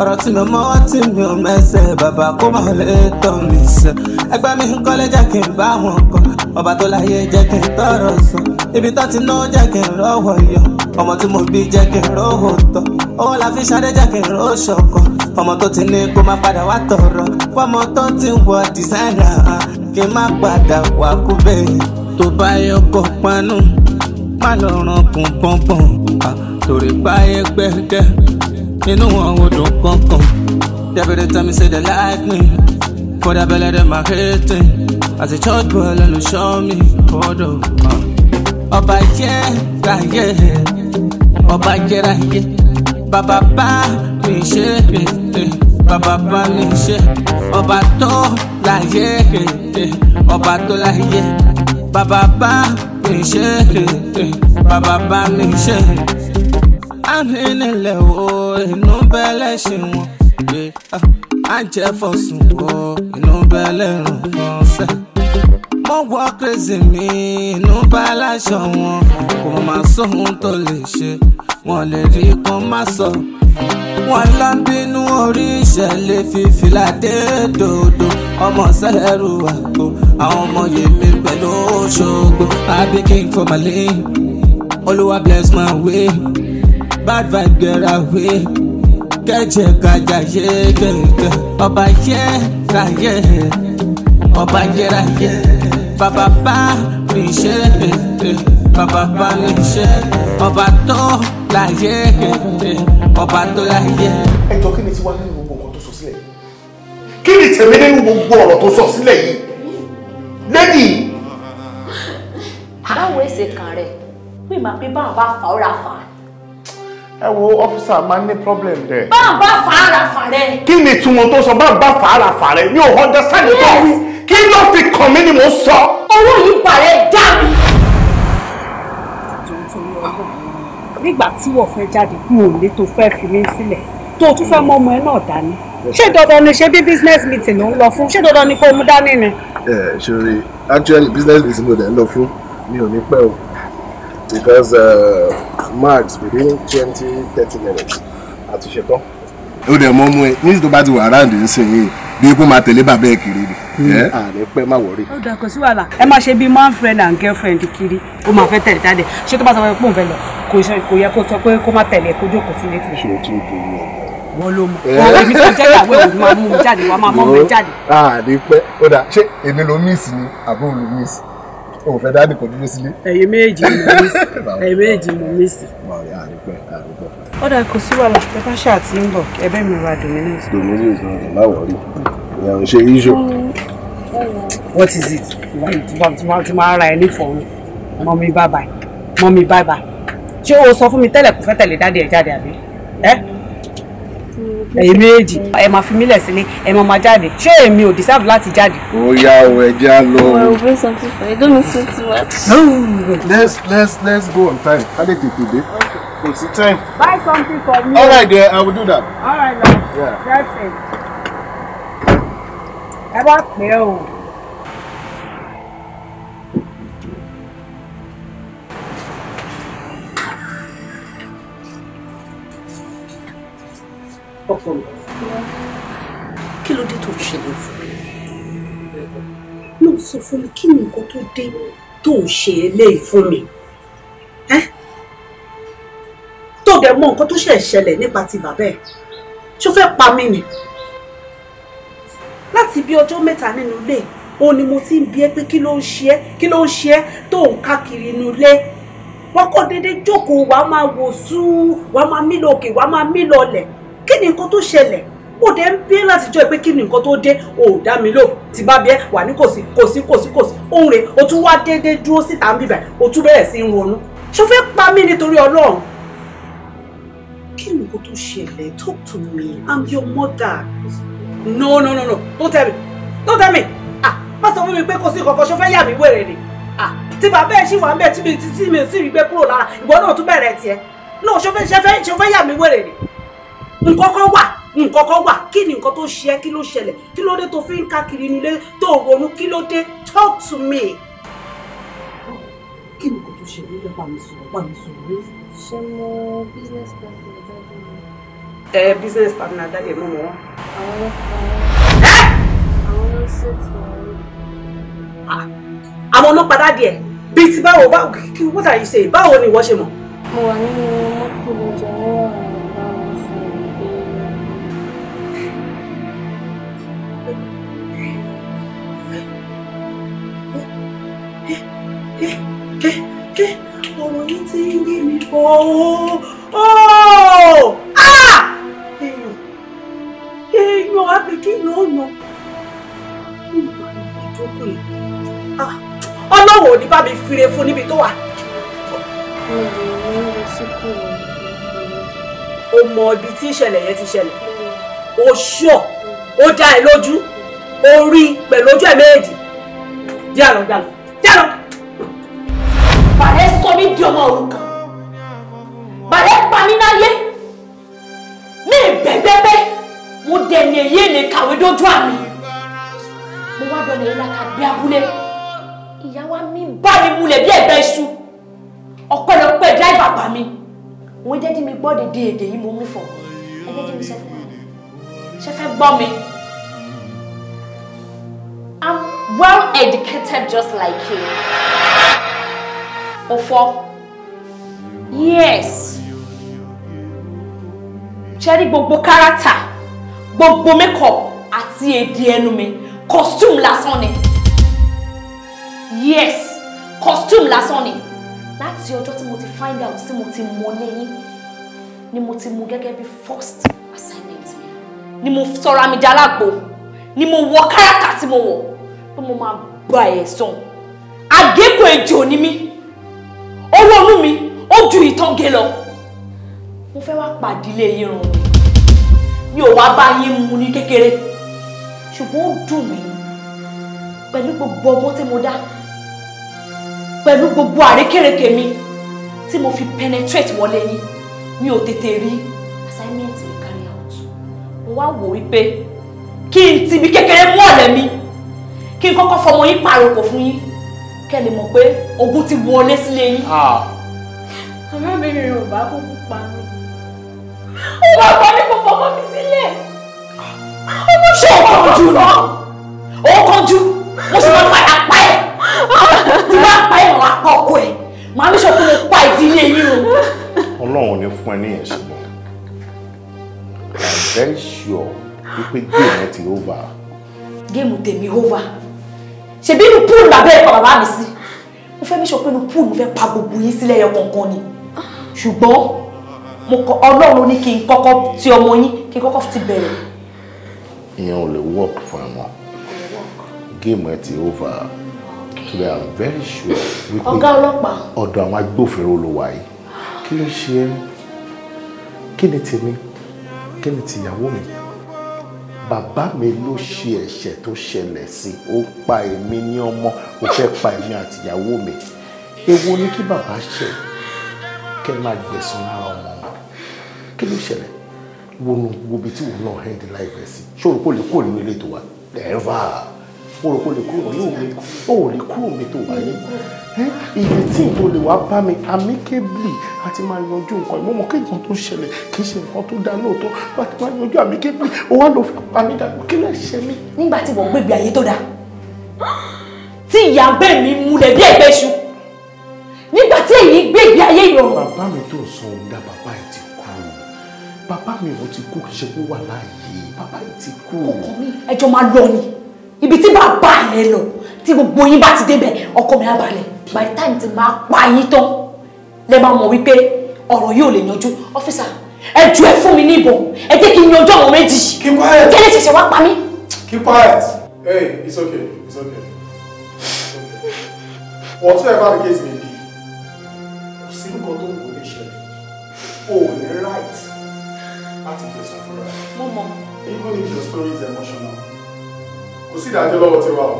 ọ̀rọ̀ tí mi mọ́wọ́ tí mi ò mẹ́sẹ̀ bàbá kó má lè tán mi sẹ́ ẹgbẹ́ mi ń kọ́lé jẹ́ kí n bá wọn kọ́ ọba tó láyé jẹ́ kí n tọrọ sọ ibi tó ti ná jẹ́ kí n rọ́wọ́ yọ ọmọ tí mo bí jẹ́ kí n rọ́wọ́ tọ́ owó la fi ṣadé jẹ́ kí n ró ṣọkọ ọmọ tó ti ní kó má padà wá tọrọ fọmọ tó ti wọ dìsáìnà kí n má padà wá kú bẹ́ẹ̀ tó bá yọ kó panu má lọ ràn kún pọ́npọ́n torí báyé gbẹ́gẹ́ inú wọn ò dùn kankan. Dẹ́bẹ̀rẹ̀ tell me say they like me. Kódà bẹ́lẹ̀ dẹ̀ máa hẹ́tẹ̀. Àti church boy lẹ́nu ṣọ́ mi kọ́dọ̀. Ọba jẹ́ gbàyè, ọba jẹ́ra yé. Bàbá bá mi ṣe ètè, bàbá bá mi ṣe. Ọba tó láyé ètè, ọba tó láyé. Bàbá bá mi ṣe ètè, bàbá bá mi ṣe mi nílẹ̀ o inú bẹ́lẹ̀ ṣe wọn pé à ah, ń jẹ́ fọ̀sùn o inú bẹ́lẹ̀ rùn kan sẹ́. mo wọ kérésì mi inú bá aláṣọ wọn kò má sóhun tó lè ṣe wọn lè rí kan má sọ. wọn lọ ń bínú orí ìṣẹ̀lẹ̀ fífìlà dé dòdò ọmọ sẹ́rù àgbo àwọn ọmọ yèmí pẹ̀lú Òṣogbo àbí kí n kò má lé olúwa bless my way bad vibe get away kẹ́jẹ̀ kájàyé gẹ̀gẹ̀ ọba yẹ ráyé ọba yẹ ráyé bàbá bá mi ṣe bàbá bá mi ṣe ọba tó láyé ọba tó láyé. ẹ jọ kí ni tiwa nínú gbogbo nǹkan tó sọ sílẹ̀ yìí kí ni tèmi nínú gbogbo ọ̀rọ̀ tó sọ sílẹ̀ yìí lẹ́dí. báwo ẹ ṣe kàn rẹ pé pé báwọn bá fà ó ra fà á ẹ wo ọ́físà máa ní problem dẹ. bá a bá fàárà fàárẹ̀. kí ni ìtumọ̀ tó sọ bá a bá fàárà fàárẹ̀ mi ò ọjà sáyẹn tó wí kí ló fi kàn mí ni mò ń sọ. owó yìí bàrẹ̀ já mi. nígbà tí wọ́n fẹ́ jáde kú òǹdé tó fẹ́ fi mí sílẹ̀ tó tún fẹ́ mọ ọmọ ẹ náà dání ṣé dandan ni ṣe bí business meeting ló ń lọ fún ṣé dandan ni kò mú dání ni. ẹ ṣe rí actually business meeting ló dẹ̀ ń lọ fún mi ò ní pẹ́ o because uh, max within twenty thirty minutes Ati ti ṣe tán. ó dẹ̀ mọ́ mú ẹ ní ìsìtò bá ti wà around nísìnyí bí ikú máa tẹ̀lé bàbá ẹ̀ kiri ni. ààrẹ hmm, eh? pẹ́ má wọrí. ó dà kò sí wàhálà ẹ máa ṣe bíi man friend and girlfriend kiri ó máa fẹ́ tẹ̀lé dáadẹ́ ṣé tó bá sọ pé pòun fẹ́ lọ kò yẹ kó sọ pé kó má tẹ̀lé kó jókòó sí létí. ṣé o tún bọ̀ wọ́n wọ́n ló mọ̀ eh. wọ́n èmi tó jẹ́ ìyàwó ẹ̀ òun máa mú mi jáde wàá máa mọ́ mi jáde. ààrẹ pẹ́ ó dà ṣé èmi ló miss ni àbúrò ló miss o fẹ́ dáàdì kò dúró sílé. ẹ̀yin méjì mo mí sí ẹ̀yin méjì mo mí sí. ọ̀dà kò sí wàhálà ẹ bá ṣáà ti ń bọ̀ ẹbẹ́ mi ra dominance. dominance náà ẹ̀ má wọ̀rí ìyá ò ṣe iṣu. what is it tí máa ra ẹ ní fọ̀rọ̀ mọ́mí bye bye mọ́mí bye bye ṣé o sọ fún mi tẹ́lẹ̀ kò fẹ́ tẹ̀lé dáàdì ẹ̀ jáde àbí ẹ́ ẹ̀yin méjèèjì ẹ máa fi mí lẹ̀ sílé ẹ máa máa jáde ṣé èmi ò deserve láti jáde. ó yá o ẹ já lọ. ọmọ ò bẹ something for you don't miss me too let's let's let's go on time ká lè tètè dé kò sí time. buy something for me. all right there i will do that. all right now. Yeah. that's it. ẹ bá pè é o. pọ̀ fún mi. kí ló dé tó ń ṣẹlẹ̀ fún mi? náà sọ fún mi kí ni nǹkan tó dé tó ń ṣe eléyìí fún mi? tó dẹ̀ mọ nǹkan tó ṣẹ̀ ṣẹlẹ̀ nípa ti bàbá ẹ̀ ṣó fẹ́ pa mí ni? láti bí ọjọ́ mẹ́ta nínú ilé òun ni mo ti ń bi ẹ́ pé kí ló ń ṣe ẹ́ kí ló ń ṣe ẹ́ tó ń káàkiri inú ilé wọ́n kọ́ déédéé jókòó wàá máa wò sùn wàá máa mílò òkè wàá máa mílò ọlẹ̀ kí ni nǹkan tó ṣẹlẹ̀ ó dé ń bí látijọ́ pé kí ni nǹkan tó dé ò dá mi lò tí bá bí ẹ wà ní kò sí kò sí kò sí kò sí òun rè o tún wá déédéé dúró síta ń bíbẹ̀ o tún bẹ̀rẹ̀ sí í ronú ṣó fẹ́ pa mí nítorí ọlọ́run kí ni nǹkan tó ṣẹlẹ̀ talk to me i'm your mother no no no no don't tell me don't tell me ah má sọ fún mi pé kò sí kankan ṣó fẹ́ yà mí wèrè ni ah tí bàbá ẹ̀ ṣì wà ń bẹ̀ tí mi sì rí gbé kúrò lára ìwọ náà tún bẹ̀rẹ̀ tiẹ̀ náà ṣó fẹ́ yà mí wèrè ni nǹkan kan wà nǹkan kan wà kí ni nǹkan tó ṣe ẹ́ kí ló ṣẹlẹ̀ kí ló dé tó fi ń ká kiri nílé tó ronú kí ló dé talk to me. kí ni nǹkan tó ṣe ní lọ́pàá mi sọ̀rọ̀ bá mi sọ̀rọ̀ rí. ṣé mo business partner dájú ẹ business partner dájú mi mọ. àwọn ọlọ́pàá àwọn ọlọ́pàá. àwọn ọlọ́pàá dájú ẹ bíi ti báwo báwo what are you saying báwo ni ìwọ ṣe mọ̀. mo wà nínú mọ́tò lọ́jọ́ náà. ké ké ké ọ̀rọ̀ yìí ti ń yé mi fọ́ ọ́ èèyàn èèyàn àbíkí lóòyàn ah, ọlọ́wọ́ ò ní bá mi fire fún níbi tó wà. o mọ ibi tí ìṣẹ̀lẹ̀ yẹn ti ṣẹlẹ̀ o ṣọ́ ó dá ẹ lójú ó rí pẹ̀lú ojú ẹ̀ méjì díà lọ díà lọ díà lọ sọ mí di ọmọ òrukàn bàdé pa mí láyé ní ìbẹ́gbẹ́gbẹ́ mo dẹ̀nì èyí èlé kàwé dójú àmì mo wá dọ̀lẹ̀ yìí lákàgbé abúlé ìyá mi bá mi múlẹ̀ bí ẹ̀gbẹ́ iṣu ọ̀pẹ̀lọpẹ̀ dáìbà bá mi òun dẹ́dí mi gbọ́ dédé èdè yìí mo mú fọ ẹ̀dẹ́dí mi sẹ́fún wa ṣe fẹ́ gbọ́ mi I'm well educated just like you òfò yes ṣẹ́rí gbogbo kárátà gbogbo makeup àti èdè ẹnu mi costume lásán ni yes costume lásán ni láti ọjọ́ tí mo ti find out tí mo ti mọ lẹ́yìn ni mo ti mú gẹ́gẹ́ bí first assignment ni mo sọra mi jalágbo ni mo wọ kárátà tí mo wọ̀ pé mo máa gba ẹ̀san àgékò ejò ni mi ó ju ìtọ́gé lọ mo fẹ́ wá pàdílé yín rùn mi ò wá bá yín mu ní kékeré ṣùgbọ́n ó dùn mí pẹ̀lú gbogbo ọgbọ́n tí mo dá pẹ̀lú gbogbo àrékèrèké mi tí mo fi penetrate wọlé yín mi ò tètè rí assignment mi carry out mo wá wò wípé kí n ti ibi kékeré mú ọ̀lẹ́ mi kí n kọ́kọ́ fọmọ yín pàrọ̀pọ̀ fún yín kẹ́ lè mọ̀ pé ogun ti wọlé sílé yín. Ah arábìnrin ò bá kúkú pa mí ó wá pa mí kò fọwọ́ mi sílẹ̀ ọmọ ṣe ọkọ̀ ojú lọ ó kọjú mo sì máa padà pa ẹ̀ tí bá pa ẹ̀ wà pa ọkọ ẹ̀ màá ní sọ pé mo pa ìdílé yín o. ọlọ́run ò ní fún ẹ ní ẹ̀sìn i'm very sure wípé géèmù ẹ ti over. géèmù tèmi over ṣèbí inú púùlù bàbá ẹ̀ pa bàbá mi sí mo fẹ́ mi sọ pé inú púùlù fẹ́ pa gbogbo yín sílẹ̀ ẹ̀ kọ̀ọ̀kan ni ṣùgbọ́n mo kọ ọlọ́run ní kí n kọ́kọ́ ti ọmọ yín kí n kọ́kọ́ ti bẹ̀rẹ̀. ìyẹn ò lè work fún ẹ mọ́ géèmù ẹ ti over today i'm very sure wípé ọ̀gá ọlọ́pàá ọ̀dọ̀ àwọn agbófinró ló wà yìí kí ló ṣe é kí ni tèmi kí ni tìyàwó mi bàbá mi ló ṣe ẹ̀ṣẹ̀ tó ṣẹlẹ̀ sí ó pa èmi ní ọmọ ó fẹ́ pa èmi àtìyàwó mi èwo ni kí bàbá ṣe kẹ́ ẹ máa gbẹ̀sán lára ọmọ wọn kí ló ṣẹlẹ̀ wo wo bi tí wò náà hand life ẹ̀ sí ṣòro kò lè kúrò nínú ilé tó wà ẹ̀ẹ́fà ṣòro kò lè kúrò ní òun ò lè kúrò mi tó wà yẹn ìdí tí n tó lè wá bá mi amicably àti máa yanjú nǹkan ìmọ̀mọ́ kí nǹkan tó ṣẹlẹ̀ kì í ṣe nǹkan tó dá lóòótọ́ àti máa yanjú amicably ó wá lọ fẹ́ pa mí dànù kí lè ṣe mí. nígbà tí wọ́n gbégbé ayé tó dáa tí ìyá mi múlẹ̀ bí ẹgbẹ́ ṣu nígbà tí èyí gbé ìgbé ayé ìrọ̀rùn. bàbá mi tó sọ ohun dá bàbá ẹ ti kú bàbá mi ò ti kú kì í ṣe kó wà láàyè bàbá ẹ ti kú. ọkọ mi ẹjọ máa lọ ni ibi tí bàbá ẹ lọ tí gbogbo yín bá ti débẹ̀ ọkọ mi á balẹ̀ by time ti máa pa yín tán lẹ máa mọ̀ wípé ọ̀rọ̀ yóò lè yanjú ọfíìsà ẹ ju ẹ fún mi ní ìbọn ẹ jẹ́ kí n yanjú àwọn méjì. keep quiet kí ẹ lè ṣẹ̀ṣẹ̀ wá pa mí. keep quiet hey it's okay it's okay it's okay whatever the case may sí nǹkan tó ń kò lè ṣẹlẹ̀ o ní right láti gbẹ̀sán fúnra rẹ̀. mo mọ. even if your story is emotional kò sí ìdájọ́ lọ́wọ́ tiwa o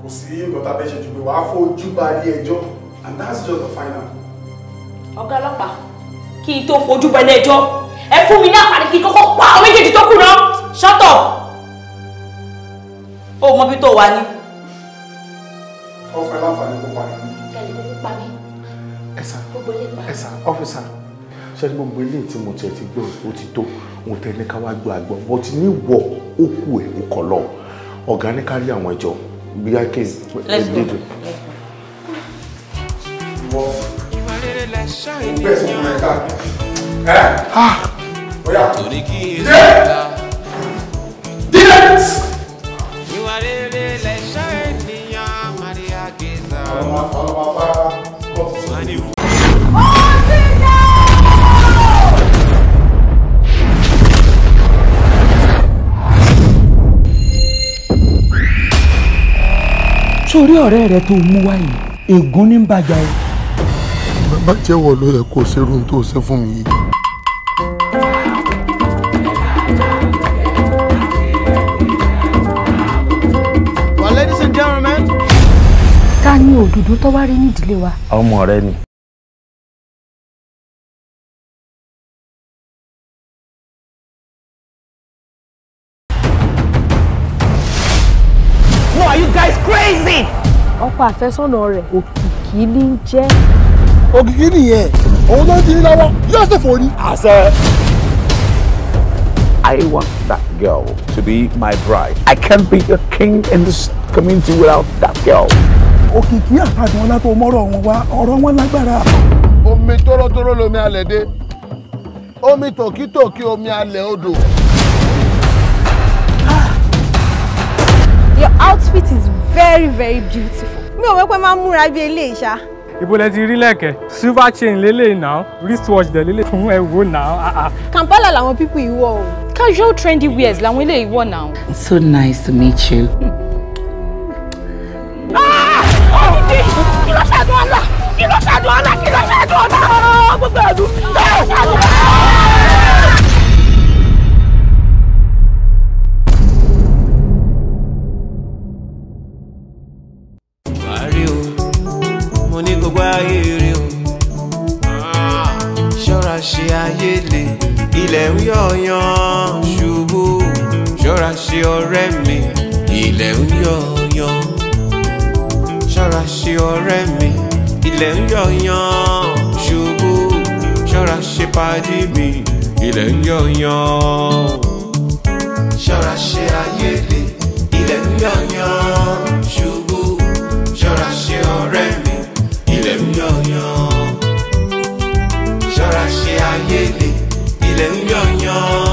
kò sí nǹkan tá a fẹ́ ṣe ju pé wàá fojú ba ẹjọ́ and that's just the final. ọ̀gá ọlọ́pàá kí n tó fojú ba ilé ẹjọ́ ẹ fún mi ní àǹfààní kí n kọ́kọ́ pa àwọn méjèèjì tó kù náà shut up o mọ bí tó wà ní. ọ̀fẹ́ láǹfààní kó pa ẹ̀ ọ́físà ọ́físà ṣé gbogbo ilé tí mo tiẹ̀ ti gbọ́ ó ti tó òun tẹ̀ ní ká wá àgbọn mo ti ní wọ̀ ó kù ẹ̀ ó lọ ọ̀gá ní kárí àwọn ẹjọ́ bí i kí n dídùn. Ọlọ́mọ afárá ọ̀tún. Wọ́n á ní sórí ọ̀rẹ́ rẹ tó mú wáyé ègún ní bàjá ẹ. bàbá jẹ́wọ́ ló yẹ kó ṣerú tó ṣe fún mi yìí. ladies and gentlemen. ta ni òdòdó tó wá rí nídìílé wa. ọmọ rẹ ni. ọkọ àfẹ́sọ́nà rẹ̀ òkìkí ní jẹ́. òkìkí nìyẹn òun ló ń di lọ́wọ́ yóò sì fò àṣẹ. I want that girl to be my bride. I can't be a king in this community without that girl. Òkìkí àtàdùn ọlá tó mọ́rọ̀ wọn wá ọ̀rọ̀ wọn lágbára. Omi tórótóró lomi alẹ̀ dé. Omi tòkítòkí omi alẹ̀ odò. Ah! Your outfit is very, very beautiful mi ò wẹ́ pé máa ń múra bí eléyìí ṣá. ibo ti rí lẹ̀kẹ̀ silver chain lélẹ̀ náà wristwatch dẹ̀ lélẹ̀ fún ẹ̀wò náà. Ah, ah. Kampala làwọn pípọ̀ ìwọ o casual trendy wears làwọn eléyìí wọ̀ náà. so nice to meet you. Ah! Oh, kí ló ṣàdùn ọ̀la kí ló ṣàdùn ọ̀la kí ló ṣàdùn ọ̀la. ṣe ayé le ilẹ̀ ń yọ̀yàn ṣubú ṣọ́ra ṣe ọ̀rẹ́ mi ilẹ̀ ń yọ̀yàn ṣọ́ra ṣe ọ̀rẹ́ mi ilẹ̀ ń yọ̀yàn ṣubú ṣọ́ra ṣe pàdí mi ilẹ̀ ń yọ̀yàn ṣọ́ra ṣe ayé le ilẹ̀ ń yọ̀yàn ṣubú ṣọ́ra ṣe ọ̀rẹ́ mi ilẹ̀ ń yọ̀yàn. ile yan yan